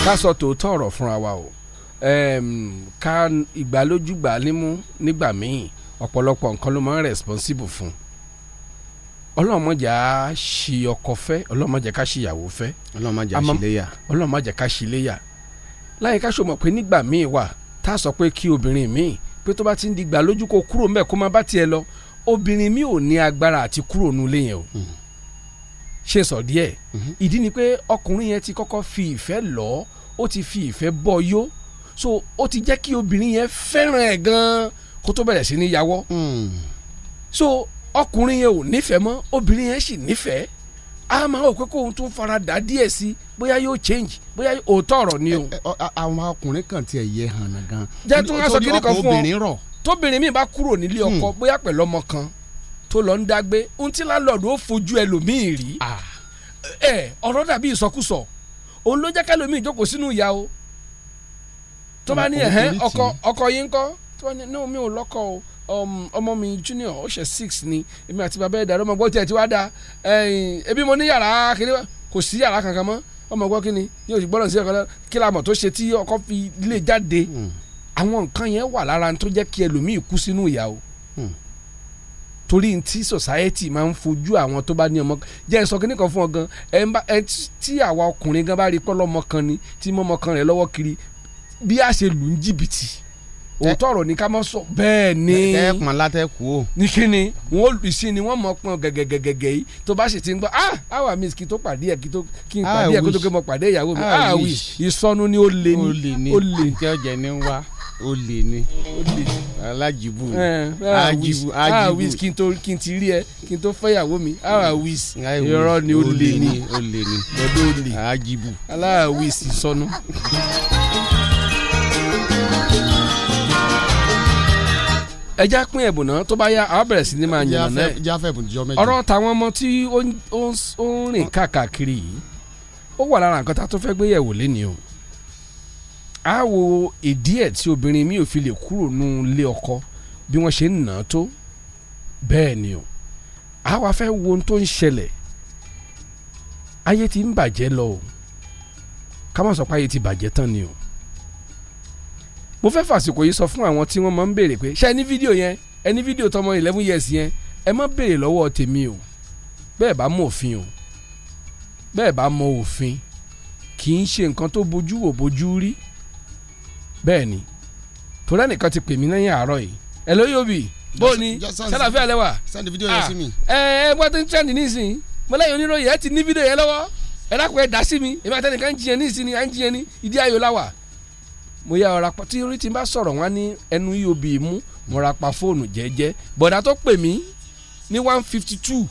ká sọ tòótọ́ ọ̀rọ̀ fúnra wa o ká ìgbàlójúgbà nímú nígbà míì ọ̀pọ̀lọpọ̀ nǹkan ló máa ń responsible fún ọlọ́mọjà ṣì ọkọ fẹ́ ọlọ́mọjà ká ṣì ìyàwó fẹ́ ọlọ́mọjà ṣìléyà ọlọ́mọjà ká ṣìléyà láyé ká ṣòmọ̀ pé nígbà míì wà tá a sọ pé kí obìnrin míì pé tó bá ti ń di gbà lójú kó kúrò ńbẹ̀ kó má bá tiẹ̀ lọ obìnrin míì ò ní agbára àti kúrò nulẹ̀ yẹn o hmm. ṣe sọ díẹ̀ hmm. ìdí ni pé ọkùnrin yẹn ti kọ́kọ́ fi ìfẹ́ lọ ó ti fi ìfẹ́ bọ́ yó so ó ti jẹ́ kí obìnrin yẹn fẹ́ràn ẹ̀ gan-an kó tó bẹ̀rẹ̀ sí ní hmm. so ọkùnrin yẹn ò nífẹ̀ẹ́ mọ́ obìnrin yẹn sì nífẹ̀ẹ́ a máa wò pé kóun tún fara dà díẹ̀ sí bóyá yóò change bóyá òótọ́ ọ̀rọ̀ ni o. Eh, eh, àwọn ọkùnrin kan tiẹ̀ yẹ hàn náà gan. jẹ́ tún wá sọ kí ni kan fún ọ tóbìnrin mi bá kúrò nílé hmm. ọkọ bóyá pẹ̀lú ọmọ kan tó lọ ń dágbé ohun tí lálọ́ọ̀dù ó fojú ẹlòmíì rí ẹ ọ̀rọ̀ dàbí ìsọkúsọ òun ló jẹ́ kẹlòmíì jókòó sínú ìyá o tó bá ní ọkọ yín kọ́ tí no mi ò lọ́kọ o um, ọmọ mi junior ó ṣe six ni èmi àti bàbá ẹ̀dá ọmọ gbọ́ tiẹ̀ ti da ebi mo ní yàrá kiri kò sí yàrá kankan mọ́ ọmọ gbọ́ kí ni yóò sì gbọ́dọ̀ sí ọkọ kí la mọ̀ tó ṣe tí ọkọ fi lè jáde hmm. àwọn nǹkan yẹn wà lára tó jẹ́ kí ẹlòmíì kú sínú ìyà o hmm. torí ti society máa ń fojú àwọn tó bá ní ọmọ jẹ́ ẹ sọ kí nìkan fún ọ gan ẹ tí àwa ọkùnrin gan bá rí pé kan ni tí mọ́mọ kan rẹ̀ lọ́wọ́ kiri bí a ṣe lù ń jìbìtì òótọ́ ọ̀rọ̀ ní ká mọ́ sọ bẹ́ẹ̀ ni. ẹ pọn o. ní kíni wọn ò ni wọn mọ pọn gẹgẹgẹgẹ yìí tó bá sì ti ń gbọ́ ah how miss kí tó pàdé ẹ kí n pàdé ẹ kó tó ké mọ pàdé ìyàwó mi ah wish ìsọnù ni ó lè ní. ó lè ní ó lè ní tí ọjà ni ó lè ní alájìbù eh, eh, alájìbù ah wish kí n tó kí n ti rí ẹ kí n tó fẹ́ ìyàwó mi ah wish irọ́ ni ó lè ní ó lè ní alájìbù alájìbù ah, ìsọnù. ẹja pín ẹ̀bùn náà tó bá yá a bẹ̀rẹ̀ sí ni máa yànnà náà ọ̀rọ̀ táwọn ọmọ tí ó ń rìn káàkiri yìí ó wà lára nǹkan tá a tó fẹ́ gbé yẹ̀wò lé ni o a wo ìdí ẹ̀ tí obìnrin mi ò fi lè kúrò nù ilé ọkọ bí wọ́n ṣe ń nà tó bẹ́ẹ̀ ni o a wá fẹ́ wo ohun tó ń ṣẹlẹ̀ ayé ti ń bàjẹ́ lọ o ká má sọ pé ayé ti bàjẹ́ tán ni o mo fẹ́ fàsìkò yìí sọ fún àwọn tí wọ́n máa ń béèrè pé ṣe ẹni fídíò yẹn ẹni fídíò tọmọ eleven years yẹn ẹ má béèrè lọ́wọ́ tèmi o bẹ́ẹ̀ bá mọ òfin o bẹ́ẹ̀ bá mọ òfin kì í ṣe nǹkan tó bójú wò bójú rí bẹ́ẹ̀ ni torí ẹnìkan ti pè mí lẹ́yìn àárọ̀ yìí ẹ ló yóò bì bó o ní sálàfẹ́ alẹ́ wà ah. ẹ ẹ wọ́n ti ń tẹ́ni nísìnyí mo lẹ́yìn oníròyìn ẹ ti ní fídíò yẹn lọ́wọ́ ẹ dákun ẹ dá sí mi èmi àtẹnìkan ń jiyàn nísìnyí à ń jiyàn ní ìdí ayò láwà mo yà ọ̀rà tí orí ti bá sọ̀rọ̀ wọn ní ẹnu eob mú mo ra pa fóònù jẹ́jẹ́ bọ̀dà tó pè mí ní one fifty two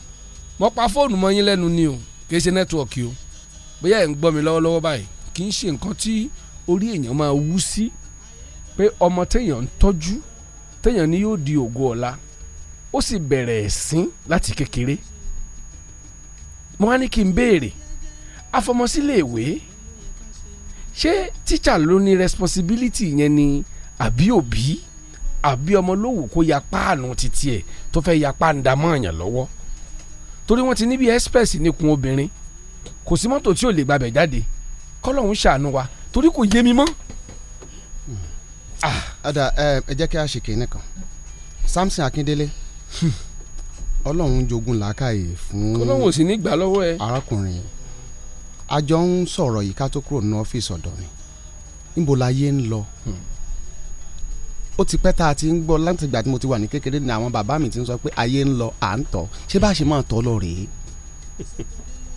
mo pa fóònù mọ́ lẹ́nu ni o kì í ṣe nẹ́tíwọ̀kì o bóyá ẹ̀ ń gbọ́ mi lọ́wọ́lọ́wọ́ báyìí kì í ṣe nǹkan tí orí èèyàn máa wú sí pé ọmọ téèyàn ń tọ́jú téèyàn ni yóò di ògo ọ̀la ó sì bẹ̀rẹ̀ ẹ̀sìn láti kékeré mo wá ní kí n béèrè afọmọsílẹ̀ ìwé ṣé tíṣà ló ní responsibility yẹn ni àbí òbí àbí ọmọ lówù kó ya páànù títí ẹ̀ tó fẹ́ ya páàndà mọ́ọ̀yàn lọ́wọ́ torí wọ́n ti níbi express níkun obìnrin kò sí mọ́tò tí ò lè gbabẹ̀ jáde kọ́lọ́hún ṣàánú wa torí kò yé mi mọ́. ọ̀dà ah, ẹ jẹ́ kí a ṣe kìíní kan Samson Akíndélé hmm. ọlọ́run jogun làákàyè fún ọlọ́run ò sì ní gbà lọ́wọ́ ẹ arákùnrin yìí a jọ ń sọ̀rọ̀ yìí ká tó kúrò nínú ọ́fíìsì ọ̀dọ̀ mi níbo láyé ń lọ hmm. ó ti pẹ́ tá a ti ń gbọ́ láti ìgbà tí mo ti wà ní kékeré ni àwọn bàbá mi ti ń sọ pé ayé ń lọ à ń tọ̀ ṣé bá ṣe máa tọ́ lọ rèé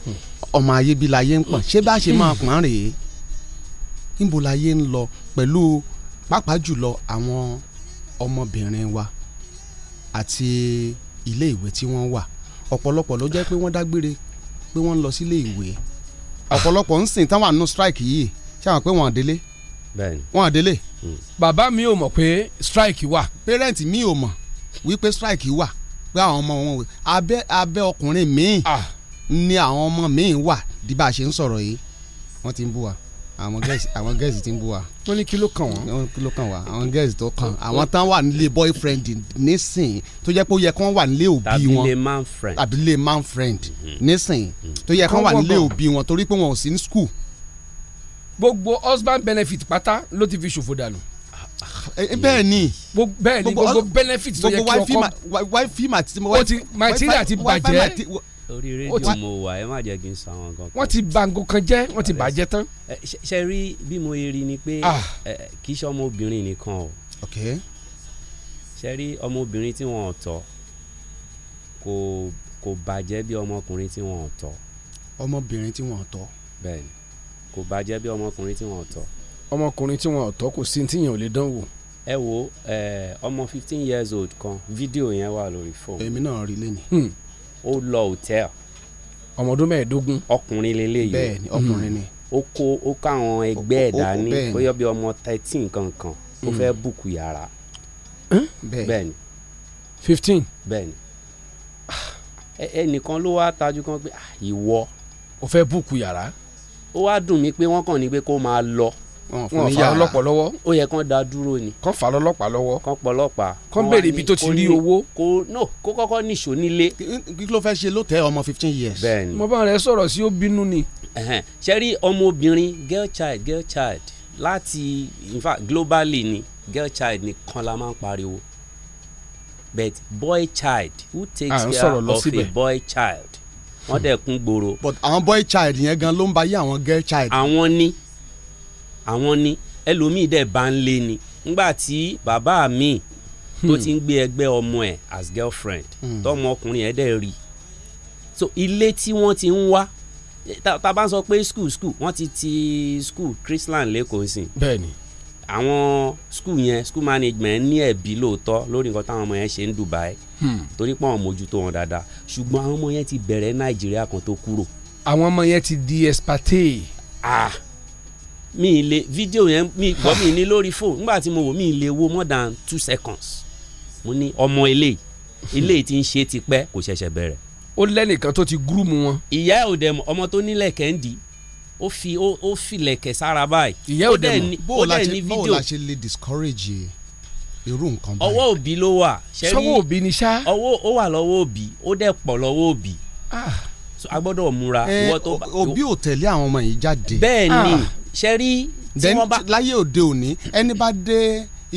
hmm. ọmọ ayé bí láyé ń pọ̀n ṣé bá ṣe máa hmm. pọ̀n rèé níbo láyé ń lọ pẹ̀lú pàápàá jùlọ àwọn ọmọbìnrin wa àti ilé ìwé tí wọ́n wà ọ̀pọ̀lọpọ̀ ló jẹ́ pé wọ́n dágbére pé wọ́n ń lọ sílé ìwé ọ̀pọ̀lọpọ̀ ń sìn táwọn àánú strike yìí ṣáà pé wọ́n àdélé wọ́n àdélé. Hmm. bàbá mi ò mọ̀ pé strike wà. parent mi ò mọ̀ wípé strike wà pé àwọn ọmọ wọn abẹ́ abẹ́ ọkùnrin míì ni àwọn ọmọ míì wà di bá a ṣe ń sọ̀rọ̀ yìí wọ́n ti ń bú wa àwọn gẹ̀ẹ́sì ti ń bú wa wọ́n ní kí ló kàn wọ́n. wọ́n ní kí ló kàn wá àwọn girls tó kàn àwọn tán wà nílé boyfriend nísìn tó jẹ́ pé ó yẹ kán wà nílé òbí wọn tàbí lè man friend tàbí lè man friend mm-hmm. nísìn mm-hmm. tó yẹ kán wà nílé òbí wọn torí pé wọn ò sí ní school. gbogbo husband benefit pátá ló ti fi ṣòfò dànù eh, eh, bẹ́ẹ̀ ni bẹ́ẹ̀ ni gbogbo benefit tó yẹ kí ọkọ gbogbo wifi material ti bàjẹ́ orí rédíò mo wà ẹ má jẹ́ kí n san àwọn nǹkan. wọ́n ti bà nǹkan kan jẹ́ wọ́n ti bàjẹ́ tán. ṣe rí bí mo rí ni pé ah. kì í ṣe ọmọbìnrin nìkan o ṣe rí ọmọbìnrin tí wọ́n tọ́ kò kò bàjẹ́ bí ọmọkùnrin tí wọ́n tọ́. ọmọbìnrin tí wọ́n tọ́. bẹ́ẹ̀ni kò bàjẹ́ bí ọmọkùnrin tí wọ́n tọ́. ọmọkùnrin tí wọ́n tọ́ kò sí tíyàn ò lè dán ẹ wo ọmọ fifteen years old kan fídíò yẹn wà lórí fóònù. èmi náà rí lẹ́yìn. Hmm ó lọ hòtẹ́ẹ̀lì. ọmọ ọdún mẹ́ẹ̀ẹ́dógún. ọkùnrin lélẹ́yìí bẹ́ẹ̀ ni ọkùnrin ni. ó kó ó káwọn ẹgbẹ́ ẹ̀ dání bóyá bí ọmọ thirteen kankan ó fẹ́ mm. bùkù yàrá. bẹ́ẹ̀ ni. fifteen. bẹ́ẹ̀ ni. Ah, ẹnìkan ló wá tajú kan pé ah, ìwọ. ó fẹ́ bùkù yàrá. ó wá dùn mí pé wọ́n kàn ní pé kó máa lọ wọn fa ọlọ́pàá lọ́wọ́. ó yẹ kán da dúró ni. kán fa ọlọ́pàá lọ́wọ́. kán pọ ọlọ́pàá. kán béèrè ibi tó ti rí owó. kò no kó kọ́kọ́ nìṣó nílé. kí fẹ́ ṣe ló tẹ ọmọ fifteen years. bẹ́ẹ̀ni mo bá rẹ sọ̀rọ̀ sí ó bínú ni. ṣe rí ọmọbìnrin girl child girl child láti in fact globally ni girl child nìkan la máa ń pariwo but boy child who takes care of a boy child wọ́n dẹ̀ kún gbòòrò. but àwọn boy child yẹn gan ló ń bayé àwọn girl child. àwọn ni àwọn ni ẹlòmíì dẹ̀ bá ń lé ni ńgbà tí bàbá mi tó hmm. ti ń gbé ẹgbẹ́ ọmọ ẹ̀ as girlfriend hmm. tọmọ ọkùnrin ẹ̀ dẹ̀ rí so ilé tí wọ́n ti ń wá ta bá ń sọ pé school school wọ́n ti ti school Christian lẹ́kọ̀ọ́ sí. I àwọn school yẹn school management ní ẹ̀bi lóòótọ́ lórí nǹkan táwọn ọmọ yẹn ṣe ń Dubai hmm. torí pé àwọn mójútó wọn dáadáa ṣùgbọ́n àwọn ọmọ yẹn ti bẹ̀rẹ̀ Nàìjíríà kan tó kúrò. àwọn ọmọ yẹn ti di espate. ah mi le lè fídíò yẹn mi gbọ́ mi ní lórí fóònù nígbà tí mo wò mi ì wo more than two seconds mo ní ọmọ eléyìí eléyìí tí ń ṣe tipẹ́ kò ṣẹ̀ṣẹ̀ bẹ̀rẹ̀. ó lẹ́nìkan tó ti gúrùmù wọn. ìyá ẹ̀ ò dẹ̀ mọ̀ ọmọ tó nílẹ̀ kẹ́ńdì ó fi ó filẹ̀kẹ̀ sára báyìí. ìyá ò dẹ̀ mọ̀ bó o la ṣe bó la ṣe lè discourage irú nǹkan báyìí. ọwọ́ òbí ló wà. sọ́wọ́ òbí ni ṣá. ọwọ́ ó wà lọ́wọ́ òbí ó dẹ̀ pọ̀ lọ́wọ́ òbí. Ah. a gbọ́dọ̀ múra. Eh, òbí ò tẹ̀lé àwọn ọmọ yìí jáde. bẹ́ẹ̀ ni ah ṣe rí tí wọ́n bá. láyé òde òní ẹni bá dé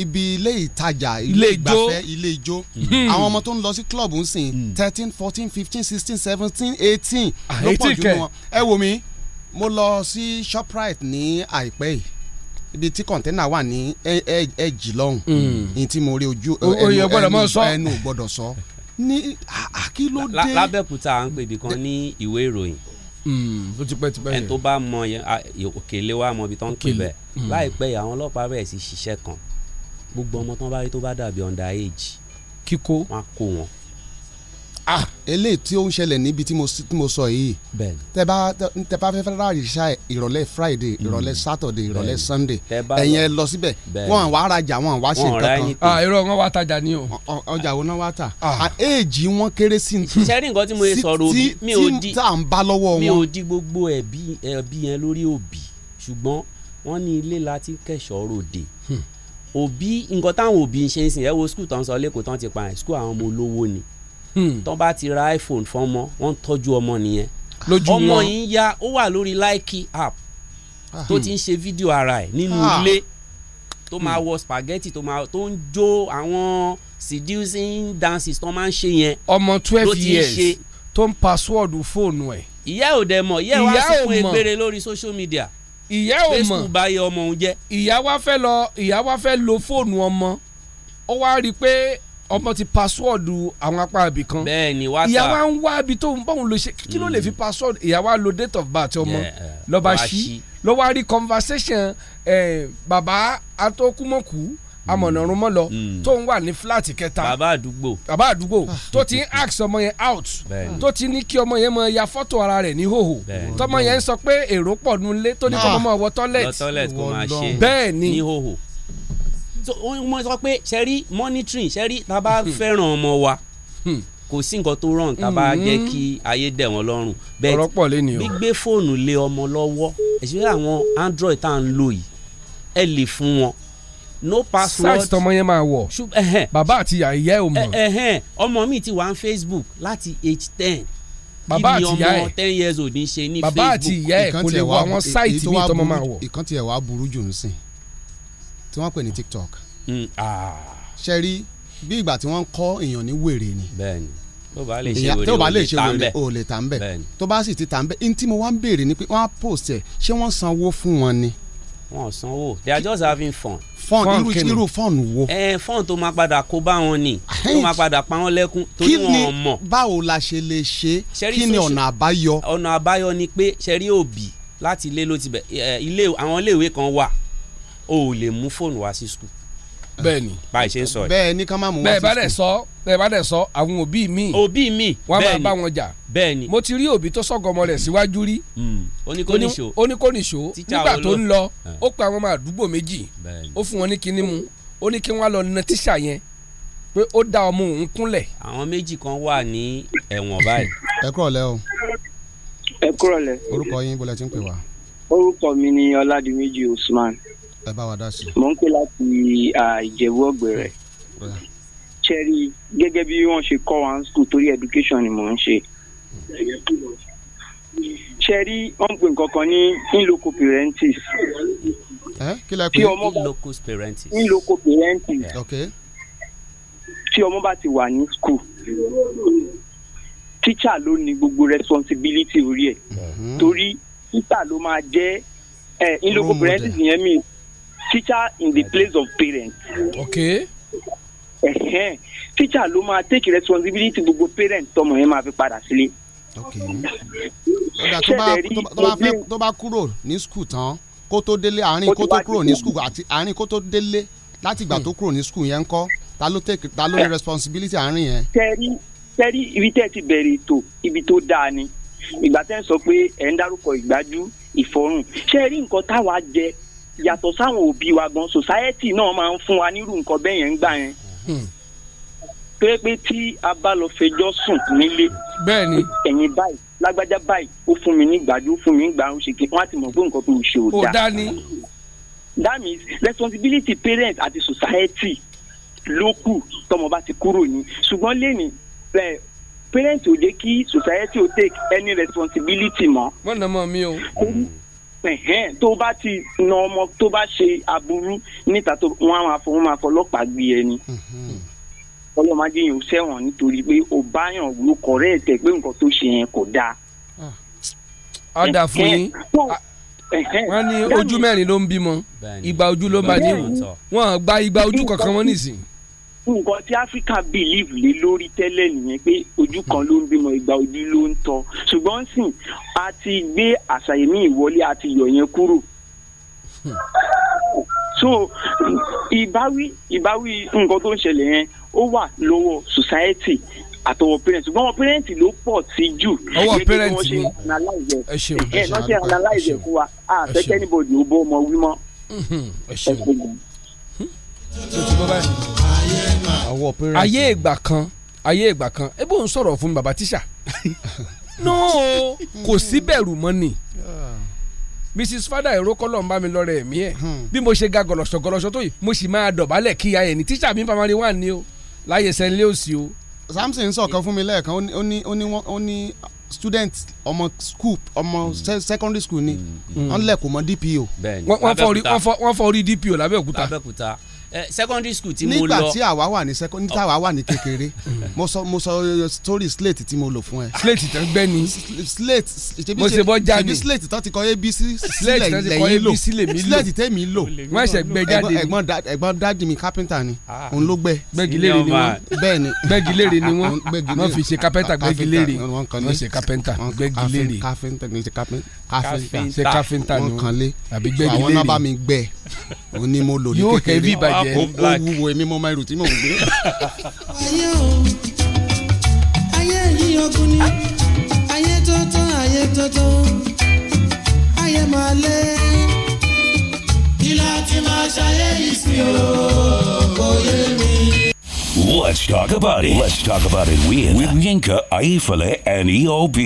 ibi ilé ìtajà ilé ìgbafẹ́ ilé ijó hmm. àwọn ọmọ tó ń lọ sí club ń sìn hmm. thirteen fourteen fifteen sixteen seventeen eighteen ah, ló pọ̀ jù wọn ẹ wò mí mo lọ sí shoprite ní àìpẹ́ yìí ibi tí kọ̀ńténà wà ní ẹ̀jì lọ́hùn hmm. ní tí mo rí ojú ẹnu gbọ́dọ̀ sọ ní kí ló dé. lábẹ́kúta à ń pè bìkan ní ìwé ìròyìn tó hmm. ti pẹ́ ti pẹ́ yẹn. ẹni tó bá mọ òkèlè wa mọ ibi tó ń pè bẹ́ẹ̀ hmm. láìpẹ́ àwọn ọlọ́pàá bẹ̀rẹ̀ sí ṣiṣẹ́ kan gbogbo ọmọ tó bá rí tó bá dàbí under age. kíkó wọn kó wọn ah eléyìí tí ó ń ṣẹlẹ̀ níbi tí mo sọ yìí tẹ bá tẹ bá ìrọ̀lẹ́ friday mm. ìrọ̀lẹ́ saturday ìrọ̀lẹ́ sunday ẹ̀yin ẹ lọ síbẹ̀ wọ́n à wá rajà wọ́n à wá ṣe ah irọ́ wọn wá tajà ní o. ọjà wo náà wá tà ah. Ah, éèjì wọn kéré sí ní. sẹ́rí nǹkan tí mo yẹ sọ̀rọ̀ òbí mi ò di tá à ń bá lọ́wọ́ wọn. mi ò di gbogbo ẹ̀bí yẹn lórí òbí ṣùgbọ́n wọ́n ní ilé láti kẹ̀ṣọ́ hmm. òbí nǹkan táwọn òbí ń ṣe ń sìn ẹ wo skul tán sọ lẹ́kọ̀ọ́ tán ti pa àwọn ọmọ olówó ni Hmm. tó bá ti ra iphone fọmọ wọ́n ń tọ́jú ọmọ nìyẹn ọmọ yìí ń ya ó wà lórí láìkì app ah. tó ti ń ṣe fídíò ara ẹ̀ nínú ah. ilé tó máa hmm. wọ spaghetti tó máa tó ń jó àwọn seducing dances tó máa ń ṣe yẹn ọmọ twelve years tó ń password fóònù ẹ̀. ìyá ò dẹ̀ mọ̀ ìyá wa sì fún egbére lórí social media ìyá ò mọ̀ Facebook báyìí ọmọ òun jẹ́. ìyá wa fẹ́ lọ ìyá wa fẹ́ lo fóònù ọmọ ó wá rí i pé ọmọ ti password àwọn apá ibì kan bẹ́ẹ̀ni wá ta ìyàwó à ń wá ibi tó ń bọ́hùn ló ṣe kí ló lè mm. fi password ìyàwó à lo date of birth ọmọ lọ́ba ṣí lọ́wọ́ àrí conversation eh, bàbá atókùmọ̀kù mm. amọ̀nàrún mọ́ lọ mm. tó ń wà ní fúláàtì kẹta bàbá àdúgbò bàbá àdúgbò ah, tó ti ń ask ọmọ yẹn out tó ti ní kí ọmọ yẹn mọ ya fọ́tò ara rẹ̀ ní hòhò tọmọ yẹn ń sọ pé èrò pọ̀ nulẹ̀ tó ní kọ́ ah. ọmọ wọ tọ́lẹ̀tì bẹ́ẹ̀ ni wọ́n sọ pé sẹ́rí monitoring sẹ́rí tá bá hmm. fẹ́ràn ọmọ wa hmm. kò sí nǹkan tó rọrùn tá bá jẹ́ hmm. kí ayé dẹ̀ wọ́n lọ́rùn bẹ́ẹ̀ gbígbé fóònù lé ọmọ lọ́wọ́ ẹ̀sìn àwọn android tá à ń lò yìí ẹ lè fún wọn no password size tọmọ yẹn máa wọ bàbá àti ìyá ò mọ ọmọ mi ti wà ní facebook láti age ten bàbá àti ìyá ẹ kí ni ọmọ ten years old ń ṣe ní facebook bàbá àti ìyá ẹ kò lè wọ àwọn sáìtì mi tọmọ máa wọ. ìkan tiẹ̀ wàá burú jù ń tí wọ́n pè ní TikTok. Hmm, ah. ṣe rí bí ìgbà tí wọ́n ń kọ́ èèyàn ní wèrè ni. bẹ́ẹ̀ni tó bá lè ṣe wèrè tó bá lè ṣe wèrè o lè tà ń bẹ tó bá sì ti tà ń bẹ ní tí mo wá ń béèrè ni pé wọ́n á post ẹ̀ ṣé wọ́n sanwó fún wọn ni. wọn ò sanwó they are just having fun. fun irú irú fun wo. ẹ fun tó máa padà kó bá wọn ni tó máa padà pa wọn lẹ́kún tó ní wọn mọ̀. báwo la ṣe lè ṣe kí ni ọ̀nà àbáyọ. ọ̀nà àbáyọ ni pé ṣe rí òbí láti ilé ló ti bẹ̀ ilé àwọn iléèwé kan wà o ò lè mú fóònù wá sí skul. bẹ́ẹ̀ni báyìí ṣe ń sọ yìí bẹ́ẹ̀ ni ká mú wá sí skul. bẹ́ẹ̀ bá dẹ̀ sọ àwọn òbí mi. òbí mi bẹ́ẹ̀ni wọ́n máa bá wọn jà. bẹ́ẹ̀ni mo ti rí òbí tó sọ̀gọmọ rẹ̀ síwájú rí. oníkóníṣó hmm, oníkóníṣó nígbà tó ń lọ ah. ó pa àwọn ọmọ àdúgbò méjì ó fún wọn ní kinní mu ó ní kí wọ́n lọ na tíṣà yẹn pé ó dá ọmọ òun kúnlẹ̀. àwọn méjì kan wà ní ẹ̀wọ̀n báyìí. ẹ kúrọ̀lẹ́ o. ẹ kúrọ̀lẹ́. orúkọ yín bọ́lá ti ń pè wá. orúkọ mi ni ọládìméjì usman ẹ bá wa dá sí. mo ń pè láti ìjẹ̀bú ọ̀gbẹ̀rẹ̀ cherry gẹ́gẹ́ bí wọ́n ṣe kọ́ wa school torí education ni mò ń ṣe cherry wọ́n ń pè nǹkan kan ní inloco parentis. kí la pè inloco parentis. inloco parentis. tí ọmọ bá ti wà ní school Teacher ló ní gbogbo responsibility orí ẹ̀ mhm. torí tíṣà ló máa jẹ́ inloco parentis yẹn mìíràn teacher in the place of parents. okay. Uh-huh. teacher ló máa take responsibility gbogbo parent tọmọ yẹn máa fi padà sílé. okay. ọ̀dà tó bá kúrò ní school tán kó tó délé àárín kó tó kúrò ní school àti àárín kó tó délé láti ìgbà hmm. tó kúrò ní school yẹn ń kọ́ ta ló take ta ló ní responsibility àárín yẹn. tẹ́rí tẹ́rí ibi tẹ́ ti bẹ̀rẹ̀ ètò ibi tó dáa ni ìgbà tẹ́ ń sọ pé ẹ̀ ń dárúkọ ìgbájú ìfọ̀rùn ṣé rí nǹkan táwa jẹ yàtọ̀ sáwọn òbí wa gan society náà máa ń fún wa nírú nǹkan bẹ́ẹ̀ yẹn ń gbà yẹn hmm. pé tí a bá lọ fẹjọ́ sùn nílé bẹ́ẹ̀ni ẹ̀yin báyìí lágbájá báyìí ó fún mi ní gbàdú ó fún mi ní gbà ó ṣe kí wọ́n á ti mọ̀ pé nǹkan tó ń ṣe ò dáa that means responsibility parents àti society ló kù tọmọ bá ti kúrò ní ṣùgbọ́n lẹ́ni parents ò jẹ́ kí society ò take any responsibility mọ́. wọ́n nà mọ́ mi o ẹ̀hẹ́n tó bá ti na ọmọ tó bá ṣe aburú níta tó wọn á máa fọ wọn máa fọ ọlọ́pàá gbé ẹni mm-hmm. ọlọ́mọdé yẹn ò sẹ́wọ̀n nítorí pé ó báyàn ló kọ̀rẹ́ ẹ̀tẹ̀ pé nǹkan tó ṣe yẹn kò dáa. ọ̀dà ah. fún yín wọ́n ní ojú mẹ́rin ló ń bímọ ìgbà ojú ló ń ní wọ́n gba ìgbà ojú kankan wọ́n nìsín nǹkan tí Áfíríkà believe lé lórí tẹ́lẹ̀ nìyẹn pé ojú kan ló ń bímọ ìgbà ojú ló ń tọ́ ṣùgbọ́n sìn a ti gbé àṣàyẹ̀mí ìwọlé àti yọ̀ yẹn kúrò so ìbáwí ìbáwí nǹkan tó ń ṣẹlẹ̀ yẹn ó wà lọ́wọ́ society àtọwọ́ parents ṣùgbọ́n wọn parents ló pọ̀ sí jù ọwọ́ parents ni ẹ ṣeun ẹ ṣeun ẹ ṣe analyze ẹ fún wa a fẹ́kẹ́ anybody ó bọ́ ọmọ wí mọ́ ẹ ṣeun ọwọ́ parents ayé ìgbà kan ayé ìgbà kan ẹ bó ń sọ̀rọ̀ fún mi bàbá tíṣà no kò sí bẹ̀rù mọ́ ni mrs fada èrò kọ́ lọ́nba mi lọ́rẹ̀ ẹ̀mí ẹ̀ hmm. bí mo ṣe ga gọlọ́sọ gọlọ́sọ tó yìí mo sì máa dọ̀bálẹ̀ kíya ẹ̀ ní tíṣà mi pamari wà ní o láyé sẹ́ńlẹ̀ òsì o. samson sọ̀kan fún mi lẹ́ẹ̀kan ó ní ó ní ó ní student ọmọ school ọmọ secondary school ni wọn lẹ kò mọ dpo. wọ́n fọ orí dpo lábẹ́òkúta. lábẹ́òkúta Eh, secondary school tí mo lọ nígbà tí àwa wà ní secondary tí àwa wà ní kékeré mo sọ mo sọ story slate tí mo lò fún ẹ. slate tó gbẹ ni slate mo ṣe bọ jáde ṣebi slate tó ti kọ abc slate tó ti kọ abc lèmi lò slate tèmi lò wọn ṣe gbẹ jáde ni ẹ̀gbọ́n dadi mi carpenter ni ah. òun ló gbẹ. gbẹgilere ni wọn bẹ́ẹ̀ ni gbẹgilere ni wọn wọn fi ṣe carpenter gbẹgilere wọn ṣe carpenter gbẹgilere carpenter ni ṣe carpenter ṣe carpenter ni wọn àbí gbẹgilere àwọn náà bá mi gbẹ òun ni mo lò ní kékeré yóò kẹ́ bí ìbàjẹ́ black. ó oh, wúwo èmi mo máa rù tí mò ń gbé. ayé o wuwo emi mo maa ti mo gbe aye o aye ni ayé ayé ayé máa lé. kí máa ṣayé yìí sí o mi. Let's talk about it. Let's talk about it with, with Yinka, Aifale, and EOB.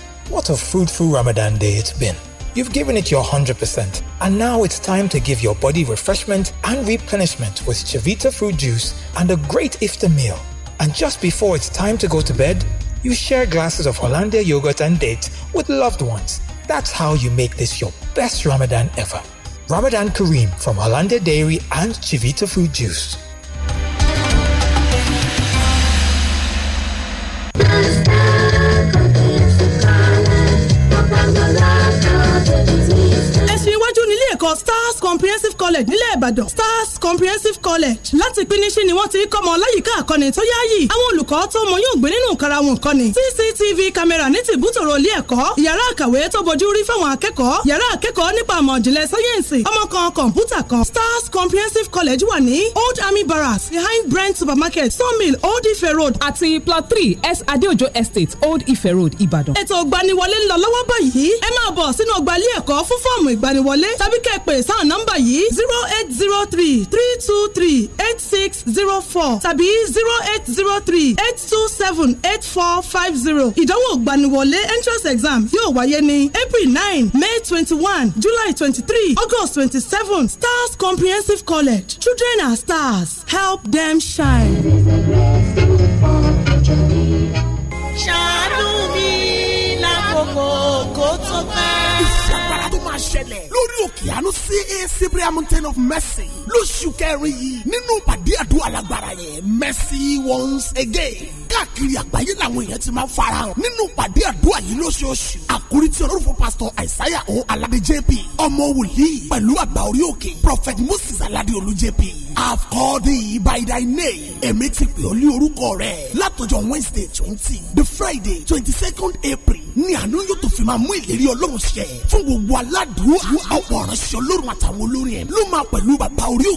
what a fruitful Ramadan day it's been. You've given it your 100%, and now it's time to give your body refreshment and replenishment with Chivita fruit juice and a great iftar meal. And just before it's time to go to bed, you share glasses of Hollandia yogurt and dates with loved ones. That's how you make this your best Ramadan ever. Ramadan Kareem from Hollandia Dairy and Chivita Fruit Juice. ẹ̀kọ́ stars comprehensive college nílẹ̀ ìbàdàn stars comprehensive college láti pínísí ni wọ́n ti kọ́mọ láyìíká àkọ́ni tó yáàyè àwọn olùkọ́ tó mọ yóò gbé nínú ìkara wọn kọ́ni cctv camera ní ti bútòrò ilé ẹ̀kọ́ yàrá àkàwé tó bojú rí fáwọn akẹ́kọ̀ọ́ yàrá akẹ́kọ̀ọ́ nípa àmọ̀ ìjìnlẹ̀ sáyẹ́ǹsì ọmọ kan kọ̀ǹpútà kan stars comprehensive college wà ní old army barracks behind brent supermarket sawmill old ife road àti plot three s adeojo estate old ife road ìbàdàn. ètò ìgbaniwọlé ń lọ lọ́wọ́ báyìí ẹ máa bọ̀ sínú ọgbà ilé ẹ̀kọ́ fún fọ́ọ̀mù ìgbaniwọlé tàbí k kẹ́ pè sáà nọ́mbà yìí zero eight zero three three two three eight six zero four tàbí zero eight zero three eight two seven eight four five zero ìdánwò gbaniwọlé entrance exam yóò wáyé ní April nine May twenty one July twenty three August twenty seven Stars Comprehensive College children are stars help them shine. ṣàánú mi lákòókò kó tó pẹ́ ṣẹlẹ̀ lórí òkè àánú CAC prayer mountain of mercy lóṣù kẹrin yìí nínú ìpàdé àdúrà lágbára yẹn mercy once again káàkiri àgbáyé làwọn èèyàn ti máa farahàn nínú ìpàdé àdúrà yìí lóṣooṣù àkórí tí ọlọ́run fún pásítọ̀ àìsáyà o aládé jp ọmọ wòlíì pẹ̀lú àgbà orí òkè prophet moses aládé olú jp i've called thee by thy name èmi ti pè ọ́ lé orúkọ rẹ̀ látọjọ́ wednesday twenty the friday twenty second april ni àánú yóò tó fi máa mú ìlérí ọlọ́run ṣẹ fún gbogbo aládùúgbò ọ̀pọ̀ ọ̀rọ̀ sí ọlọ́run àtàwọn olórin ẹ̀ ló máa pẹ̀lú bàbá orí